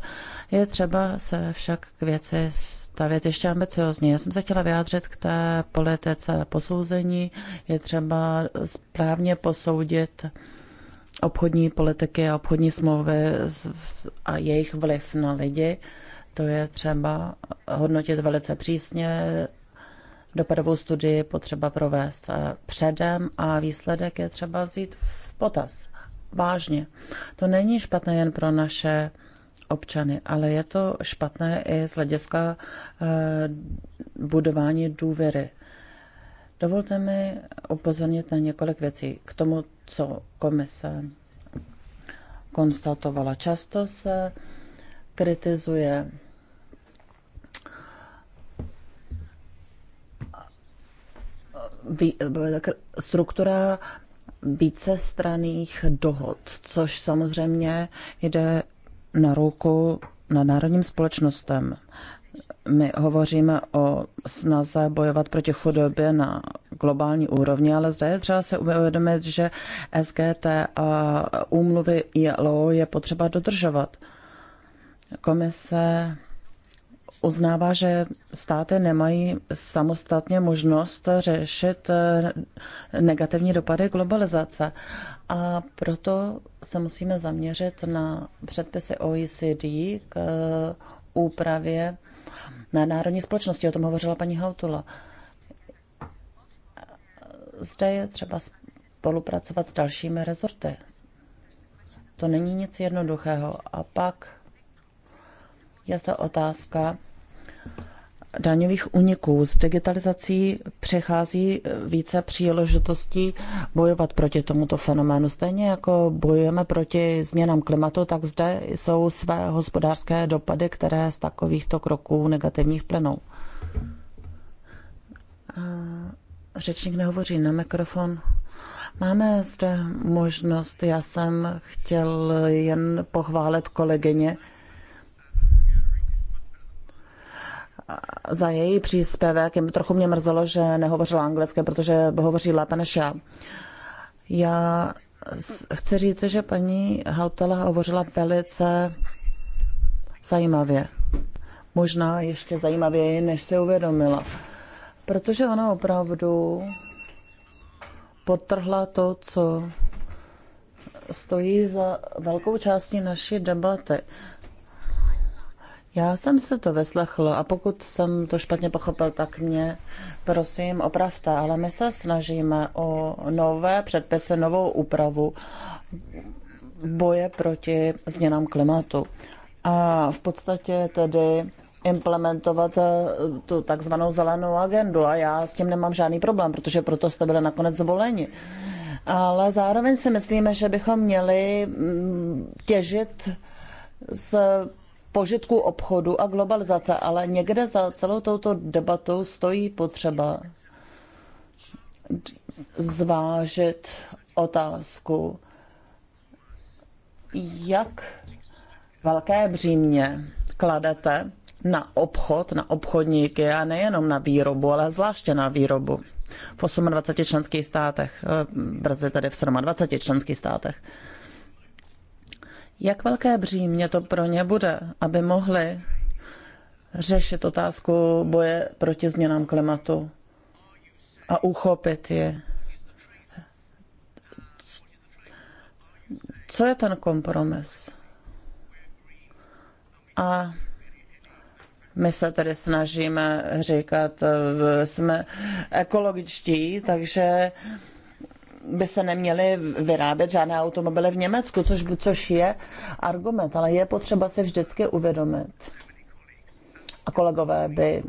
Je třeba se však k věci stavět ještě ambiciozně. Já jsem se chtěla vyjádřit k té politice posouzení. Je třeba správně posoudit obchodní politiky a obchodní smlouvy a jejich vliv na lidi. To je třeba hodnotit velice přísně. Dopadovou studii potřeba provést eh, předem a výsledek je třeba vzít v potaz. Vážně. To není špatné jen pro naše občany, ale je to špatné i z hlediska eh, budování důvěry. Dovolte mi upozornit na několik věcí. K tomu co komise konstatovala. Často se kritizuje struktura vícestraných dohod, což samozřejmě jde na ruku nad národním společnostem my hovoříme o snaze bojovat proti chudobě na globální úrovni, ale zde je třeba se uvědomit, že SGT a úmluvy ILO je potřeba dodržovat. Komise uznává, že státy nemají samostatně možnost řešit eh, negativní dopady globalizace. A proto se musíme zaměřit na předpisy OECD k eh, úpravě na národní společnosti. O tom hovořila paní Hautula. Zde je třeba spolupracovat s dalšími rezorty. To není nic jednoduchého. A pak je zde otázka daňových uniků. S digitalizací přechází eh, více příležitostí bojovat proti tomuto fenoménu. Stejně jako bojujeme proti změnám klimatu, tak zde jsou své hospodářské dopady, které z takovýchto kroků negativních plynou. Eh, řečník nehovoří na mikrofon. Máme zde možnost, já jsem chtěl jen pochválit kolegyně, za její příspěvek. Trochu mě mrzelo, že nehovořila anglicky, protože hovoří lépe než já. Já chci říct, že paní Hautala hovořila velice zajímavě. Možná ještě zajímavěji, než se uvědomila. Protože ona opravdu potrhla to, co stojí za velkou částí naší debaty. Já jsem se to vyslechla a pokud jsem to špatně pochopil, tak mě prosím opravte, ale my se snažíme o nové předpisy, novou úpravu boje proti změnám klimatu. A v podstatě tedy implementovat eh, tu takzvanou zelenou agendu a já s tím nemám žádný problém, protože proto jste byli nakonec zvoleni. Ale zároveň si myslíme, že bychom měli mm, těžit z požitku obchodu a globalizace, ale někde za celou touto debatou stojí potřeba zvážit otázku, jak velké břímě kladete na obchod, na obchodníky a nejenom na výrobu, ale zvláště na výrobu v 28 členských státech, eh, brzy tedy v 27 členských státech. Jak velké břímě to pro ně bude, aby mohli řešit otázku boje proti změnám klimatu a uchopit je? Co je ten kompromis? A my se tedy snažíme říkat, eh, jsme ekologičtí, takže by se neměly vyrábět žádné automobily v Německu, což, což je argument, ale je potřeba se vždycky uvědomit. A kolegové by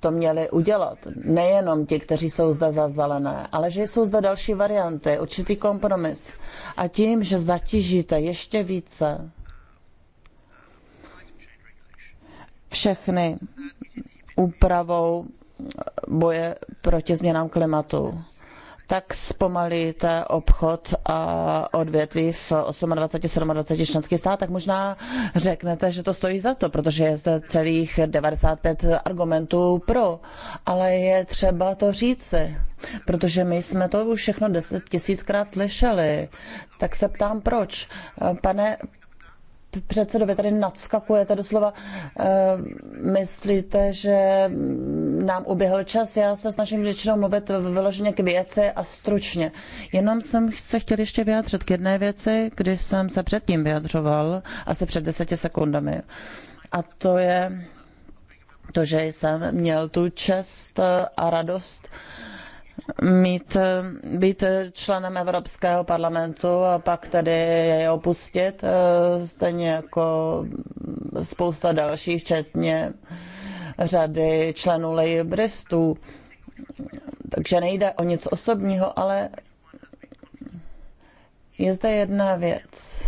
to měli udělat. Nejenom ti, kteří jsou zde za zelené, ale že jsou zde další varianty, určitý kompromis. A tím, že zatížíte ještě více všechny úpravou boje proti změnám klimatu, tak zpomalíte obchod a odvětví v 28, 27 členských státech. Možná řeknete, že to stojí za to, protože je zde celých 95 argumentů pro, ale je třeba to říci, protože my jsme to už všechno 10 tisíckrát slyšeli. Tak se ptám, proč. Pane předsedovi tady nadskakujete doslova. Eh, myslíte, že nám uběhl čas? Já se snažím většinou mluvit vyloženě k věci a stručně. Jenom jsem se chtěl ještě vyjádřit k jedné věci, když jsem se předtím vyjadřoval, asi před deseti sekundami. A to je to, že jsem měl tu čest a radost uh, mít, být členem Evropského parlamentu a pak tedy jej opustit, eh, stejně jako spousta dalších, včetně řady členů lejbristů. Takže nejde o nic osobního, ale je zde jedna věc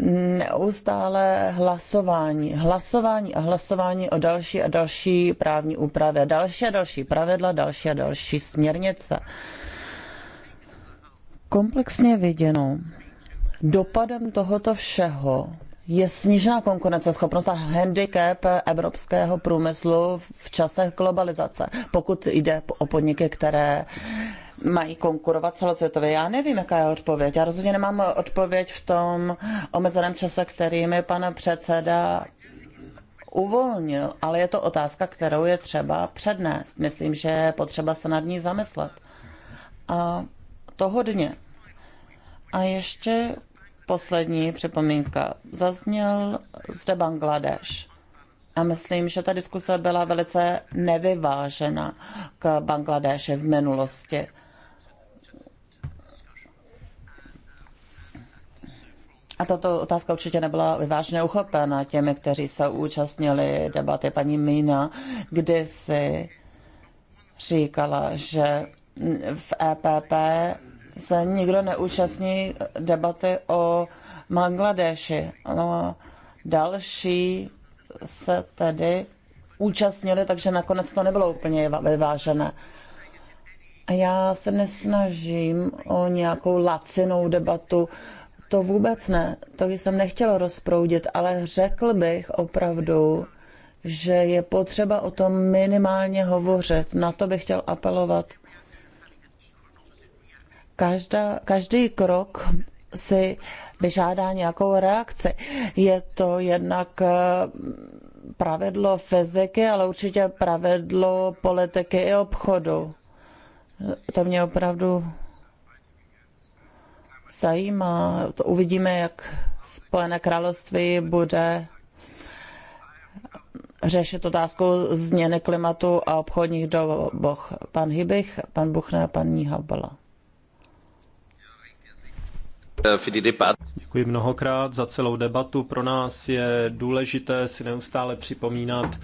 neustále hlasování. Hlasování a hlasování o další a další právní úpravy, další a další pravidla, další a další směrnice. Komplexně viděno, dopadem tohoto všeho je snížená konkurenceschopnost a handicap evropského průmyslu v časech globalizace, pokud jde o podniky, které mají konkurovat celosvětově. Já nevím, jaká je odpověď. Já rozhodně nemám odpověď v tom omezeném čase, který mi pan předseda uvolnil, ale je to otázka, kterou je třeba přednést. Myslím, že je potřeba se nad ní zamyslet. A to hodně. A ještě poslední připomínka. Zazněl zde Bangladeš. A myslím, že ta diskuse byla velice nevyvážena k Bangladeši v minulosti. A tato otázka určitě nebyla vyvážně uchopena těmi, kteří se účastnili debaty paní Mína, kdy si říkala, že v EPP se nikdo neúčastní debaty o Mangladeši. No, další se tedy účastnili, takže nakonec to nebylo úplně vyvážené. A já se nesnažím o nějakou lacinou debatu to vůbec ne, to jsem nechtěla rozproudit, ale řekl bych opravdu, že je potřeba o tom minimálně hovořit. Na to bych chtěl apelovat. Každá, každý krok si vyžádá nějakou reakci. Je to jednak eh, pravidlo fyziky, ale určitě pravidlo politiky i obchodu. To mě opravdu zajímá. To uvidíme, jak Spojené království bude řešit otázku změny klimatu a obchodních doboch. Pan Hybich, pan Buchne a paní Habala. Děkuji mnohokrát za celou debatu. Pro nás je důležité si neustále připomínat,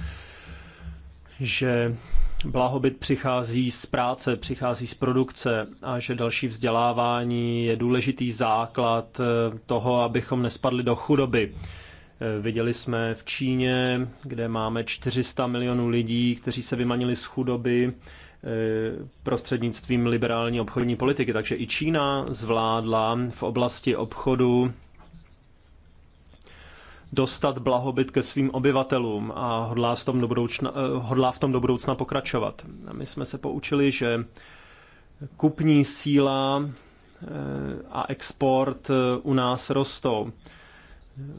že blahobyt přichází z práce, přichází z produkce a že další vzdělávání je důležitý základ eh, toho, abychom nespadli do chudoby. Eh, viděli jsme v Číně, kde máme 400 milionů lidí, kteří se vymanili z chudoby eh, prostřednictvím liberální obchodní politiky. Takže i Čína zvládla v oblasti obchodu dostat blahobyt ke svým obyvatelům a hodlá, v tom do budoucna, eh, hodlá v tom do budoucna pokračovat. A my jsme se poučili, že kupní síla eh, a export eh, u nás rostou.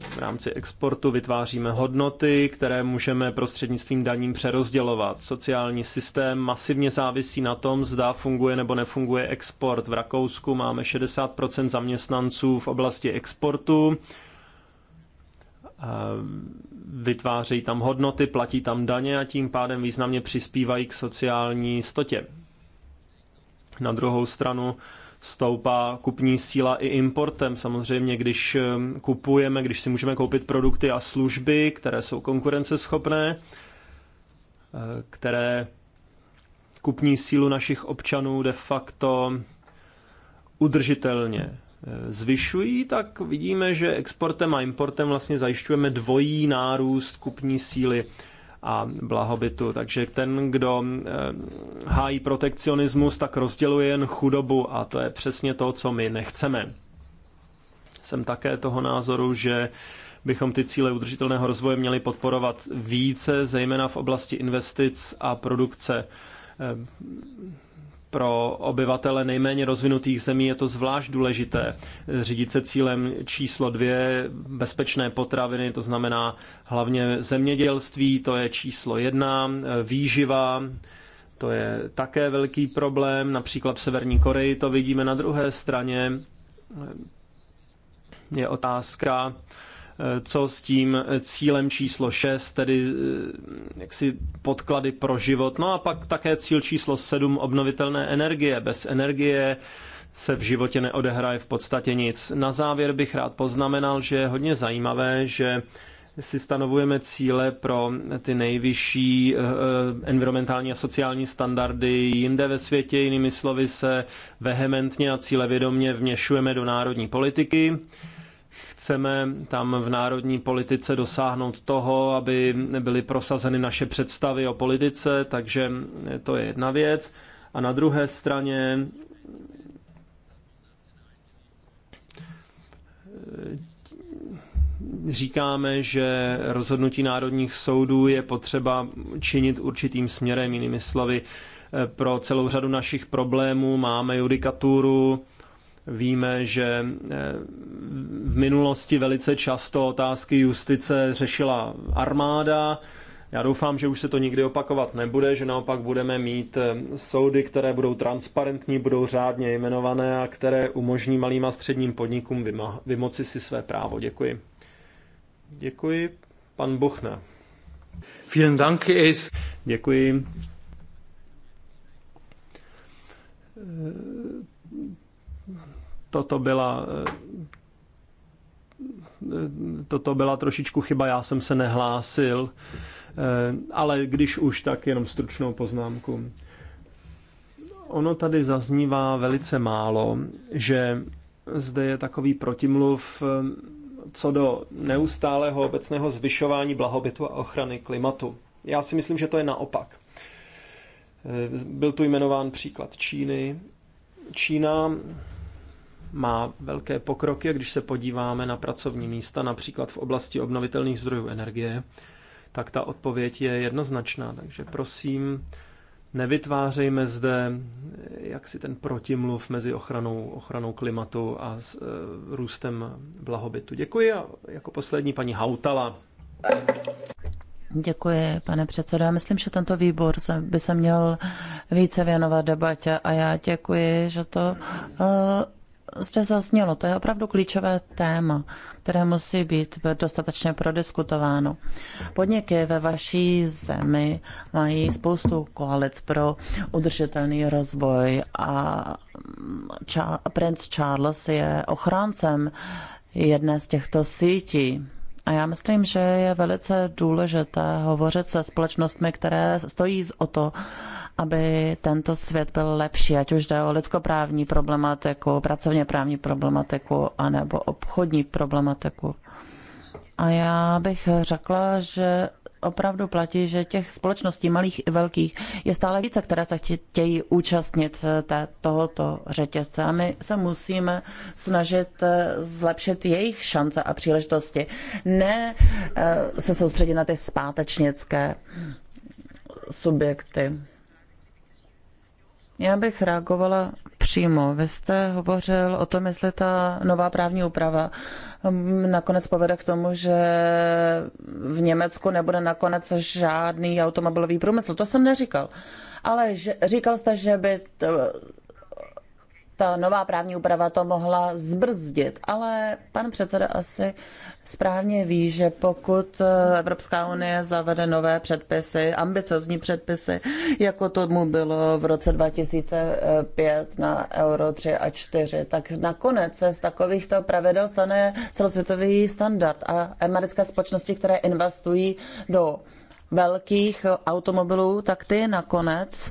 V rámci exportu vytváříme hodnoty, které můžeme prostřednictvím daním přerozdělovat. Sociální systém masivně závisí na tom, zda funguje nebo nefunguje export. V Rakousku máme 60 zaměstnanců v oblasti exportu Eh, vytvářejí tam hodnoty, platí tam daně a tím pádem významně přispívají k sociální jistotě. Na druhou stranu stoupá kupní síla i importem. Samozřejmě, když eh, kupujeme, když si můžeme koupit produkty a služby, které jsou konkurenceschopné, eh, které kupní sílu našich občanů de facto udržitelně zvyšují, tak vidíme, že exportem a importem vlastně zajišťujeme dvojí nárůst kupní síly a blahobytu. Takže ten, kdo eh, hájí protekcionismus, tak rozděluje jen chudobu a to je přesně to, co my nechceme. Jsem také toho názoru, že bychom ty cíle udržitelného rozvoje měli podporovat více, zejména v oblasti investic a produkce eh, pro obyvatele nejméně rozvinutých zemí je to zvlášť důležité. Řídit se cílem číslo dvě, bezpečné potraviny, to znamená hlavně zemědělství, to je číslo jedna, výživa, to je také velký problém, například v Severní Koreji to vidíme na druhé straně. Je otázka, co s tím cílem číslo 6, tedy eh, jaksi podklady pro život. No a pak také cíl číslo 7, obnovitelné energie. Bez energie se v životě neodehraje v podstatě nic. Na závěr bych rád poznamenal, že je hodně zajímavé, že si stanovujeme cíle pro ty nejvyšší eh, environmentální a sociální standardy jinde ve světě, jinými slovy se vehementně a cílevědomně vměšujeme do národní politiky Chceme tam v národní politice dosáhnout toho, aby byly prosazeny naše představy o politice, takže to je jedna věc. A na druhé straně říkáme, že rozhodnutí národních soudů je potřeba činit určitým směrem, jinými slovy, pro celou řadu našich problémů máme judikaturu, Víme, že eh, v minulosti velice často otázky justice řešila armáda. Já doufám, že už se to nikdy opakovat nebude, že naopak budeme mít eh, soudy, které budou transparentní, budou řádně jmenované a které umožní malým a středním podnikům vymoci si své právo. Děkuji. Děkuji, pan Buchner. Vielen Dank. Děkuji toto byla eh, toto byla trošičku chyba, já jsem se nehlásil, eh, ale když už, tak jenom stručnou poznámku. Ono tady zaznívá velice málo, že zde je takový protimluv eh, co do neustálého obecného zvyšování blahobytu a ochrany klimatu. Já si myslím, že to je naopak. Byl tu jmenován příklad Číny. Čína má velké pokroky, když se podíváme na pracovní místa, například v oblasti obnovitelných zdrojů energie, tak ta odpověď je jednoznačná. Takže prosím, nevytvářejme zde jaksi ten protimluv mezi ochranou, ochranou klimatu a s, e, růstem blahobytu. Děkuji a jako poslední paní Hautala. Děkuji, pane předsedo. Já myslím, že tento výbor by se měl více věnovat debatě a já děkuji, že to e, zde zaznělo, to je opravdu klíčové téma, které musí být dostatečně prodiskutováno. Podniky ve vaší zemi mají spoustu koalic pro udržitelný rozvoj a Prince princ Charles je ochráncem jedné z těchto sítí a já myslím, že je velice důležité hovořit se společnostmi, které stojí o to, aby tento svět byl lepší, ať už jde o lidskoprávní problematiku, pracovně právní problematiku, anebo obchodní problematiku. A já bych řekla, že opravdu platí, že těch společností malých i velkých je stále více, které se chtějí účastnit eh, té, tohoto řetězce a my se musíme snažit eh, zlepšit jejich šance a příležitosti. Ne eh, se soustředit na ty zpátečnické subjekty. Já bych reagovala přímo. Vy jste hovořil o tom, jestli ta nová právní úprava hm, nakonec povede k tomu, že v Německu nebude nakonec žádný automobilový průmysl. To jsem neříkal. Ale že, říkal jste, že by To, ta nová právní úprava to mohla zbrzdit. Ale pan předseda asi správně ví, že pokud eh, Evropská unie zavede nové předpisy, ambiciozní předpisy, jako tomu bylo v roce 2005 na Euro 3 a 4, tak nakonec se z takovýchto pravidel stane celosvětový standard a americké společnosti, které investují do velkých automobilů, tak ty nakonec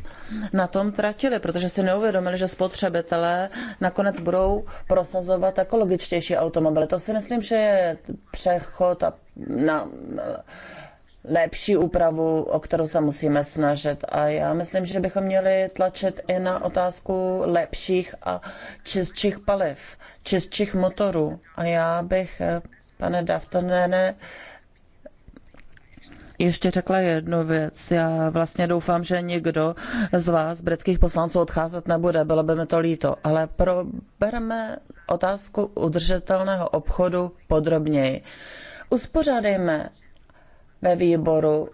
na tom tratili, protože si neuvědomili, že spotřebitelé nakonec budou prosazovat ekologičtější automobily. To si myslím, že je přechod na lepší úpravu, o kterou se musíme snažit. A já myslím, že bychom měli tlačit i na otázku lepších a čistších paliv, čistších motorů. A já bych, eh, pane Daftonene, ještě řekla jednu věc. Já vlastně doufám, že nikdo z vás, britských poslanců, odcházet nebude, bylo by mi to líto. Ale probereme otázku udržitelného obchodu podrobněji. Uspořádejme ve výboru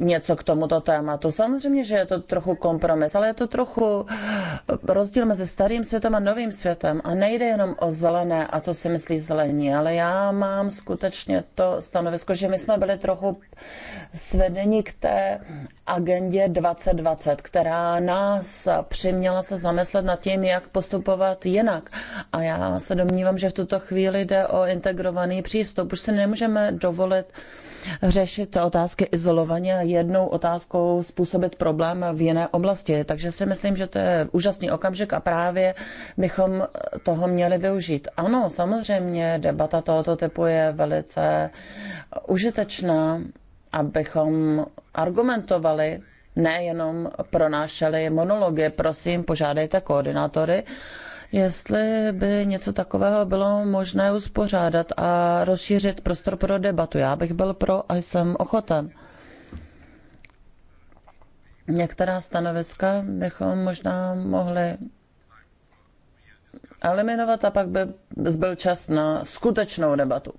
něco k tomuto tématu. Samozřejmě, že je to trochu kompromis, ale je to trochu eh, rozdíl mezi starým světem a novým světem. A nejde jenom o zelené a co si myslí zelení, ale já mám skutečně to stanovisko, že my jsme byli trochu svedeni k té agendě 2020, která nás přiměla se zamyslet nad tím, jak postupovat jinak. A já se domnívám, že v tuto chvíli jde o integrovaný přístup. Už si nemůžeme dovolit řešit otázky izolovaně a jednou otázkou způsobit problém v jiné oblasti. Takže si myslím, že to je úžasný okamžik a právě bychom toho měli využít. Ano, samozřejmě debata tohoto typu je velice užitečná, abychom argumentovali nejenom pronášeli monology. Prosím, požádejte koordinátory, jestli by něco takového bylo možné uspořádat a rozšířit prostor pro debatu. Já bych byl pro a jsem ochoten. Některá stanoviska bychom možná mohli eliminovat a pak by zbyl čas na skutečnou debatu.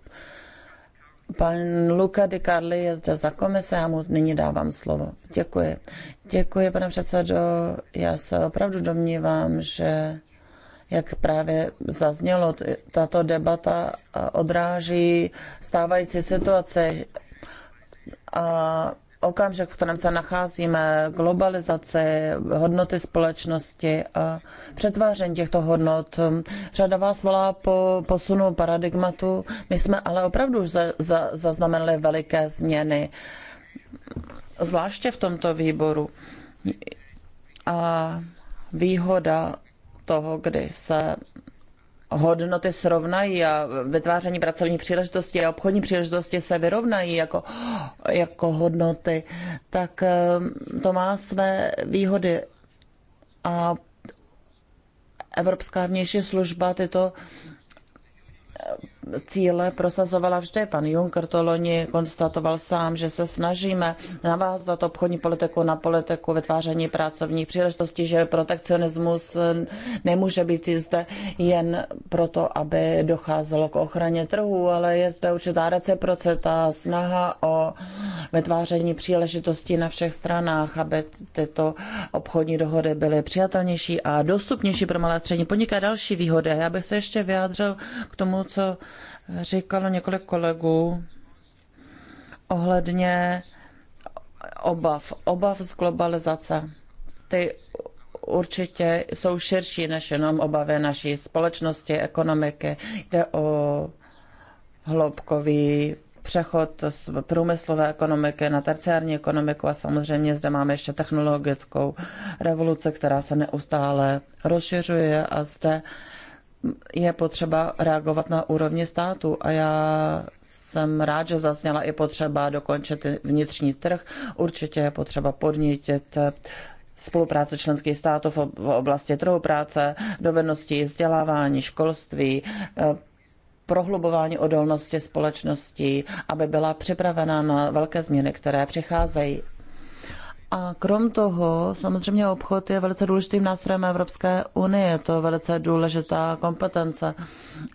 Pan Luca Di Carli je zde za komise, já mu nyní dávám slovo. Děkuji. Děkuji, pane předsedo. Já se opravdu domnívám, že jak právě zaznělo, tato debata odráží stávající situace a okamžik, v kterém se nacházíme, globalizace, hodnoty společnosti a přetváření těchto hodnot. Řada vás volá po posunu paradigmatu. My jsme ale opravdu už za, za, zaznamenali veliké změny, zvláště v tomto výboru. A výhoda toho, kdy se hodnoty srovnají a vytváření pracovní příležitosti a obchodní příležitosti se vyrovnají jako, jako hodnoty, tak eh, to má své výhody. A Evropská vnější služba tyto cíle prosazovala vždy. Pan Juncker to loni konstatoval sám, že se snažíme navázat obchodní politiku na politiku vytváření pracovních příležitostí, že protekcionismus eh, nemůže být zde jen proto, aby docházelo k ochraně trhu, ale je zde určitá reciprocita, snaha o vytváření příležitostí na všech stranách, aby tyto obchodní dohody byly přijatelnější a dostupnější pro malé a střední podniky a další výhody. Já bych se ještě vyjádřil k tomu, co říkalo několik kolegů ohledně obav, obav z globalizace. Ty určitě jsou širší než jenom obavy naší společnosti, ekonomiky. Jde o hloubkový přechod z průmyslové ekonomiky na terciární ekonomiku a samozřejmě zde máme ještě technologickou revoluci, která se neustále rozšiřuje a zde je potřeba reagovat na úrovni státu a já jsem rád, že zazněla i potřeba dokončit vnitřní trh. Určitě je potřeba podnítit spolupráce členských států v oblasti trhu práce, dovedností, vzdělávání, školství, eh, prohlubování odolnosti společnosti, aby byla připravena na velké změny, které přicházejí. A krom toho, samozřejmě obchod je velice důležitým nástrojem Evropské unie, to je velice důležitá kompetence.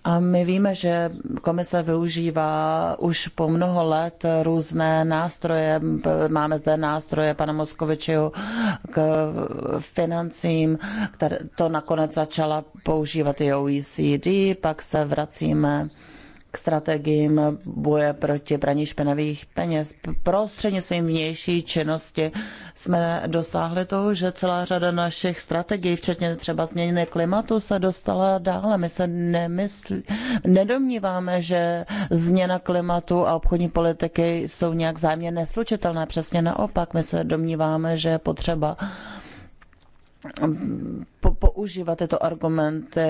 A my víme, že komise využívá už po mnoho let různé nástroje. Máme zde nástroje pana Moskovičiho k financím, které to nakonec začala používat i OECD, pak se vracíme k strategiím boje proti praní špinavých peněz. Prostřednictvím vnější činnosti jsme dosáhli toho, že celá řada našich strategií, včetně třeba změny klimatu, se dostala dále. My se nemyslí, nedomníváme, že změna klimatu a obchodní politiky jsou nějak zájemně neslučitelné. Přesně naopak, my se domníváme, že je potřeba používat tyto argumenty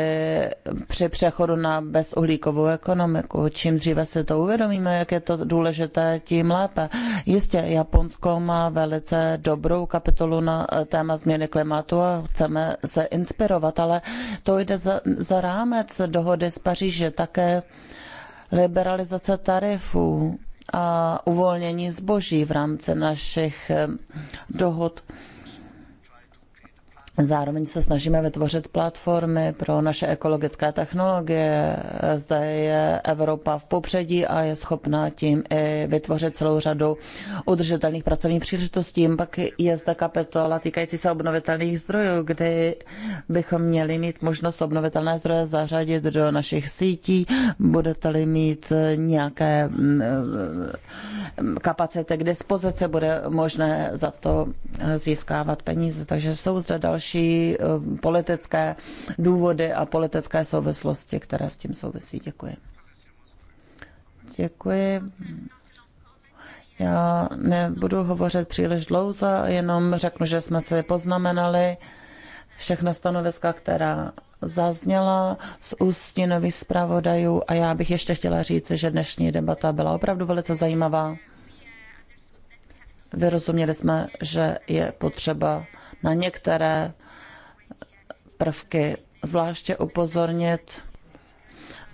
při přechodu na bezuhlíkovou ekonomiku. Čím dříve si to uvědomíme, jak je to důležité, tím lépe. Jistě, Japonsko má velice dobrou kapitolu na eh, téma změny klimatu a chceme se inspirovat, ale to jde za, za rámec dohody z Paříže, také liberalizace tarifů a uvolnění zboží v rámci našich eh, dohod Zároveň se snažíme vytvořit platformy pro naše ekologické technologie. Zde je Evropa v popředí a je schopná tím i vytvořit celou řadu udržitelných pracovních příležitostí. Pak je zde kapitola týkající se obnovitelných zdrojů, kdy bychom měli mít možnost obnovitelné zdroje zařadit do našich sítí. Budete-li mít nějaké mm, mm, kapacity k dispozici, bude možné za to získávat peníze. Takže jsou zde další další eh, politické důvody a politické souvislosti, které s tím souvisí. Děkuji. Děkuji. Já nebudu hovořit příliš dlouze, jenom řeknu, že jsme si poznamenali všechna stanoviska, která zazněla z ústí nových zpravodajů a já bych ještě chtěla říct, že dnešní debata byla opravdu velice zajímavá. Vyrozuměli jsme, že je potřeba na některé prvky zvláště upozornit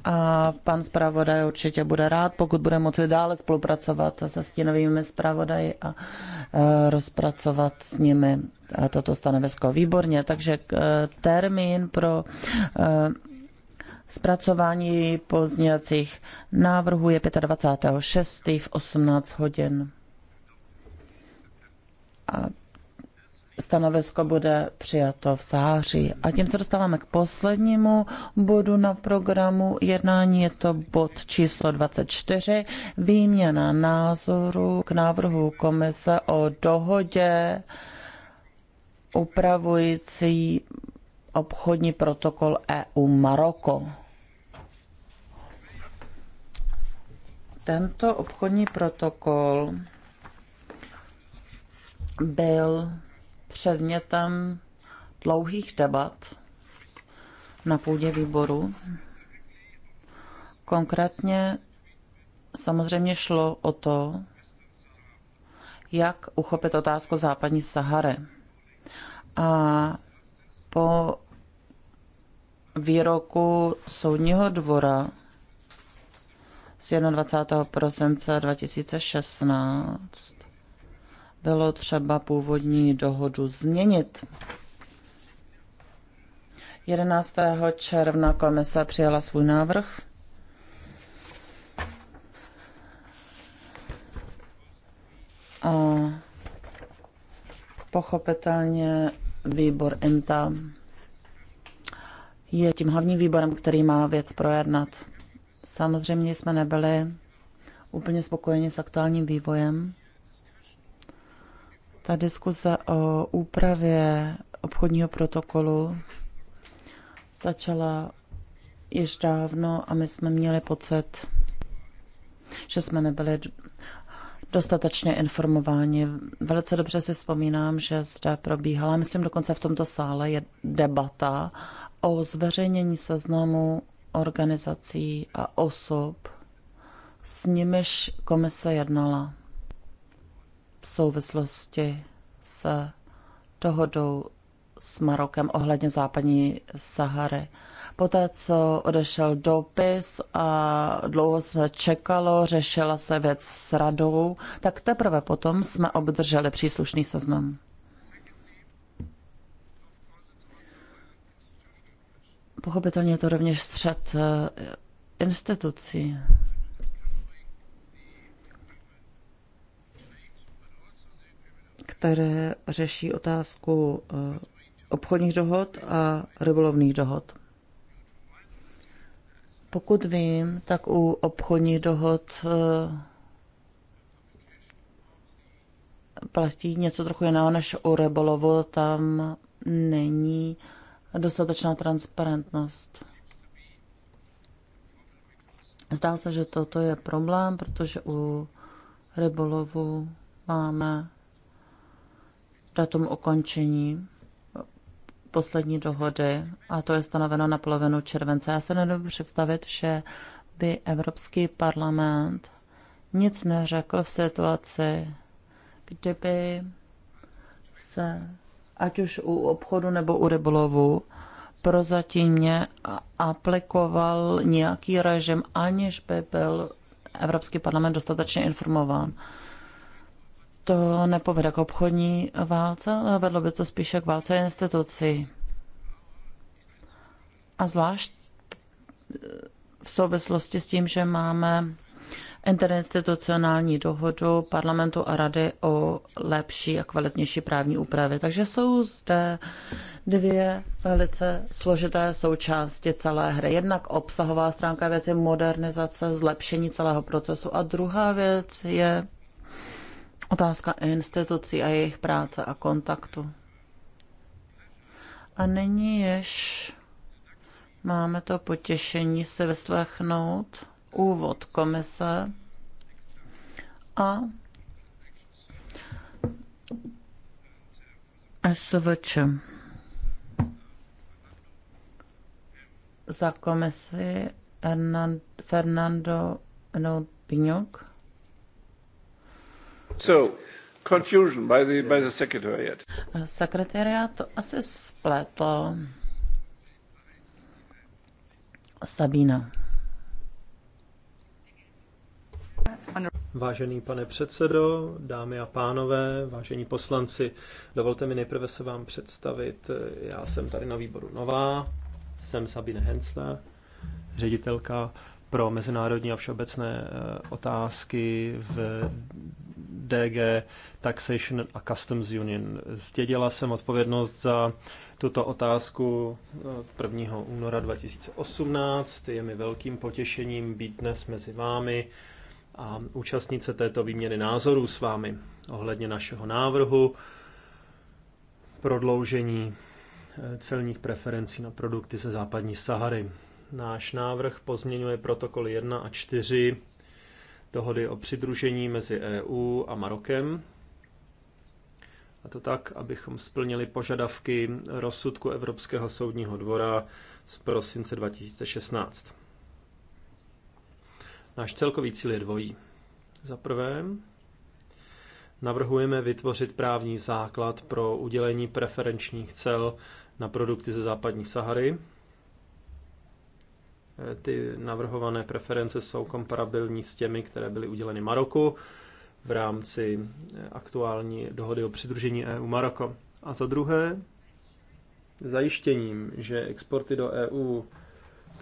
a pan zpravodaj určitě bude rád, pokud bude moci dále spolupracovat se stínovými zpravodaji a e, rozpracovat s nimi e, toto stanovisko. Výborně, takže e, termín pro zpracování pozdějacích návrhů je 25.6. v 18 hodin. Stanovisko bude přijato v září. A tím se dostáváme k poslednímu bodu na programu jednání. Je to bod číslo 24. Výměna názoru k návrhu komise o dohodě upravující obchodní protokol EU Maroko. Tento obchodní protokol byl předmětem dlouhých debat na půdě výboru. Konkrétně samozřejmě šlo o to, jak uchopit otázku západní Sahary. A po výroku soudního dvora z 21. prosince 2016 bylo třeba původní dohodu změnit. 11. června komise přijala svůj návrh. A pochopitelně výbor INTA je tím hlavním výborem, který má věc projednat. Samozřejmě jsme nebyli úplně spokojeni s aktuálním vývojem ta diskuse o úpravě obchodního protokolu začala již dávno a my jsme měli pocit, že jsme nebyli dostatečně informováni. Velice dobře si vzpomínám, že zde probíhala, myslím dokonce v tomto sále, je debata o zveřejnění seznamu organizací a osob, s nimiž komise jednala v souvislosti s dohodou s Marokem ohledně západní Sahary. Poté, co odešel dopis a dlouho se čekalo, řešila se věc s radou, tak teprve potom jsme obdrželi příslušný seznam. Pochopitelně je to rovněž střed eh, institucí. které řeší otázku eh, obchodních dohod a rybolovných dohod. Pokud vím, tak u obchodních dohod eh, platí něco trochu jiného než u rybolovu. Tam není dostatečná transparentnost. Zdá se, že toto je problém, protože u rybolovu máme datum ukončení poslední dohody, a to je stanoveno na polovinu července. Já se nedobu představit, že by Evropský parlament nic neřekl v situaci, kdyby se, ať už u obchodu nebo u rybolovu, prozatímně aplikoval nějaký režim, aniž by byl Evropský parlament dostatečně informován to nepovede k obchodní válce, ale vedlo by to spíše k válce institucí. A zvlášť eh, v souvislosti s tím, že máme interinstitucionální dohodu parlamentu a rady o lepší a kvalitnější právní úpravy. Takže jsou zde dvě velice složité součásti celé hry. Jednak obsahová stránka věci modernizace, zlepšení celého procesu a druhá věc je Otázka institucí a jejich práce a kontaktu. A nyní jež máme to potěšení se vyslechnout úvod komise a SVČ. Za komisi Fernando Piňok. So, confusion by the, by the secretariat. Sekretariat to asi spletl. Sabina. Vážený pane předsedo, dámy a pánové, vážení poslanci, dovolte mi nejprve se vám představit. Já jsem tady na výboru nová, jsem Sabine Hensler, ředitelka pro mezinárodní a všeobecné eh, otázky v DG Taxation a Customs Union. Zděděla jsem odpovědnost za tuto otázku 1. Eh, února 2018. Je mi velkým potěšením být dnes mezi vámi a účastnit se této výměny názorů s vámi ohledně našeho návrhu prodloužení eh, celních preferencí na produkty ze západní Sahary. Náš návrh pozměňuje protokoly 1 a 4 dohody o přidružení mezi EU a Marokem. A to tak, abychom splnili požadavky rozsudku Evropského soudního dvora z prosince 2016. Náš celkový cíl je dvojí. Za prvé, navrhujeme vytvořit právní základ pro udělení preferenčních cel na produkty ze západní Sahary, ty navrhované preference jsou komparabilní s těmi, které byly uděleny Maroku v rámci eh, aktuální dohody o přidružení EU Maroko. A za druhé, zajištěním, že exporty do EU,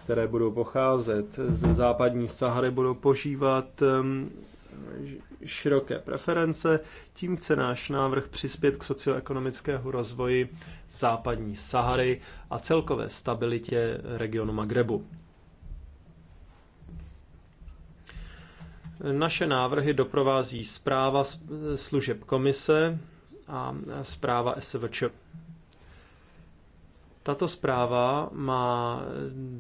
které budou pocházet ze západní Sahary, budou požívat ehm, široké preference. Tím chce náš návrh přispět k socioekonomickému rozvoji západní Sahary a celkové stabilitě regionu Magrebu. Naše návrhy doprovází zpráva služeb komise a zpráva SVČ. Tato zpráva má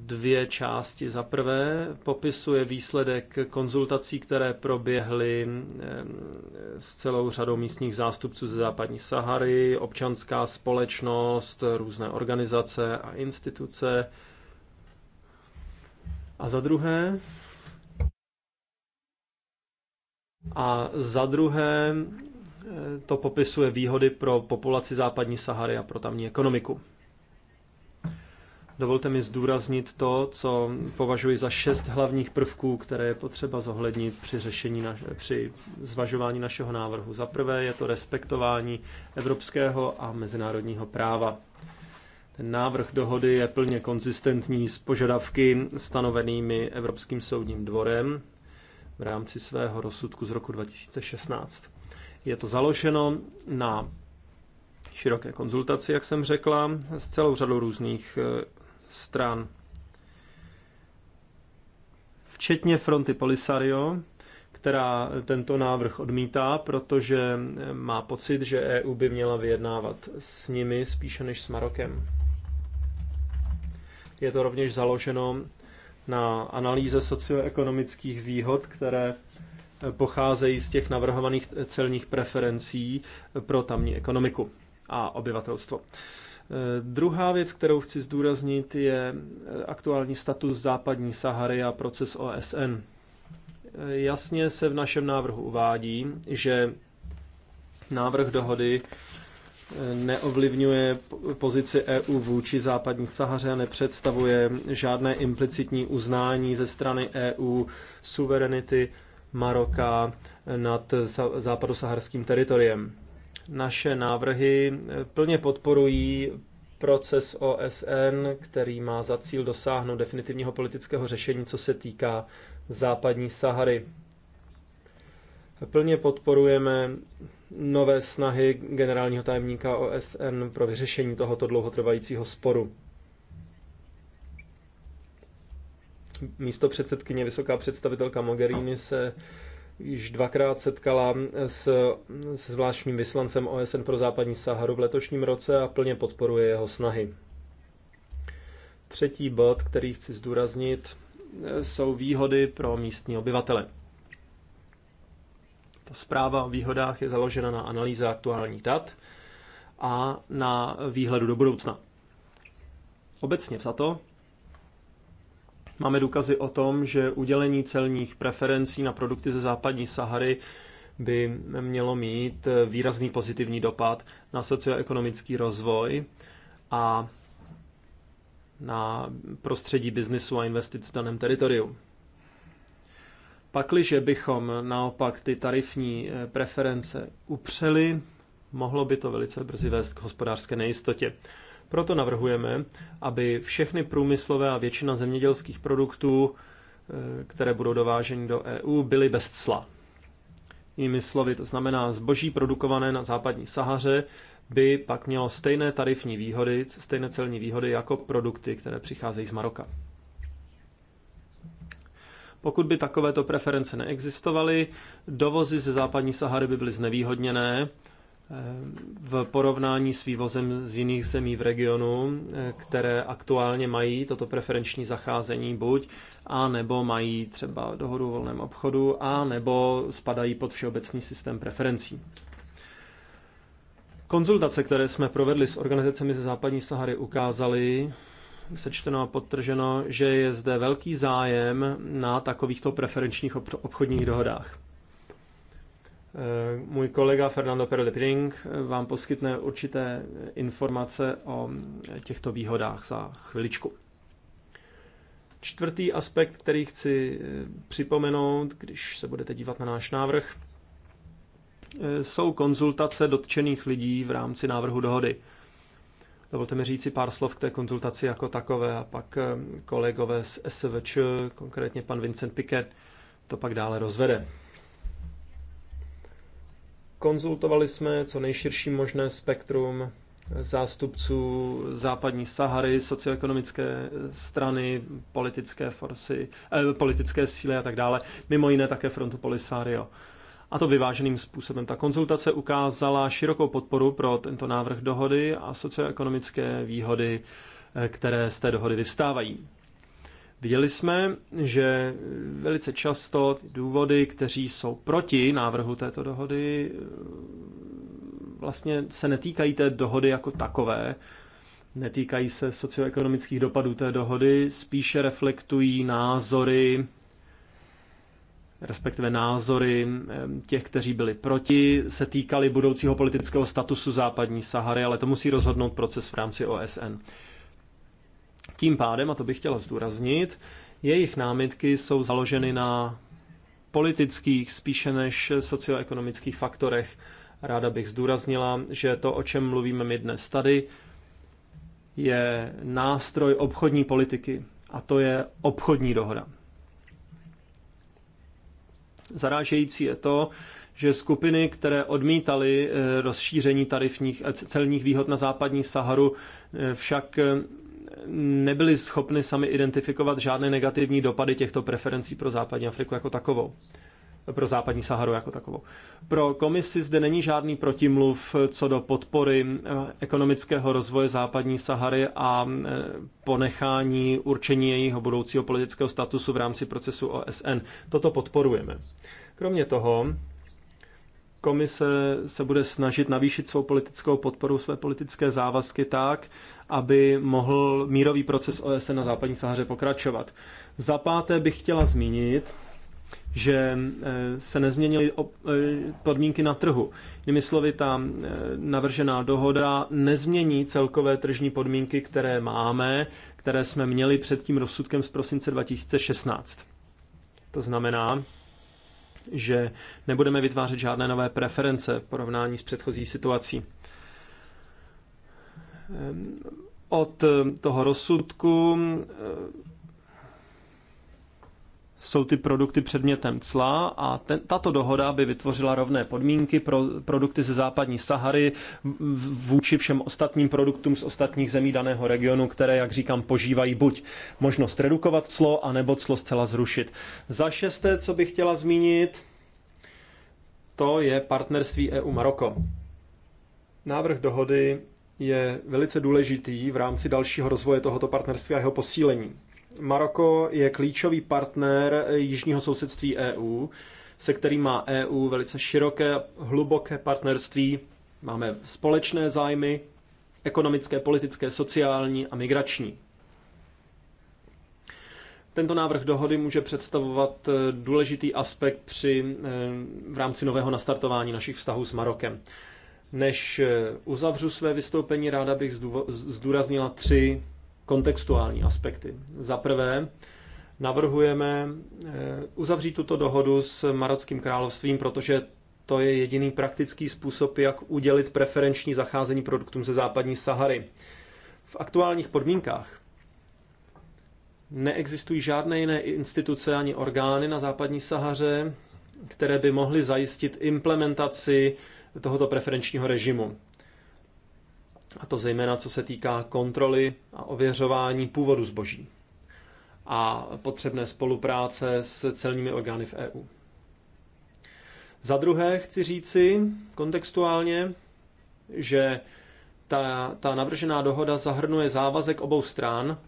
dvě části. Za prvé popisuje výsledek konzultací, které proběhly eh, s celou řadou místních zástupců ze západní Sahary, občanská společnost, různé organizace a instituce. A za druhé a za druhé eh, to popisuje výhody pro populaci západní Sahary a pro tamní ekonomiku. Dovolte mi zdůraznit to, co považuji za šest hlavních prvků, které je potřeba zohlednit při, řešení naš- při zvažování našeho návrhu. Za prvé je to respektování evropského a mezinárodního práva. Ten návrh dohody je plně konzistentní s požadavky stanovenými Evropským soudním dvorem v rámci svého rozsudku z roku 2016. Je to založeno na široké konzultaci, jak jsem řekla, s celou řadou různých e, stran, včetně fronty Polisario, která tento návrh odmítá, protože e, má pocit, že EU by měla vyjednávat s nimi spíše než s Marokem. Je to rovněž založeno na analýze socioekonomických výhod, které eh, pocházejí z těch navrhovaných eh, celních preferencí eh, pro tamní ekonomiku a obyvatelstvo. Druhá věc, kterou chci zdůraznit, je aktuální status západní Sahary a proces OSN. Jasně se v našem návrhu uvádí, že návrh dohody neovlivňuje pozici EU vůči západní Sahaře a nepředstavuje žádné implicitní uznání ze strany EU suverenity Maroka nad západosaharským teritoriem. Naše návrhy e, plně podporují proces OSN, který má za cíl dosáhnout definitivního politického řešení, co se týká západní Sahary. Plně podporujeme nové snahy generálního tajemníka OSN pro vyřešení tohoto dlouhotrvajícího sporu. Místo předsedkyně vysoká představitelka Mogherini se již dvakrát setkala s, s zvláštním vyslancem OSN pro západní Saharu v letošním roce a plně podporuje jeho snahy. Třetí bod, který chci zdůraznit, jsou výhody pro místní obyvatele. Ta zpráva o výhodách je založena na analýze aktuálních dat a na výhledu do budoucna. Obecně za to máme důkazy o tom, že udělení celních preferencí na produkty ze západní Sahary by mělo mít výrazný pozitivní dopad na socioekonomický rozvoj a na prostředí biznisu a investic v daném teritoriu. Pakliže bychom naopak ty tarifní eh, preference upřeli, mohlo by to velice brzy vést k hospodářské nejistotě. Proto navrhujeme, aby všechny průmyslové a většina zemědělských produktů, eh, které budou dováženy do EU, byly bez cla. Jinými slovy, to znamená, zboží produkované na západní Sahaře by pak mělo stejné tarifní výhody, stejné celní výhody jako produkty, které přicházejí z Maroka. Pokud by takovéto preference neexistovaly, dovozy ze západní Sahary by byly znevýhodněné eh, v porovnání s vývozem z jiných zemí v regionu, eh, které aktuálně mají toto preferenční zacházení buď, a nebo mají třeba dohodu o volném obchodu, a nebo spadají pod všeobecný systém preferencí. Konzultace, které jsme provedli s organizacemi ze západní Sahary, ukázaly, sečteno a podtrženo, že je zde velký zájem na takovýchto preferenčních obchodních dohodách. Eh, můj kolega Fernando Pero de Piring eh, vám poskytne určité informace o eh, těchto výhodách za chviličku. Čtvrtý aspekt, který chci připomenout, když se budete dívat na náš návrh, jsou konzultace dotčených lidí v rámci návrhu dohody. Dovolte mi si pár slov k té konzultaci jako takové a pak eh, kolegové z SVČ, konkrétně pan Vincent Piket, to pak dále rozvede. Konzultovali jsme co nejširší možné spektrum zástupců západní Sahary, socioekonomické strany, politické forsy, eh, politické síly a tak dále, mimo jiné také frontu Polisario a to vyváženým způsobem. Ta konzultace ukázala širokou podporu pro tento návrh dohody a socioekonomické výhody, eh, které z té dohody vyvstávají. Viděli jsme, že velice často důvody, kteří jsou proti návrhu této dohody, eh, vlastně se netýkají té dohody jako takové, netýkají se socioekonomických dopadů té dohody, spíše reflektují názory respektive názory těch, kteří byli proti, se týkaly budoucího politického statusu západní Sahary, ale to musí rozhodnout proces v rámci OSN. Tím pádem, a to bych chtěla zdůraznit, jejich námitky jsou založeny na politických spíše než socioekonomických faktorech. Ráda bych zdůraznila, že to, o čem mluvíme my dnes tady, je nástroj obchodní politiky a to je obchodní dohoda. Zarážející je to, že skupiny, které odmítaly eh, rozšíření tarifních eh, celních výhod na západní Saharu, eh, však nebyly schopny sami identifikovat žádné negativní dopady těchto preferencí pro západní Afriku jako takovou pro západní Saharu jako takovou. Pro komisi zde není žádný protimluv co do podpory eh, ekonomického rozvoje západní Sahary a eh, ponechání určení jejího budoucího politického statusu v rámci procesu OSN. Toto podporujeme. Kromě toho, komise se bude snažit navýšit svou politickou podporu, své politické závazky tak, aby mohl mírový proces OSN na západní Sahaře pokračovat. Za páté bych chtěla zmínit, že eh, se nezměnily eh, podmínky na trhu. Jinými slovy, ta eh, navržená dohoda nezmění celkové tržní podmínky, které máme, které jsme měli před tím rozsudkem z prosince 2016. To znamená, že nebudeme vytvářet žádné nové preference v porovnání s předchozí situací. Ehm, od toho rozsudku jsou ty produkty předmětem cla a ten, tato dohoda by vytvořila rovné podmínky pro produkty ze západní Sahary vůči všem ostatním produktům z ostatních zemí daného regionu, které, jak říkám, požívají buď možnost redukovat clo, anebo clo zcela zrušit. Za šesté, co bych chtěla zmínit, to je partnerství EU-Maroko. Návrh dohody je velice důležitý v rámci dalšího rozvoje tohoto partnerství a jeho posílení. Maroko je klíčový partner jižního sousedství EU, se kterým má EU velice široké, hluboké partnerství. Máme společné zájmy, ekonomické, politické, sociální a migrační. Tento návrh dohody může představovat eh, důležitý aspekt při, eh, v rámci nového nastartování našich vztahů s Marokem. Než eh, uzavřu své vystoupení, ráda bych zdůraznila tři kontextuální aspekty. Za prvé, navrhujeme eh, uzavřít tuto dohodu s Marockým královstvím, protože to je jediný praktický způsob, jak udělit preferenční zacházení produktům ze západní Sahary. V aktuálních podmínkách neexistují žádné jiné instituce ani orgány na západní Sahaře, které by mohly zajistit implementaci tohoto preferenčního režimu a to zejména co se týká kontroly a ověřování původu zboží a potřebné spolupráce s celními orgány v EU. Za druhé chci říci kontextuálně, že ta, ta navržená dohoda zahrnuje závazek obou stran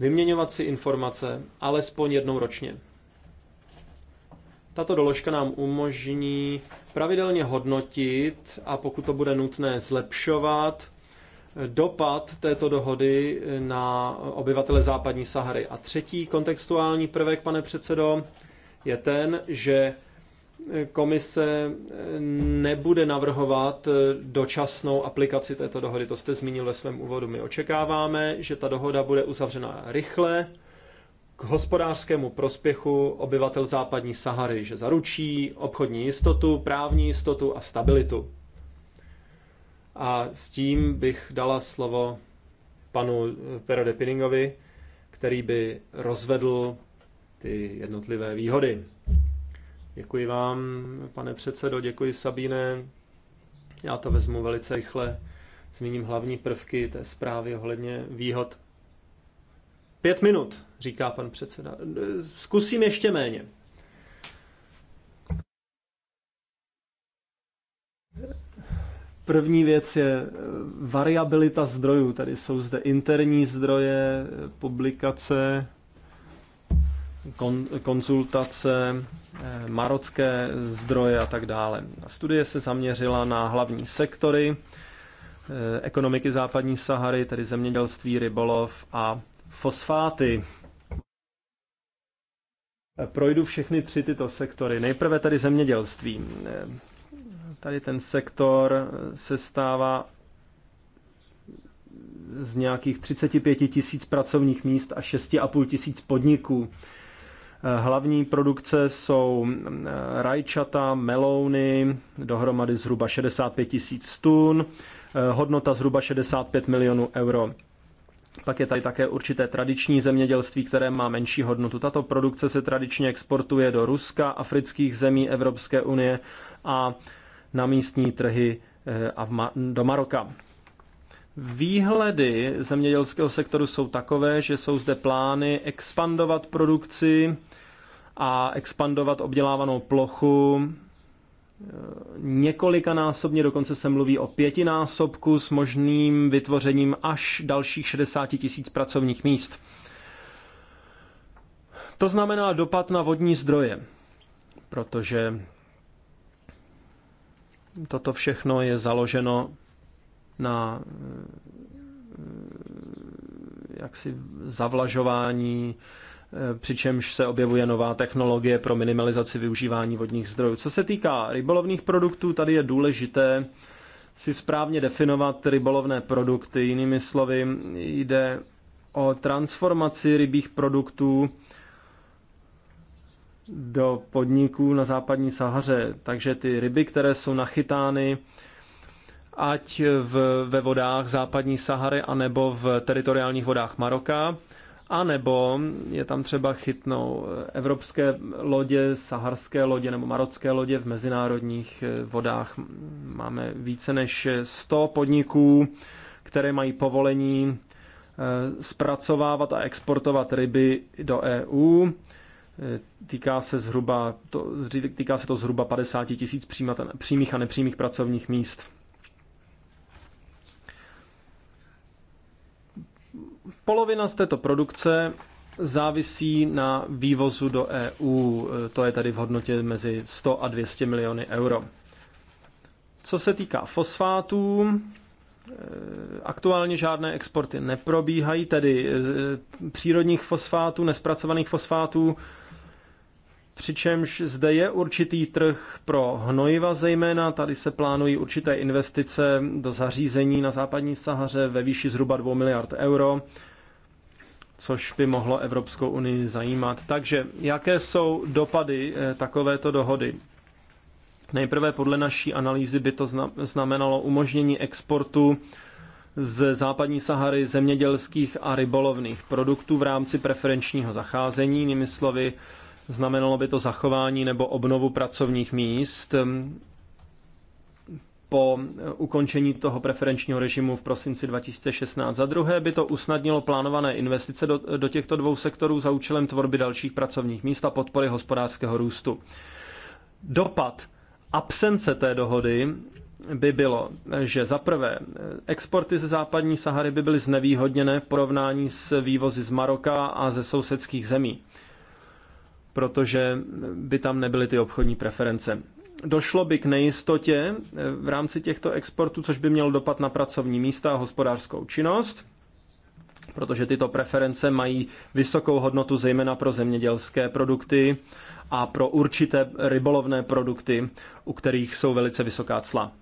vyměňovat si informace alespoň jednou ročně. Tato doložka nám umožní pravidelně hodnotit a pokud to bude nutné zlepšovat dopad této dohody na obyvatele západní Sahary. A třetí kontextuální prvek, pane předsedo, je ten, že komise nebude navrhovat dočasnou aplikaci této dohody. To jste zmínil ve svém úvodu. My očekáváme, že ta dohoda bude uzavřena rychle, k hospodářskému prospěchu obyvatel západní Sahary, že zaručí obchodní jistotu, právní jistotu a stabilitu. A s tím bych dala slovo panu eh, Perode Pinningovi, který by rozvedl ty jednotlivé výhody. Děkuji vám, pane předsedo, děkuji Sabíne. Já to vezmu velice rychle. Zmíním hlavní prvky té zprávy ohledně výhod. Pět minut, říká pan předseda. Eh, zkusím ještě méně. První věc je eh, variabilita zdrojů. Tady jsou zde interní zdroje, eh, publikace, kon, konzultace, eh, marocké zdroje a tak dále. Studie se zaměřila na hlavní sektory ekonomiky západní Sahary, tedy zemědělství, rybolov a fosfáty. Projdu všechny tři tyto sektory. Nejprve tedy zemědělství. Tady ten sektor eh, se stává z nějakých 35 tisíc pracovních míst a 6,5 tisíc podniků. Eh, hlavní produkce jsou eh, rajčata, melouny, dohromady zhruba 65 tisíc tun, hodnota zhruba 65 milionů euro. Pak je tady také určité tradiční zemědělství, které má menší hodnotu. Tato produkce se tradičně exportuje do Ruska, afrických zemí Evropské unie a na místní trhy eh, a do Maroka. Výhledy zemědělského sektoru jsou takové, že jsou zde plány expandovat produkci a expandovat obdělávanou plochu eh, několikanásobně, dokonce se mluví o pětinásobku s možným vytvořením až dalších 60 tisíc pracovních míst. To znamená dopad na vodní zdroje, protože Toto všechno je založeno na eh, jaksi zavlažování, eh, přičemž se objevuje nová technologie pro minimalizaci využívání vodních zdrojů. Co se týká rybolovných produktů, tady je důležité si správně definovat rybolovné produkty. Jinými slovy, jde o transformaci rybích produktů do podniků na západní Sahaře. Takže ty ryby, které jsou nachytány, ať v, ve vodách západní Sahary, anebo v teritoriálních vodách Maroka, a nebo je tam třeba chytnou evropské lodě, saharské lodě nebo marocké lodě v mezinárodních eh, vodách. Máme více než 100 podniků, které mají povolení eh, zpracovávat a exportovat ryby do EU. Eh, týká se, zhruba, to, týká se to zhruba 50 tisíc přímých a nepřímých pracovních míst. Polovina z této produkce závisí na vývozu do EU. Eh, to je tady v hodnotě mezi 100 a 200 miliony euro. Co se týká fosfátů, eh, aktuálně žádné exporty neprobíhají, tedy přírodních fosfátů, nespracovaných fosfátů Přičemž zde je určitý trh pro hnojiva zejména, tady se plánují určité investice do zařízení na západní Sahaře ve výši zhruba 2 miliard euro, což by mohlo Evropskou unii zajímat. Takže jaké jsou dopady eh, takovéto dohody? Nejprve podle naší analýzy by to znamenalo umožnění exportu z západní Sahary zemědělských a rybolovných produktů v rámci preferenčního zacházení, jinými slovy Znamenalo by to zachování nebo obnovu pracovních míst um, po uh, ukončení toho preferenčního režimu v prosinci 2016. Za druhé by to usnadnilo plánované investice do, do těchto dvou sektorů za účelem tvorby dalších pracovních míst a podpory hospodářského růstu. Dopad absence té dohody by bylo, že za prvé exporty ze západní Sahary by byly znevýhodněné v porovnání s vývozy z Maroka a ze sousedských zemí protože by tam nebyly ty obchodní preference. Došlo by k nejistotě eh, v rámci těchto exportů, což by mělo dopad na pracovní místa a hospodářskou činnost, protože tyto preference mají vysokou hodnotu zejména pro zemědělské produkty a pro určité rybolovné produkty, u kterých jsou velice vysoká cla.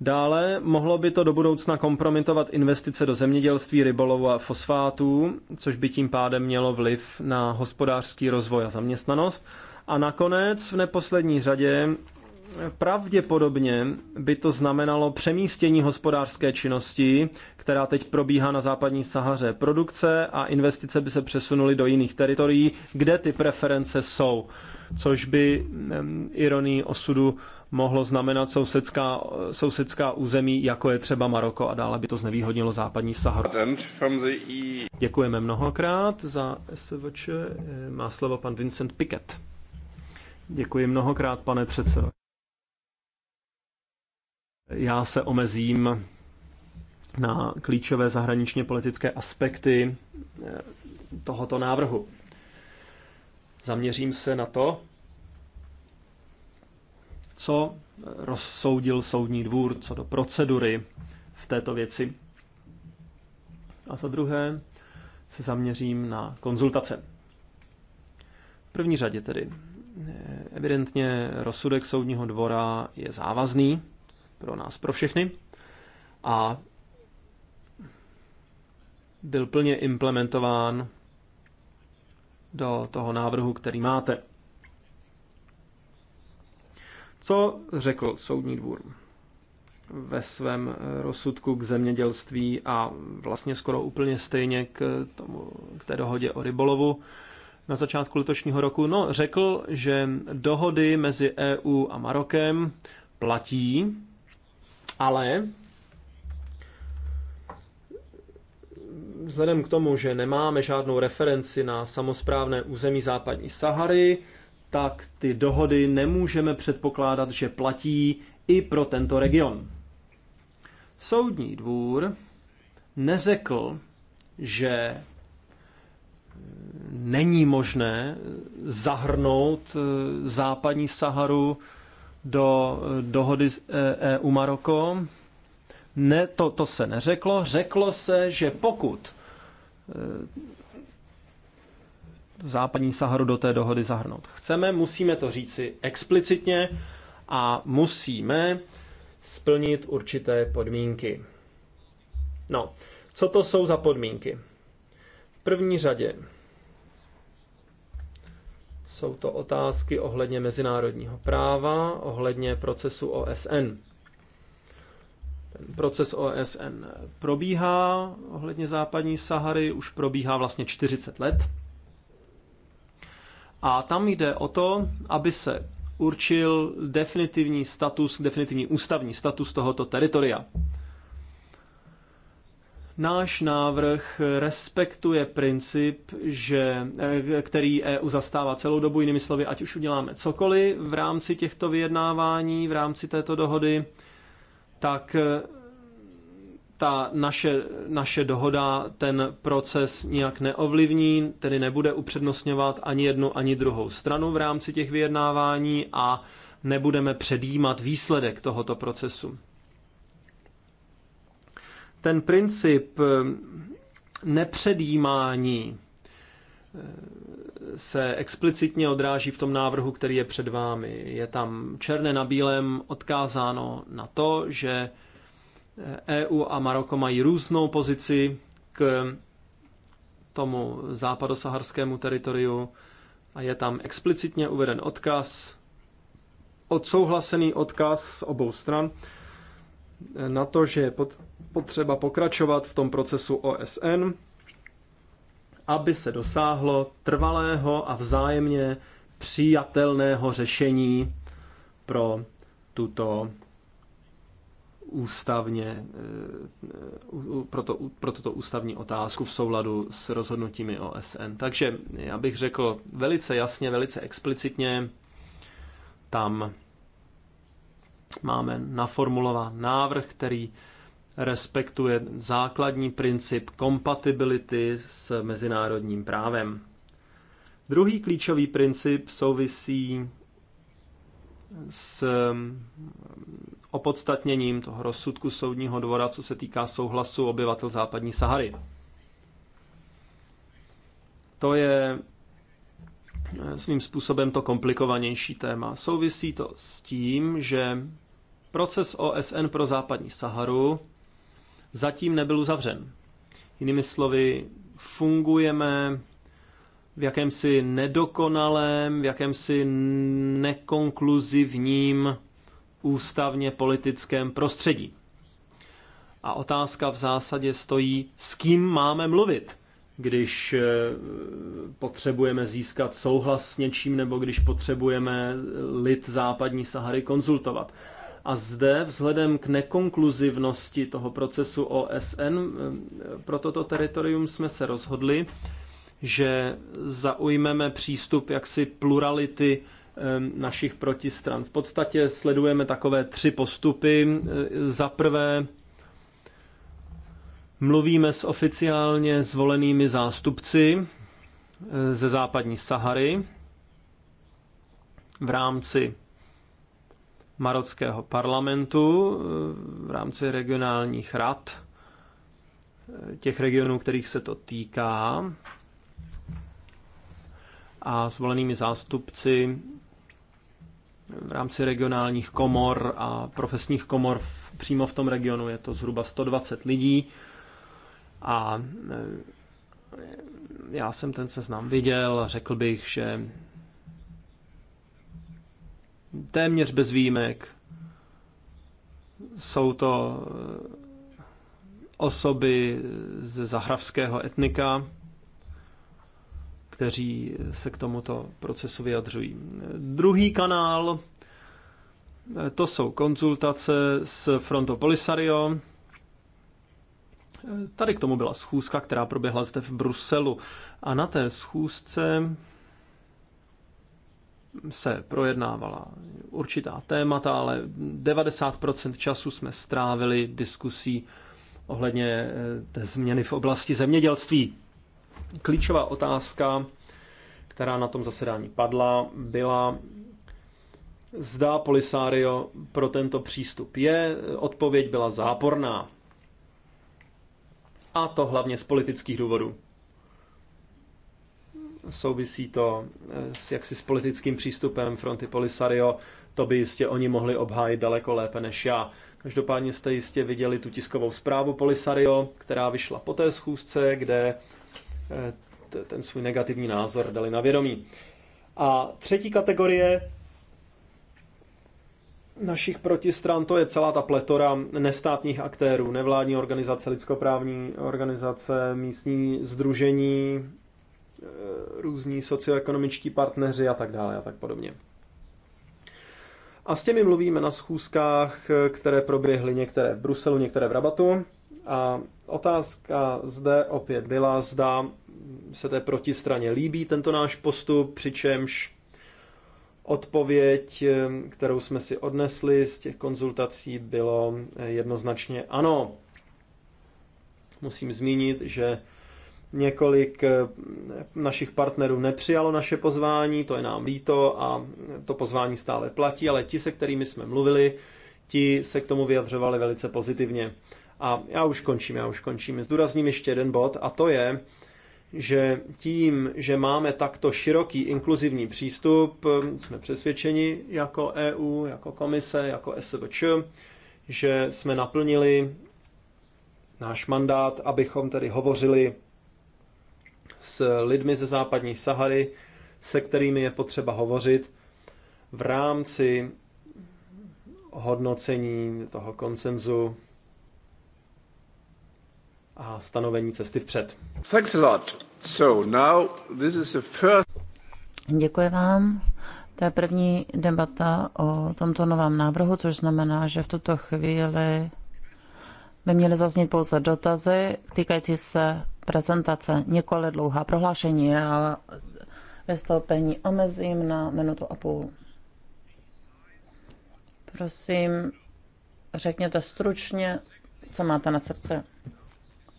Dále mohlo by to do budoucna kompromitovat investice do zemědělství, rybolovu a fosfátů, což by tím pádem mělo vliv na hospodářský rozvoj a zaměstnanost. A nakonec, v neposlední řadě, pravděpodobně by to znamenalo přemístění hospodářské činnosti, která teď probíhá na západní Sahaře. Produkce a investice by se přesunuly do jiných teritorií, kde ty preference jsou což by ironii osudu mohlo znamenat sousedská, sousedská území, jako je třeba Maroko a dále by to znevýhodnilo západní Saharu. E Děkujeme mnohokrát za SVČ. Má slovo pan Vincent Piket. Děkuji mnohokrát, pane předsedo. Já se omezím na klíčové zahraničně politické aspekty eh, tohoto návrhu. Zaměřím se na to, co rozsoudil soudní dvůr, co do procedury v této věci. A za druhé se zaměřím na konzultace. V první řadě tedy. Evidentně rozsudek soudního dvora je závazný pro nás, pro všechny a byl plně implementován do toho návrhu, který máte. Co řekl soudní dvůr ve svém rozsudku k zemědělství a vlastně skoro úplně stejně k, tomu, k té dohodě o rybolovu na začátku letošního roku? No, řekl, že dohody mezi EU a Marokem platí, ale vzhledem k tomu, že nemáme žádnou referenci na samozprávné území západní Sahary, tak ty dohody nemůžeme předpokládat, že platí i pro tento region. Soudní dvůr neřekl, že není možné zahrnout eh, západní Saharu do eh, dohody EU eh, e Maroko, ne, to, to se neřeklo. Řeklo se, že pokud eh, západní Saharu do té dohody zahrnout chceme, musíme to říci explicitně a musíme splnit určité podmínky. No, co to jsou za podmínky? V první řadě jsou to otázky ohledně mezinárodního práva, ohledně procesu OSN. Ten proces OSN probíhá ohledně západní Sahary, už probíhá vlastně 40 let. A tam jde o to, aby se určil definitivní status, definitivní ústavní status tohoto teritoria. Náš návrh respektuje princip, že, eh, který EU zastává celou dobu, jinými slovy, ať už uděláme cokoliv v rámci těchto vyjednávání, v rámci této dohody, tak eh, ta naše, naše dohoda ten proces nijak neovlivní, tedy nebude upřednostňovat ani jednu, ani druhou stranu v rámci těch vyjednávání a nebudeme předjímat výsledek tohoto procesu. Ten princip eh, nepředjímání eh, se explicitně odráží v tom návrhu, který je před vámi. Je tam černé na bílém odkázáno na to, že EU a Maroko mají různou pozici k tomu západosaharskému teritoriu a je tam explicitně uveden odkaz, odsouhlasený odkaz obou stran na to, že je potřeba pokračovat v tom procesu OSN aby se dosáhlo trvalého a vzájemně přijatelného řešení pro tuto ústavně, eh, pro, to, pro tuto ústavní otázku v souladu s rozhodnutími OSN. Takže já bych řekl velice jasně, velice explicitně, tam máme naformulovat návrh, který respektuje základní princip kompatibility s mezinárodním právem. Druhý klíčový princip souvisí s mm, opodstatněním toho rozsudku soudního dvora, co se týká souhlasu obyvatel západní Sahary. To je eh, svým způsobem to komplikovanější téma. Souvisí to s tím, že proces OSN pro západní Saharu zatím nebyl uzavřen. Jinými slovy, fungujeme v jakémsi nedokonalém, v jakémsi nekonkluzivním ústavně politickém prostředí. A otázka v zásadě stojí, s kým máme mluvit, když eh, potřebujeme získat souhlas s něčím nebo když potřebujeme lid západní Sahary konzultovat. A zde vzhledem k nekonkluzivnosti toho procesu OSN pro toto teritorium jsme se rozhodli, že zaujmeme přístup jaksi plurality našich protistran. V podstatě sledujeme takové tři postupy. Za prvé mluvíme s oficiálně zvolenými zástupci ze západní Sahary v rámci marockého parlamentu eh, v rámci regionálních rad eh, těch regionů, kterých se to týká a zvolenými zástupci eh, v rámci regionálních komor a profesních komor v, přímo v tom regionu. Je to zhruba 120 lidí a já jsem ten seznam viděl a řekl bych, že téměř bez výjimek jsou to eh, osoby ze zahravského etnika, kteří se k tomuto procesu vyjadřují. Druhý kanál, eh, to jsou konzultace s Fronto Polisario. Eh, tady k tomu byla schůzka, která proběhla zde v Bruselu. A na té schůzce se projednávala určitá témata, ale 90% času jsme strávili diskusí ohledně eh, té změny v oblasti zemědělství. Klíčová otázka, která na tom zasedání padla, byla, zda Polisario pro tento přístup je. Odpověď byla záporná. A to hlavně z politických důvodů. Souvisí to eh, s jaksi s politickým přístupem fronty Polisario. To by jistě oni mohli obhájit daleko lépe než já. Každopádně jste jistě viděli tu tiskovou zprávu Polisario, která vyšla po té schůzce, kde eh, ten svůj negativní názor dali na vědomí. A třetí kategorie našich protistran, to je celá ta pletora nestátních aktérů, nevládní organizace, lidskoprávní organizace, místní združení, Eh, různí socioekonomičtí partneři a tak dále a tak podobně. A s těmi mluvíme na schůzkách, eh, které proběhly některé v Bruselu, některé v Rabatu. A otázka zde opět byla, zda se té protistraně líbí tento náš postup, přičemž odpověď, eh, kterou jsme si odnesli z těch konzultací, bylo jednoznačně ano. Musím zmínit, že Několik eh, našich partnerů nepřijalo naše pozvání, to je nám líto a to pozvání stále platí, ale ti, se kterými jsme mluvili, ti se k tomu vyjadřovali velice pozitivně. A já už končím, já už končím. Zdůrazním ještě jeden bod a to je, že tím, že máme takto široký inkluzivní přístup, eh, jsme přesvědčeni jako EU, jako komise, jako SVČ, že jsme naplnili náš mandát, abychom tedy hovořili s lidmi ze západní Sahary, se kterými je potřeba hovořit v rámci hodnocení toho konsenzu a stanovení cesty vpřed. Thanks a lot. So now this is the first... Děkuji vám. To je první debata o tomto novém návrhu, což znamená, že v tuto chvíli by měly zaznít pouze dotazy týkající se prezentace, několik dlouhá prohlášení. Já vystoupení omezím na minutu a půl. Prosím, řekněte stručně, co máte na srdce,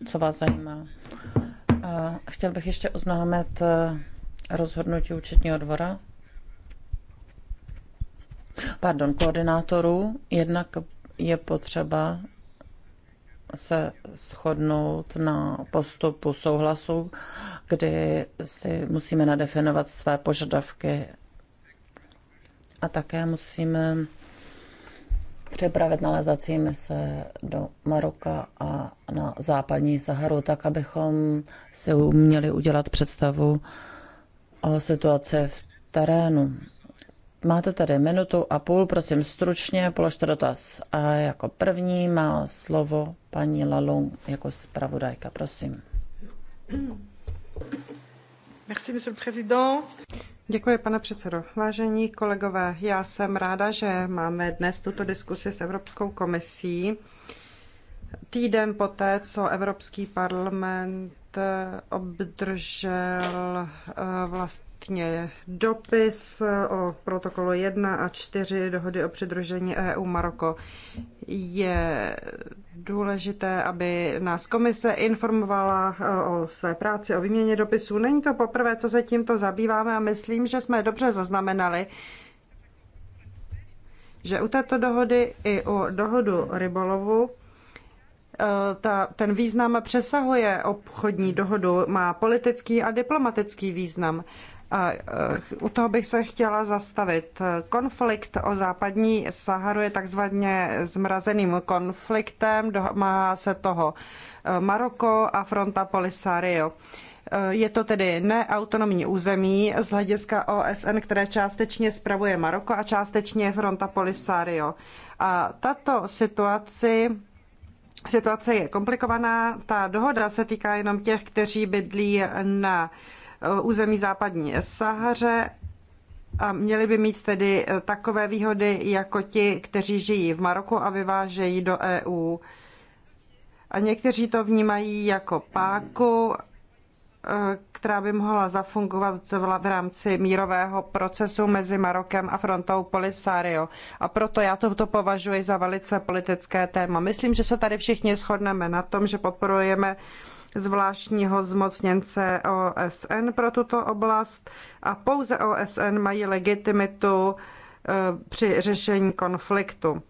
co vás zajímá. A chtěl bych ještě oznámit eh, rozhodnutí účetního dvora, pardon, koordinátorů. Jednak je potřeba se shodnout na postupu souhlasu, kdy si musíme nadefinovat své požadavky a také musíme připravit nalezací mise do Maroka a na západní Saharu, tak abychom si uměli udělat představu o situaci v terénu. Máte tady minutu a půl, prosím stručně, položte dotaz. A jako první má slovo paní Lalung jako zpravodajka, prosím. Merci, monsieur le président. Děkuji, pane předsedo. Vážení kolegové, já jsem ráda, že máme dnes tuto diskusi s Evropskou komisí. Týden poté, co Evropský parlament obdržel vlastně konkrétně dopis o protokolu 1 a 4 dohody o přidružení EU Maroko. Je důležité, aby nás komise informovala e, o své práci, o výměně dopisů. Není to poprvé, co se tímto zabýváme a myslím, že jsme dobře zaznamenali, že u této dohody i u dohodu rybolovu e, ta, ten význam přesahuje obchodní dohodu, má politický a diplomatický význam. Eh, u toho bych se chtěla zastavit. Konflikt o západní Saharu je takzvaně zmrazeným konfliktem, má se toho eh, Maroko a fronta Polisario. Eh, je to tedy neautonomní území z hlediska OSN, které částečně spravuje Maroko a částečně fronta Polisario. A tato situaci Situace je komplikovaná, ta dohoda se týká jenom těch, kteří bydlí na Eh, území západní Sahaře a měli by mít tedy eh, takové výhody jako ti, kteří žijí v Maroku a vyvážejí do EU. A někteří to vnímají jako páku, eh, která by mohla zafungovat v rámci mírového procesu mezi Marokem a frontou Polisario. A proto já to považuji za velice politické téma. Myslím, že se tady všichni shodneme na tom, že podporujeme zvláštního zmocněnce OSN pro tuto oblast a pouze OSN mají legitimitu e, při řešení konfliktu.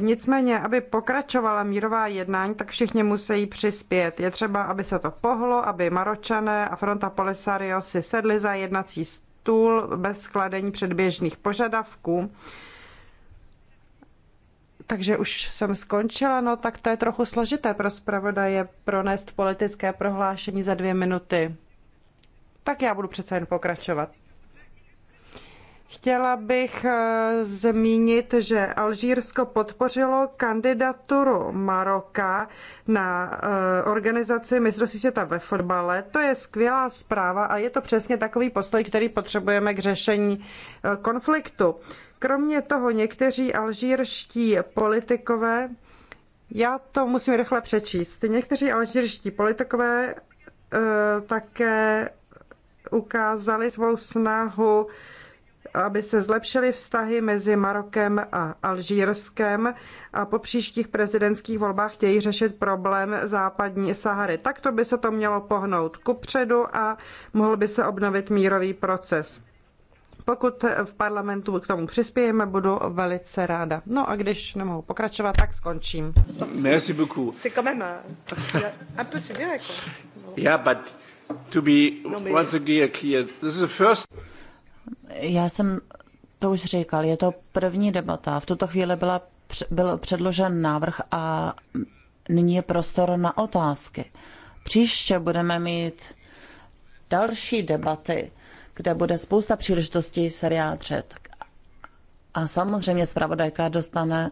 Nicméně, aby pokračovala mírová jednání, tak všichni musí přispět. Je třeba, aby se to pohlo, aby Maročané a Fronta Polisario si sedli za jednací stůl bez skladení předběžných požadavků takže už jsem skončila, no tak to je trochu složité pro zpravodaje pronést politické prohlášení za dvě minuty. Tak já budu přece jen pokračovat. Chtěla bych eh, zmínit, že Alžírsko podpořilo kandidaturu Maroka na eh, organizaci mistrovství světa ve fotbale. To je skvělá zpráva a je to přesně takový postoj, který potřebujeme k řešení eh, konfliktu. Kromě toho někteří alžírští politikové, já to musím rychle přečíst, někteří alžírští politikové eh, také ukázali svou snahu, aby se zlepšily vztahy mezi Marokem a Alžírskem a po příštích prezidentských volbách chtějí řešit problém západní Sahary. Takto by se to mělo pohnout kupředu a mohl by se obnovit mírový proces. Pokud v parlamentu k tomu přispějeme, budu velice ráda. No a když nemohu pokračovat, tak skončím. Merci beaucoup. C'est quand même euh, un, peu sévère. Yeah, but to be once again clear, this is the first... Já jsem to už říkal, je to první debata. V tuto chvíli byla, byl předložen návrh a nyní je prostor na otázky. Příště budeme mít další debaty kde bude spousta příležitostí se vyjádřit. A samozřejmě zpravodajka dostane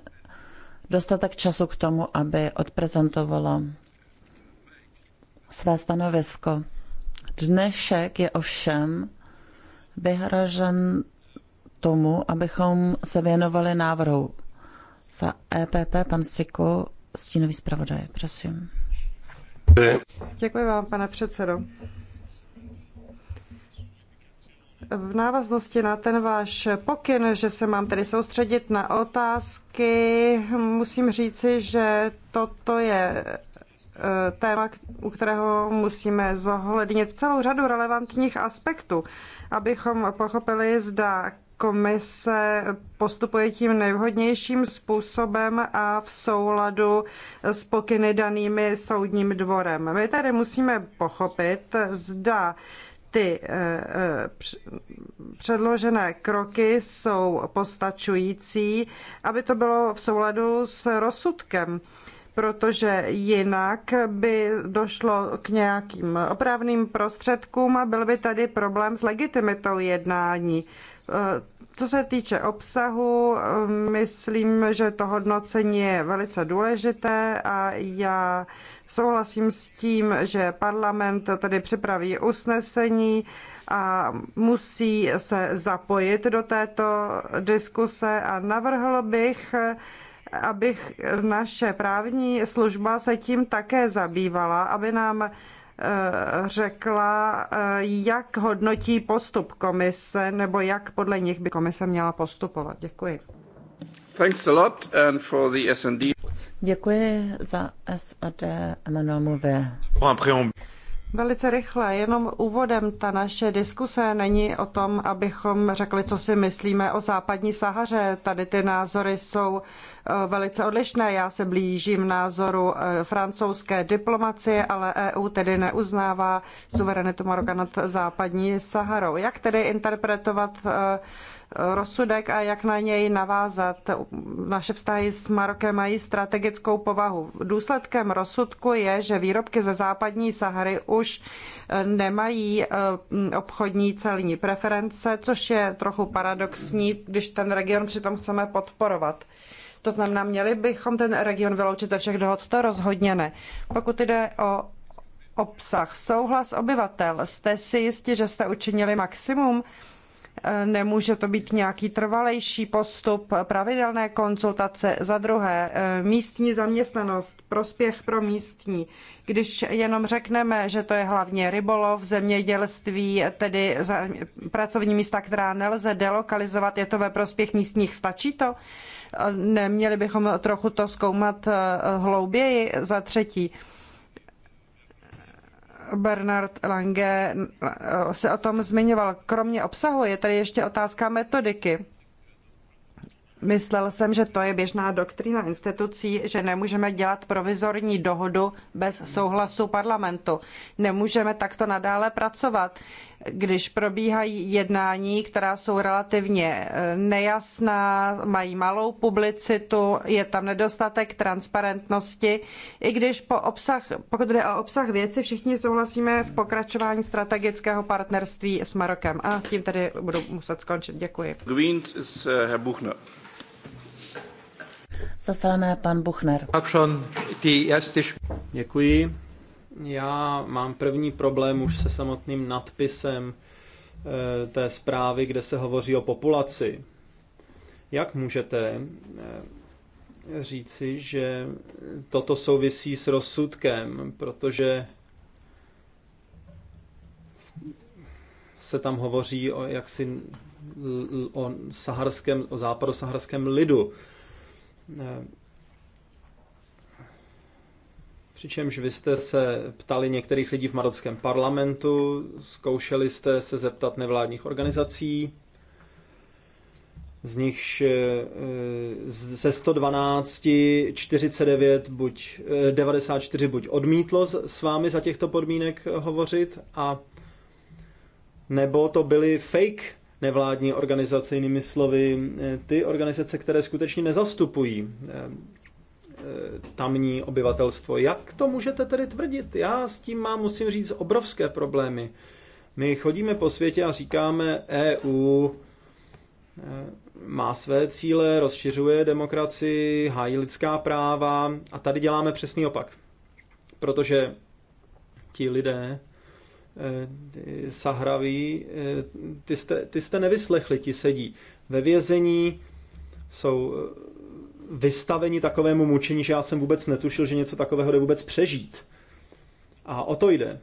dostatek času k tomu, aby odprezentovala své stanovisko. Dnešek je ovšem vyhražen tomu, abychom se věnovali návrhu. Za EPP pan Siko, stínový zpravodaj, prosím. Děkuji vám, pane předsedo. V návaznosti na ten váš pokyn, že se mám tedy soustředit na otázky, musím říci, že toto je e, téma, u kterého musíme zohlednit celou řadu relevantních aspektů, abychom pochopili, zda komise postupuje tím nejvhodnějším způsobem a v souladu s pokyny danými soudním dvorem. My tedy musíme pochopit, zda ty eh, eh, předložené kroky jsou postačující, aby to bylo v souladu s rozsudkem protože jinak by došlo k nějakým opravným prostředkům a byl by tady problém s legitimitou jednání. Eh, co se týče obsahu, myslím, že to hodnocení je velice důležité a já Souhlasím s tím, že parlament tady připraví usnesení a musí se zapojit do této diskuse a navrhl bych, abych naše právní služba se tím také zabývala, aby nám eh, řekla, eh, jak hodnotí postup komise, nebo jak podle nich by komise měla postupovat. Děkuji. Thanks a lot and for the Děkuji za SAD Emanuel Mluvě. Velice rychle, jenom úvodem ta naše diskuse není o tom, abychom řekli, co si myslíme o západní Sahaře. Tady ty názory jsou eh, velice odlišné. Já se blížím názoru eh, francouzské diplomacie, ale EU tedy neuznává suverenitu Maroka nad západní Saharou. Jak tedy interpretovat eh, rozsudek a jak na něj navázat. Naše vztahy s Marokem mají strategickou povahu. Důsledkem rozsudku je, že výrobky ze západní Sahary už eh, nemají eh, obchodní celní preference, což je trochu paradoxní, když ten region přitom chceme podporovat. To znamená, měli bychom ten region vyloučit ze všech dohod? To rozhodně ne. Pokud jde o obsah, souhlas obyvatel, jste si jistí, že jste učinili maximum? Eh, nemůže to být nějaký trvalejší postup, pravidelné konzultace. Za druhé, eh, místní zaměstnanost, prospěch pro místní. Když jenom řekneme, že to je hlavně rybolov, zemědělství, tedy pracovní místa, která nelze delokalizovat, je to ve prospěch místních, stačí to? Eh, neměli bychom trochu to zkoumat hlouběji za třetí Bernard Lange se o tom zmiňoval. Kromě obsahu je tady ještě otázka metodiky. Myslel jsem, že to je běžná doktrína institucí, že nemůžeme dělat provizorní dohodu bez souhlasu parlamentu. Nemůžeme takto nadále pracovat když probíhají jednání, která jsou relativně eh, nejasná, mají malou publicitu, je tam nedostatek transparentnosti, i když po obsah, pokud jde o obsah věci, všichni souhlasíme v pokračování strategického partnerství s Marokem. A tím tedy budu muset skončit. Děkuji. Greens is eh, Herr Buchner. Zaselené pan Buchner. Děkuji. Já mám první problém už se samotným nadpisem eh, té zprávy, kde se hovoří o populaci. Jak můžete eh, říci, že toto souvisí s rozsudkem, protože se tam hovoří o jaksi o saharském, o západosaharském lidu. Eh, Přičemž vy jste se ptali některých lidí v marockém parlamentu, zkoušeli jste se zeptat nevládních organizací, z nichž eh, ze 112 49 buď 94 eh, buď odmítlo s vámi za těchto podmínek hovořit a nebo to byly fake nevládní organizace, jinými slovy, eh, ty organizace, které skutečně nezastupují Eh, tamní obyvatelstvo. Jak to můžete tedy tvrdit? Já s tím mám, musím říct, obrovské problémy. My chodíme po světě a říkáme, EU eh, má své cíle, rozšiřuje demokracii, hájí lidská práva a tady děláme přesný opak. Protože ti lidé, eh, sahraví, ty jste, ty jste nevyslechli, ti sedí ve vězení, jsou vystaveni takovému mučení, že já jsem vůbec netušil, že něco takového jde vůbec přežít. A o to jde.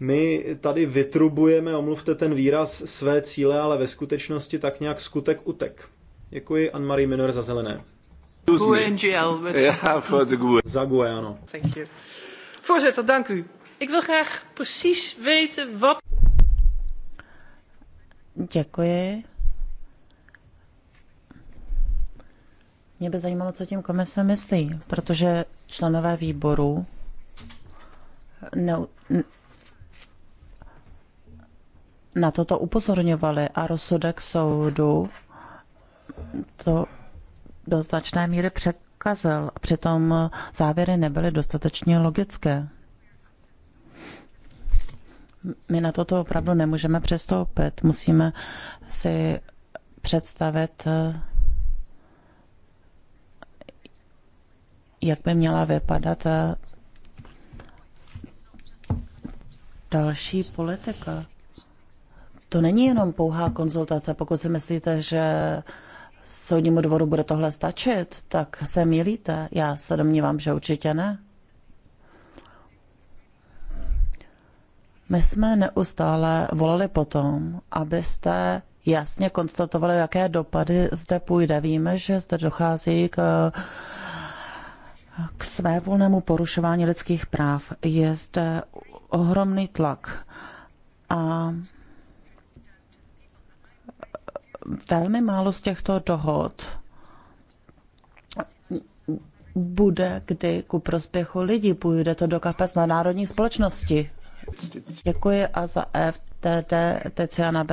My tady vytrubujeme, omluvte ten výraz, své cíle, ale ve skutečnosti tak nějak skutek utek. Děkuji, Anne-Marie Minor za zelené. Za GUE, ano. Thank you. Voorzitter, dank u. Ik wil graag precies weten wat... Děkuji. Mě by zajímalo, co tím komise myslí, protože členové výboru ne, na toto upozorňovali a rozsudek soudu to do značné míry překazil. Přitom závěry nebyly dostatečně logické. My na toto opravdu nemůžeme přestoupit. Musíme si představit jak by měla vypadat eh, další politika. To není jenom pouhá konzultace. Pokud si myslíte, že soudnímu dvoru bude tohle stačit, tak se milíte. Já se domnívám, že určitě ne. My jsme neustále volali potom, abyste jasně konstatovali, jaké dopady zde půjde. Víme, že zde dochází k k své volnému porušování lidských práv. Je zde ohromný tlak a velmi málo z těchto dohod bude kdy ku prospěchu lidí. Půjde to do kapes na národní společnosti. Děkuji a za F Teciana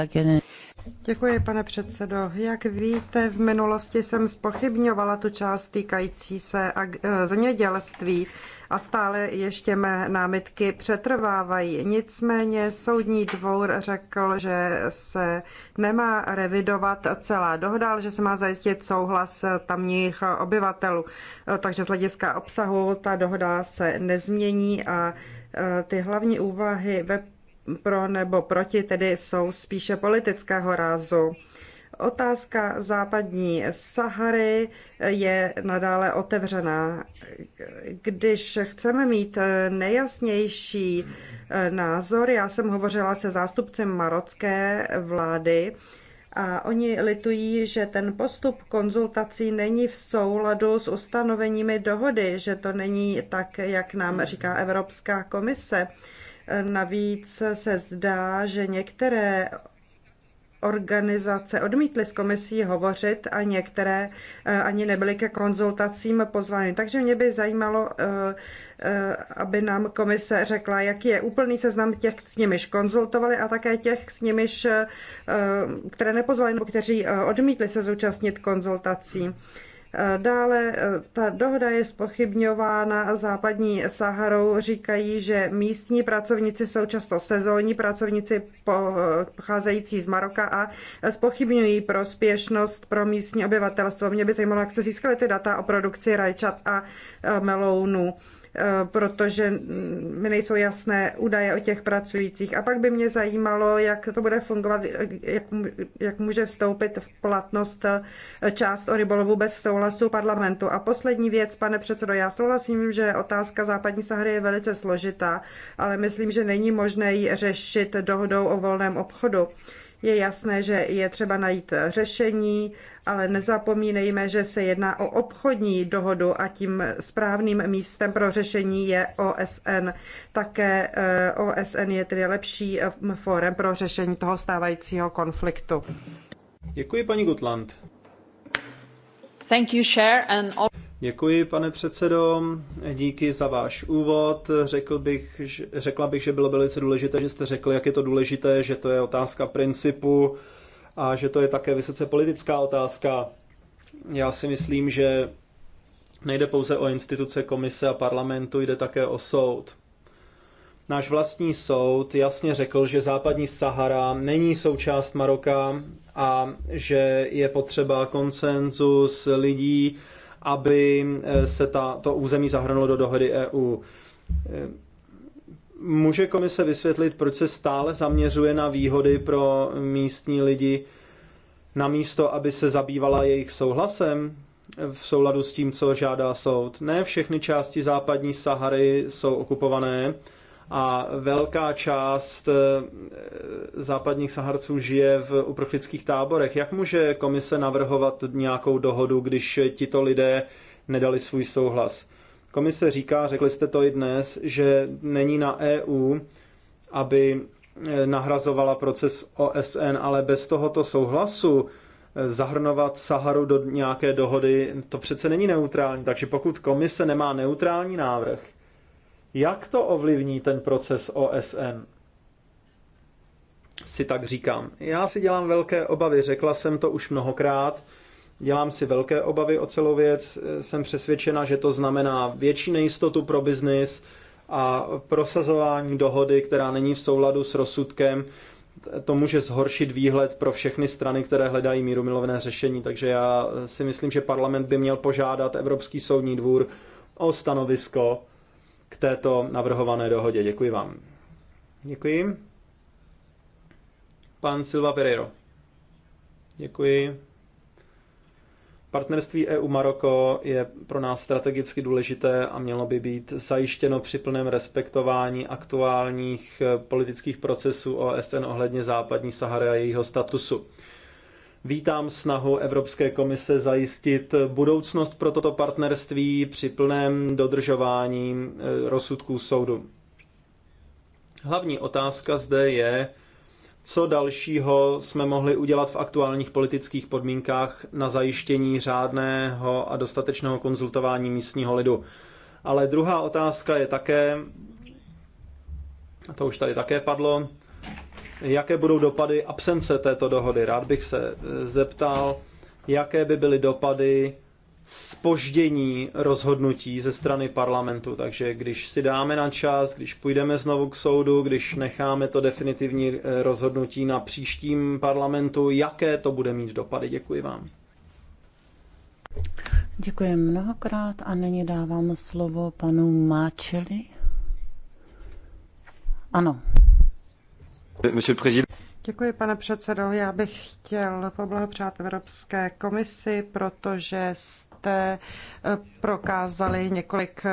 Děkuji, pane předsedo. Jak víte, v minulosti jsem spochybňovala tu část týkající se eh, zemědělství a stále ještě mé námitky přetrvávají. Nicméně soudní dvůr řekl, že se nemá revidovat celá dohoda, ale že se má zajistit souhlas tamních obyvatelů. Eh, takže z hlediska obsahu ta dohoda se nezmění a eh, ty hlavní úvahy ve pro nebo proti tedy jsou spíše politického rázu. Otázka západní Sahary je nadále otevřená. Když chceme mít nejasnější eh, názor, já jsem hovořila se zástupcem marocké vlády a oni litují, že ten postup konzultací není v souladu s ustanoveními dohody, že to není tak, jak nám říká Evropská komise Navíc se zdá, že některé organizace odmítly s komisí hovořit a některé eh, ani nebyly ke konzultacím pozvány. Takže mě by zajímalo, eh, eh, aby nám komise řekla, jaký je úplný seznam těch, s nimiž konzultovali a také těch, s nimiž, které nepozvali nebo kteří odmítli se zúčastnit konzultací. Dále eh, ta dohoda je spochybňována západní Saharou. Říkají, že místní pracovníci jsou často sezónní pracovníci pocházející z Maroka a spochybňují prospěšnost pro místní obyvatelstvo. Mě by zajímalo, jak jste získali ty data o produkci rajčat a eh, melounů. Eh, protože mm, mi nejsou jasné údaje o těch pracujících. A pak by mě zajímalo, jak to bude fungovat, eh, jak, jak může vstoupit v platnost eh, část o rybolovu bez souhlasu parlamentu. A poslední věc, pane předsedo, já souhlasím, že otázka západní Sahary je velice složitá, ale myslím, že není možné ji řešit dohodou o volném obchodu. Je jasné, že je třeba najít řešení, ale nezapomínejme, že se jedná o obchodní dohodu a tím správným místem pro řešení je OSN. Také eh, OSN je tedy lepší eh, fórem pro řešení toho stávajícího konfliktu. Děkuji, paní Gutland. Thank you, Cher, and all... Děkuji, pane předsedo. Díky za váš úvod. Řekl bych, řekla bych, že bylo velice důležité, že jste řekl, jak je to důležité, že to je otázka principu a že to je také vysoce politická otázka. Já si myslím, že nejde pouze o instituce komise a parlamentu, jde také o soud. Náš vlastní soud jasně řekl, že západní Sahara není součást Maroka a že je potřeba konsenzus lidí, aby eh, se ta, to území zahrnulo do dohody EU. Eh, může komise vysvětlit, proč se stále zaměřuje na výhody pro místní lidi, namísto aby se zabývala jejich souhlasem? v souladu s tím, co žádá soud. Ne všechny části západní Sahary jsou okupované a velká část eh, západních Saharců žije v uprchlických táborech. Jak může komise navrhovat nějakou dohodu, když tito lidé nedali svůj souhlas? Komise říká, řekli jste to i dnes, že není na EU, aby eh, nahrazovala proces OSN, ale bez tohoto souhlasu eh, zahrnovat Saharu do nějaké dohody, to přece není neutrální. Takže pokud komise nemá neutrální návrh, jak to ovlivní ten proces OSN? Si tak říkám. Já si dělám velké obavy, řekla jsem to už mnohokrát. Dělám si velké obavy o celou věc. Jsem přesvědčena, že to znamená větší nejistotu pro biznis a prosazování dohody, která není v souladu s rozsudkem. To může zhoršit výhled pro všechny strany, které hledají mírumilovné řešení. Takže já si myslím, že parlament by měl požádat Evropský soudní dvůr o stanovisko k této navrhované dohodě. Děkuji vám. Děkuji. Pan Silva Pereiro. Děkuji. Partnerství EU-Maroko je pro nás strategicky důležité a mělo by být zajištěno při plném respektování aktuálních politických procesů OSN ohledně západní Sahary a jejího statusu. Vítám snahu Evropské komise zajistit budoucnost pro toto partnerství při plném dodržování e, rozsudků soudu. Hlavní otázka zde je, co dalšího jsme mohli udělat v aktuálních politických podmínkách na zajištění řádného a dostatečného konzultování místního lidu. Ale druhá otázka je také, a to už tady také padlo, jaké budou dopady absence této dohody. Rád bych se eh, zeptal, jaké by byly dopady spoždění rozhodnutí ze strany parlamentu. Takže když si dáme na čas, když půjdeme znovu k soudu, když necháme to definitivní eh, rozhodnutí na příštím parlamentu, jaké to bude mít dopady? Děkuji vám. Děkuji mnohokrát a nyní dávám slovo panu Máčeli. Ano, Děkuji, pane předsedo. Já bych chtěl poblahopřát Evropské komisi, protože jste eh, prokázali několik eh,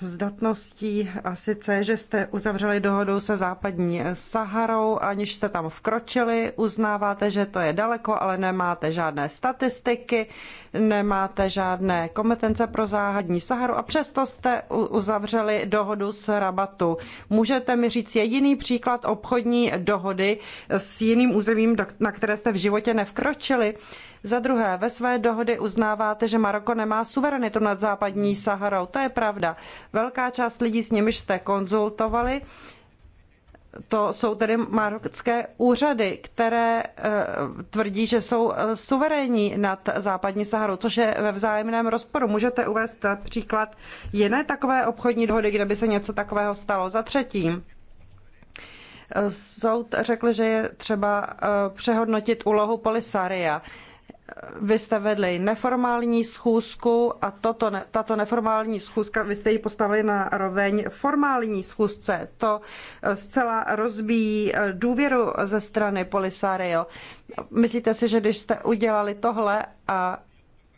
zdatností a sice, že jste uzavřeli dohodu se západní Saharou, aniž jste tam vkročili, uznáváte, že to je daleko, ale nemáte žádné statistiky, nemáte žádné kompetence pro záhadní Saharu a přesto jste uzavřeli dohodu s Rabatu. Můžete mi říct jediný příklad obchodní dohody s jiným územím, na které jste v životě nevkročili? Za druhé, ve své dohody uznáváte, že Maroko nemá suverenitu nad západní Saharou. To je pravda. Velká část lidí, s nimiž jste konzultovali, to jsou tedy marocké úřady, které eh, tvrdí, že jsou eh, suverénní nad západní Saharou, což je ve vzájemném rozporu. Můžete uvést eh, příklad jiné takové obchodní dohody, kde by se něco takového stalo? Za třetím, soud řekl, že je třeba přehodnotit úlohu Polisaria vy jste vedli neformální schůzku a toto, tato neformální schůzka, vy jste ji postavili na roveň formální schůzce. To eh, zcela rozbíjí eh, důvěru ze strany Polisario. Myslíte si, že když jste udělali tohle a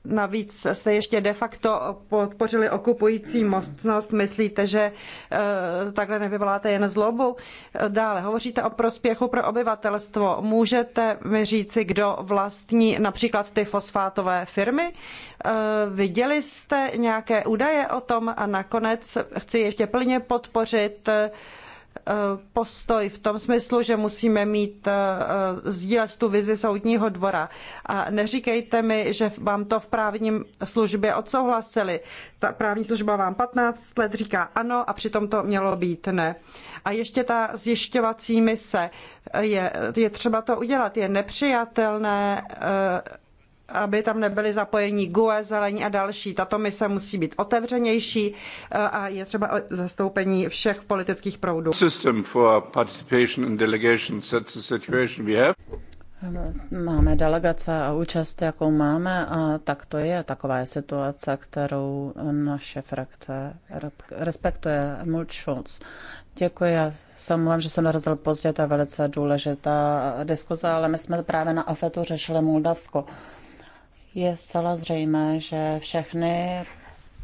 Navíc jste ještě de facto podpořili okupující mocnost. Myslíte, že eh, takhle nevyvoláte jen zlobu? Dále hovoříte o prospěchu pro obyvatelstvo. Můžete mi říci, kdo vlastní například ty fosfátové firmy? Eh, viděli jste nějaké údaje o tom? A nakonec chci ještě plně podpořit eh, Eh, postoj v tom smyslu, že musíme mít eh, eh, sdílet tu vizi soudního dvora. A neříkejte mi, že vám to v právním službě odsouhlasili. Ta právní služba vám 15 let říká ano a přitom to mělo být ne. A ještě ta zjišťovací mise. Je, je třeba to udělat. Je nepřijatelné aby tam nebyly zapojení GUE, zelení a další. Tato mise musí být otevřenější eh, a je třeba zastoupení všech politických proudů. System for participation and delegation. that's the situation we have. Máme delegace a účast, jakou máme, a tak to je. Taková je situace, kterou naše frakce respektuje. Mulč Schulz. Děkuji, já se omlouvám, že jsem narazil pozdě, to je velice důležitá diskuze, ale my jsme právě na AFETu řešili Moldavsko je zcela zřejmé, že všechny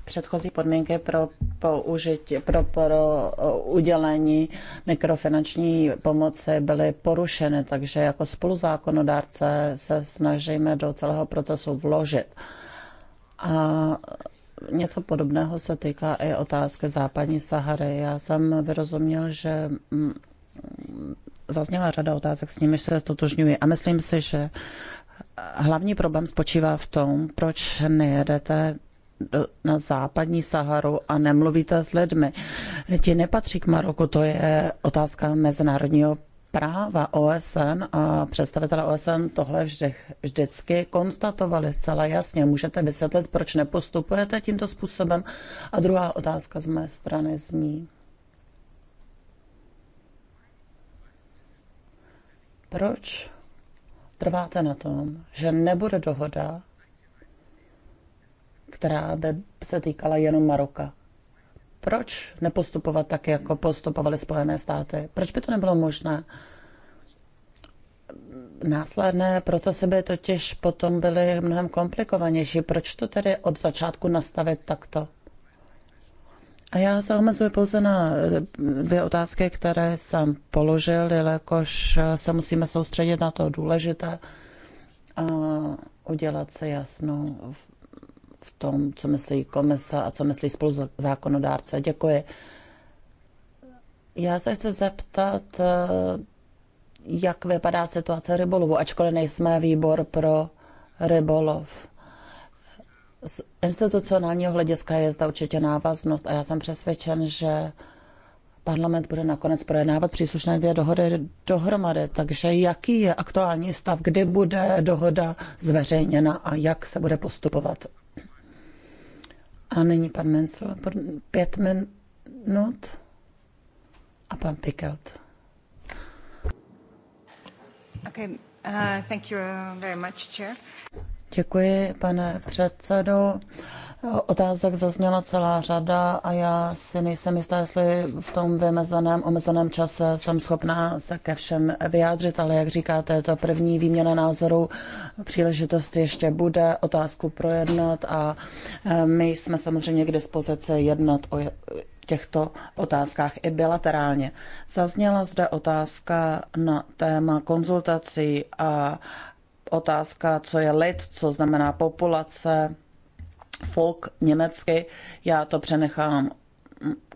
předchozí podmínky pro použití, pro, pro uh, udělení mikrofinanční pomoci byly porušeny, takže jako spoluzákonodárce se snažíme do celého procesu vložit. A něco podobného se týká i otázky západní Sahary. Já jsem vyrozuměl, že mm, zazněla řada otázek, s nimiž se totožňuji a myslím si, že hlavní problém spočívá v tom, proč nejedete na západní Saharu a nemluvíte s lidmi. Ti nepatří k Maroku, to je otázka mezinárodního práva OSN a představitelé OSN tohle vždy, vždycky konstatovali zcela jasně. Můžete vysvětlit, proč nepostupujete tímto způsobem? A druhá otázka z mé strany zní. Proč trváte na tom, že nebude dohoda, která by se týkala jenom Maroka. Proč nepostupovat tak, jako postupovaly Spojené státy? Proč by to nebylo možné? Následné procesy by totiž potom byly mnohem komplikovanější. Proč to tedy od začátku nastavit takto? A já se omezuji pouze na eh, dvě otázky, které jsem položil, jelikož eh, se musíme soustředit na to důležité a udělat se jasno v tom, co myslí komise a co myslí spolu zákonodárce. Děkuji. Já se chci zeptat, eh, jak vypadá situace rybolovu, ačkoliv nejsme výbor pro rybolov. Z institucionálního hlediska je zda určitě návaznost a já jsem přesvědčen, že parlament bude nakonec projednávat příslušné dvě dohody dohromady. Takže jaký je aktuální stav, kdy bude dohoda zveřejněna a jak se bude postupovat? A nyní pan Mencel, pět minut a pan Pickelt. Okay. Uh, thank you uh, very much, chair. Děkuji, pane předsedo. Otázek zazněla celá řada a já si nejsem jistá, jestli v tom vymezeném, omezeném čase jsem schopná se ke všem vyjádřit, ale jak říkáte, to první výměna názorů příležitost ještě bude otázku projednat a eh, my jsme samozřejmě k dispozici jednat o těchto otázkách i bilaterálně. Zazněla zde otázka na téma konzultací a otázka, co je lid, co znamená populace, folk německy. Já to přenechám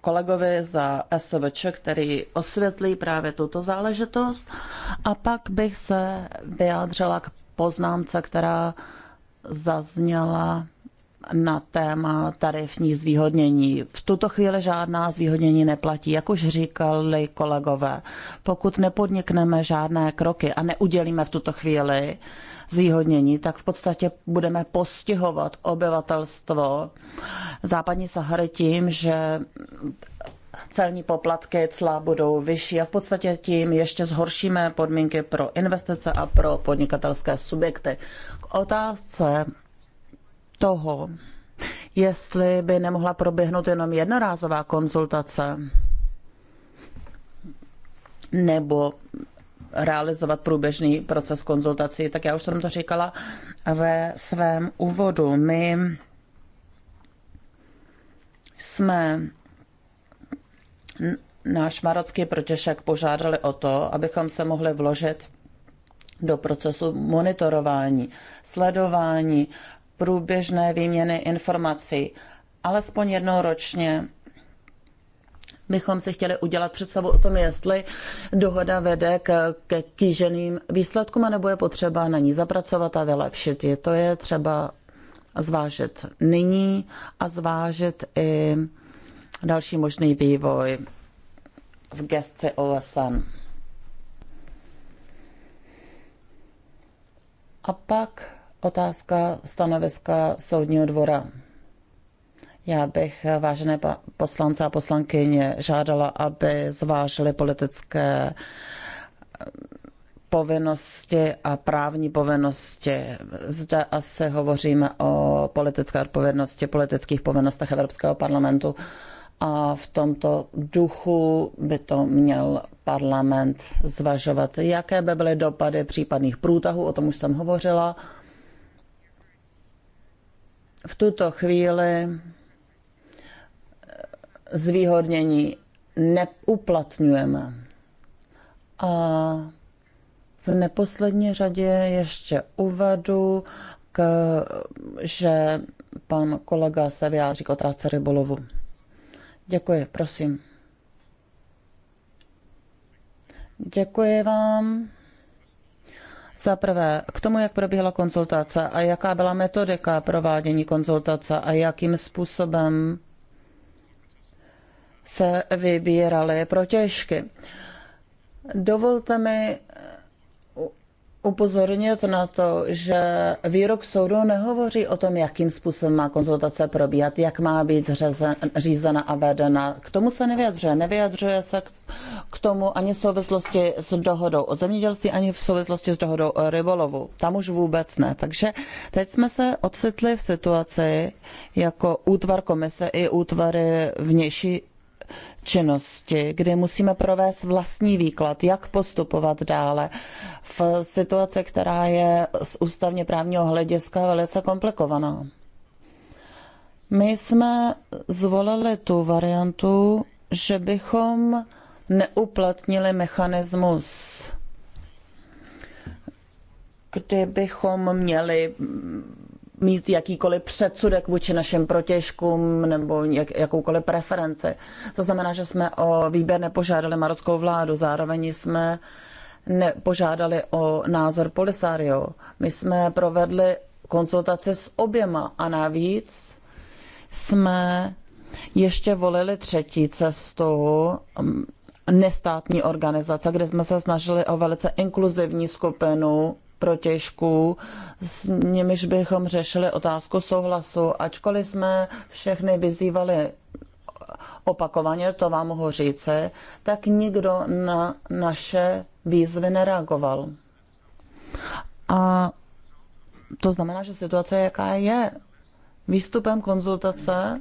kolegovi za SVČ, který osvětlí právě tuto záležitost. A pak bych se vyjádřila k poznámce, která zazněla na téma tarifní zvýhodnění. V tuto chvíli žádná zvýhodnění neplatí, jak už říkali kolegové. Pokud nepodnikneme žádné kroky a neudělíme v tuto chvíli zvýhodnění, tak v podstatě budeme postihovat obyvatelstvo západní Sahary tím, že celní poplatky, cla budou vyšší a v podstatě tím ještě zhoršíme podmínky pro investice a pro podnikatelské subjekty. K otázce toho, jestli by nemohla proběhnout jenom jednorázová konzultace nebo realizovat průběžný proces konzultací. Tak já už jsem to říkala ve svém úvodu. My jsme náš marocký protěšek požádali o to, abychom se mohli vložit do procesu monitorování, sledování průběžné výměny informací. Alespoň jednou ročně bychom si chtěli udělat představu o tom, jestli dohoda vede k, ke kýženým výsledkům, anebo je potřeba na ní zapracovat a vylepšit je. To je třeba zvážit nyní a zvážit i další možný vývoj v gestci OSN. A pak Otázka stanoviska soudního dvora. Já bych vážené poslance a poslankyně žádala, aby zvážili politické eh, povinnosti a právní povinnosti. Zde asi hovoříme o politické odpovědnosti, politických povinnostech Evropského parlamentu a v tomto duchu by to měl parlament zvažovat. Jaké by byly dopady případných průtahů, o tom už jsem hovořila v tuto chvíli eh, zvýhodnění neuplatňujeme. A v neposlední řadě ještě uvedu, k, že pan kolega se vyjádří k otázce rybolovu. Děkuji, prosím. Děkuji vám. Za prvé, k tomu, jak probíhala konzultace a jaká byla metodika provádění konzultace a jakým způsobem se vybíraly protěžky. Dovolte mi upozornit na to, že výrok soudu nehovoří o tom, jakým způsobem má konzultace probíhat, jak má být řízena a vedena. K tomu se nevyjadřuje. Nevyjadřuje se k tomu ani v souvislosti s dohodou o zemědělství, ani v souvislosti s dohodou o rybolovu. Tam už vůbec ne. Takže teď jsme se ocitli v situaci jako útvar komise i útvary vnější činnosti, kdy musíme provést vlastní výklad, jak postupovat dále v situaci, která je z ústavně právního hlediska velice komplikovaná. My jsme zvolili tu variantu, že bychom neuplatnili mechanismus, kdybychom měli mít jakýkoliv předsudek vůči našim protěžkům nebo jak, jakoukoliv preferenci. To znamená, že jsme o výběr nepožádali marockou vládu, zároveň jsme nepožádali o názor Polisario. My jsme provedli konzultaci s oběma a navíc jsme ještě volili třetí cestu nestátní organizace, kde jsme se snažili o velice inkluzivní skupinu protěžků, s nimiž bychom řešili otázku souhlasu, ačkoliv jsme všechny vyzývali opakovaně, to vám mohu říci, tak nikdo na naše výzvy nereagoval. A to znamená, že situace, jaká je, výstupem konzultace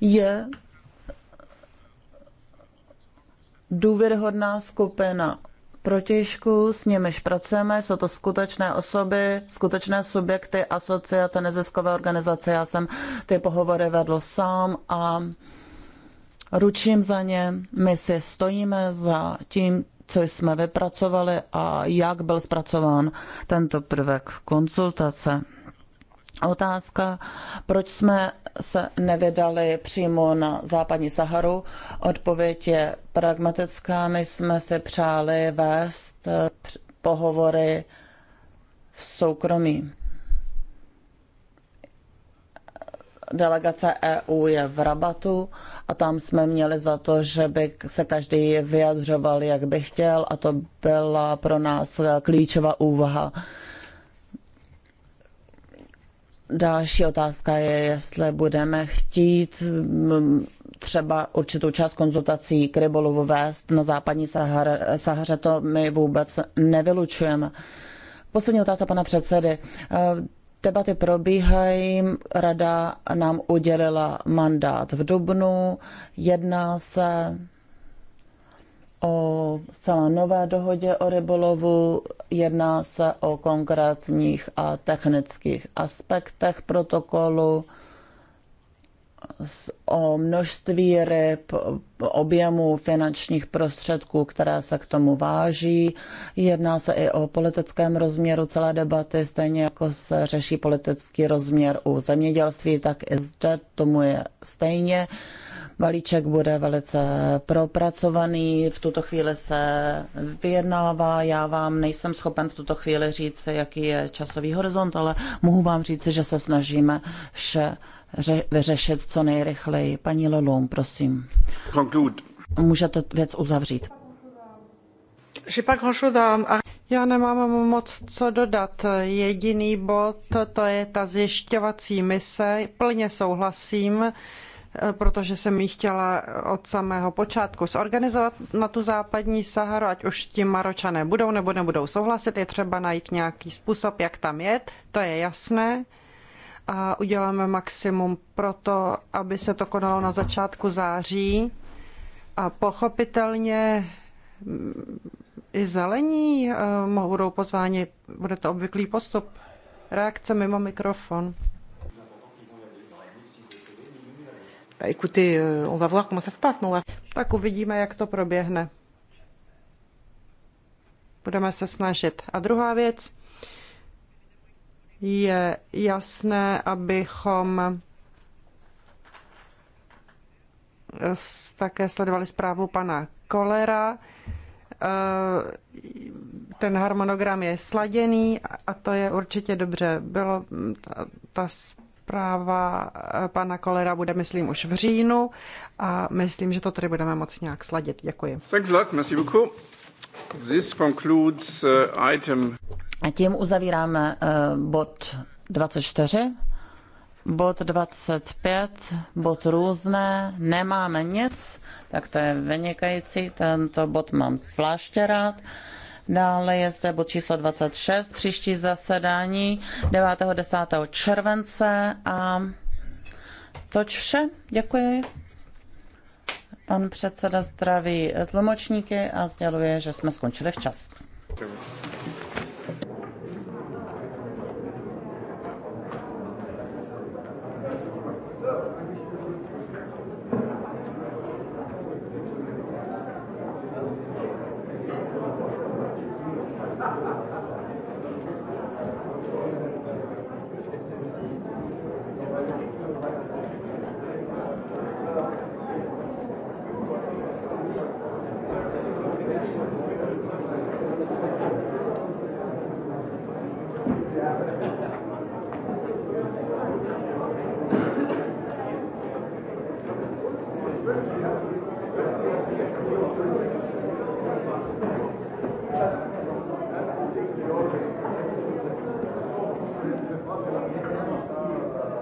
je důvěryhodná skupina protěžků, s nimiž pracujeme, jsou to skutečné osoby, skutečné subjekty, asociace, neziskové organizace. Já jsem ty pohovory vedl sám a ručím za ně. My si stojíme za tím, co jsme vypracovali a jak byl zpracován tento prvek konzultace. Otázka, proč jsme se nevydali přímo na západní Saharu. Odpověď je pragmatická. My jsme si přáli vést eh, pohovory v soukromí. Delegace EU je v Rabatu a tam jsme měli za to, že by se každý vyjadřoval, jak by chtěl a to byla pro nás eh, klíčová úvaha Další otázka je, jestli budeme chtít mm, třeba určitou část konzultací k rybolovu vést na západní Sahar, Sahaře, to my vůbec nevylučujeme. Poslední otázka pana předsedy. Eh, debaty probíhají, rada nám udělila mandát v Dubnu, jedná se o celé nové dohodě o rybolovu, jedná se o konkrétních a technických aspektech protokolu, o množství ryb, objemu finančních prostředků, které se k tomu váží. Jedná se i o politickém rozměru celé debaty, stejně jako se řeší politický rozměr u zemědělství, tak i zde tomu je stejně. Balíček bude velice propracovaný, v tuto chvíli se vyjednává. Já vám nejsem schopen v tuto chvíli říct, jaký je časový horizont, ale mohu vám říct, že se snažíme vše vyřešit co nejrychleji. Paní Lolum, prosím. Conclude. Můžete věc uzavřít. Já nemám moc co dodat. Jediný bod, to je ta zjišťovací mise. Plně souhlasím Eh, protože jsem ji chtěla od samého počátku zorganizovat na tu západní Saharu, ať už ti Maročané budou nebo nebudou souhlasit, je třeba najít nějaký způsob, jak tam jet, to je jasné. A uděláme maximum pro to, aby se to konalo na začátku září. A pochopitelně mm, i zelení eh, budou pozváni, bude to obvyklý postup. Reakce mimo mikrofon. écoutez, euh, on va voir comment ça se passe. No? Tak uvidíme, jak to proběhne. Budeme se snažit. A druhá věc je jasné, abychom eh, také sledovali zprávu pana Kolera. Eh, ten harmonogram je sladěný a to je určitě dobře. Bylo mm, ta, ta zpráva eh, pana Kolera bude, myslím, už v říjnu a myslím, že to tady budeme moc nějak sladit. Děkuji. Eh, a tím uzavíráme eh, bod 24. Bod 25, bod různé, nemáme nic, tak to je vynikající, tento bod mám zvláště rád. Dále je zde bod číslo 26, příští zasedání 9. 10. července a toť vše. Děkuji. Pan předseda zdraví tlumočníky a sděluje, že jsme skončili včas.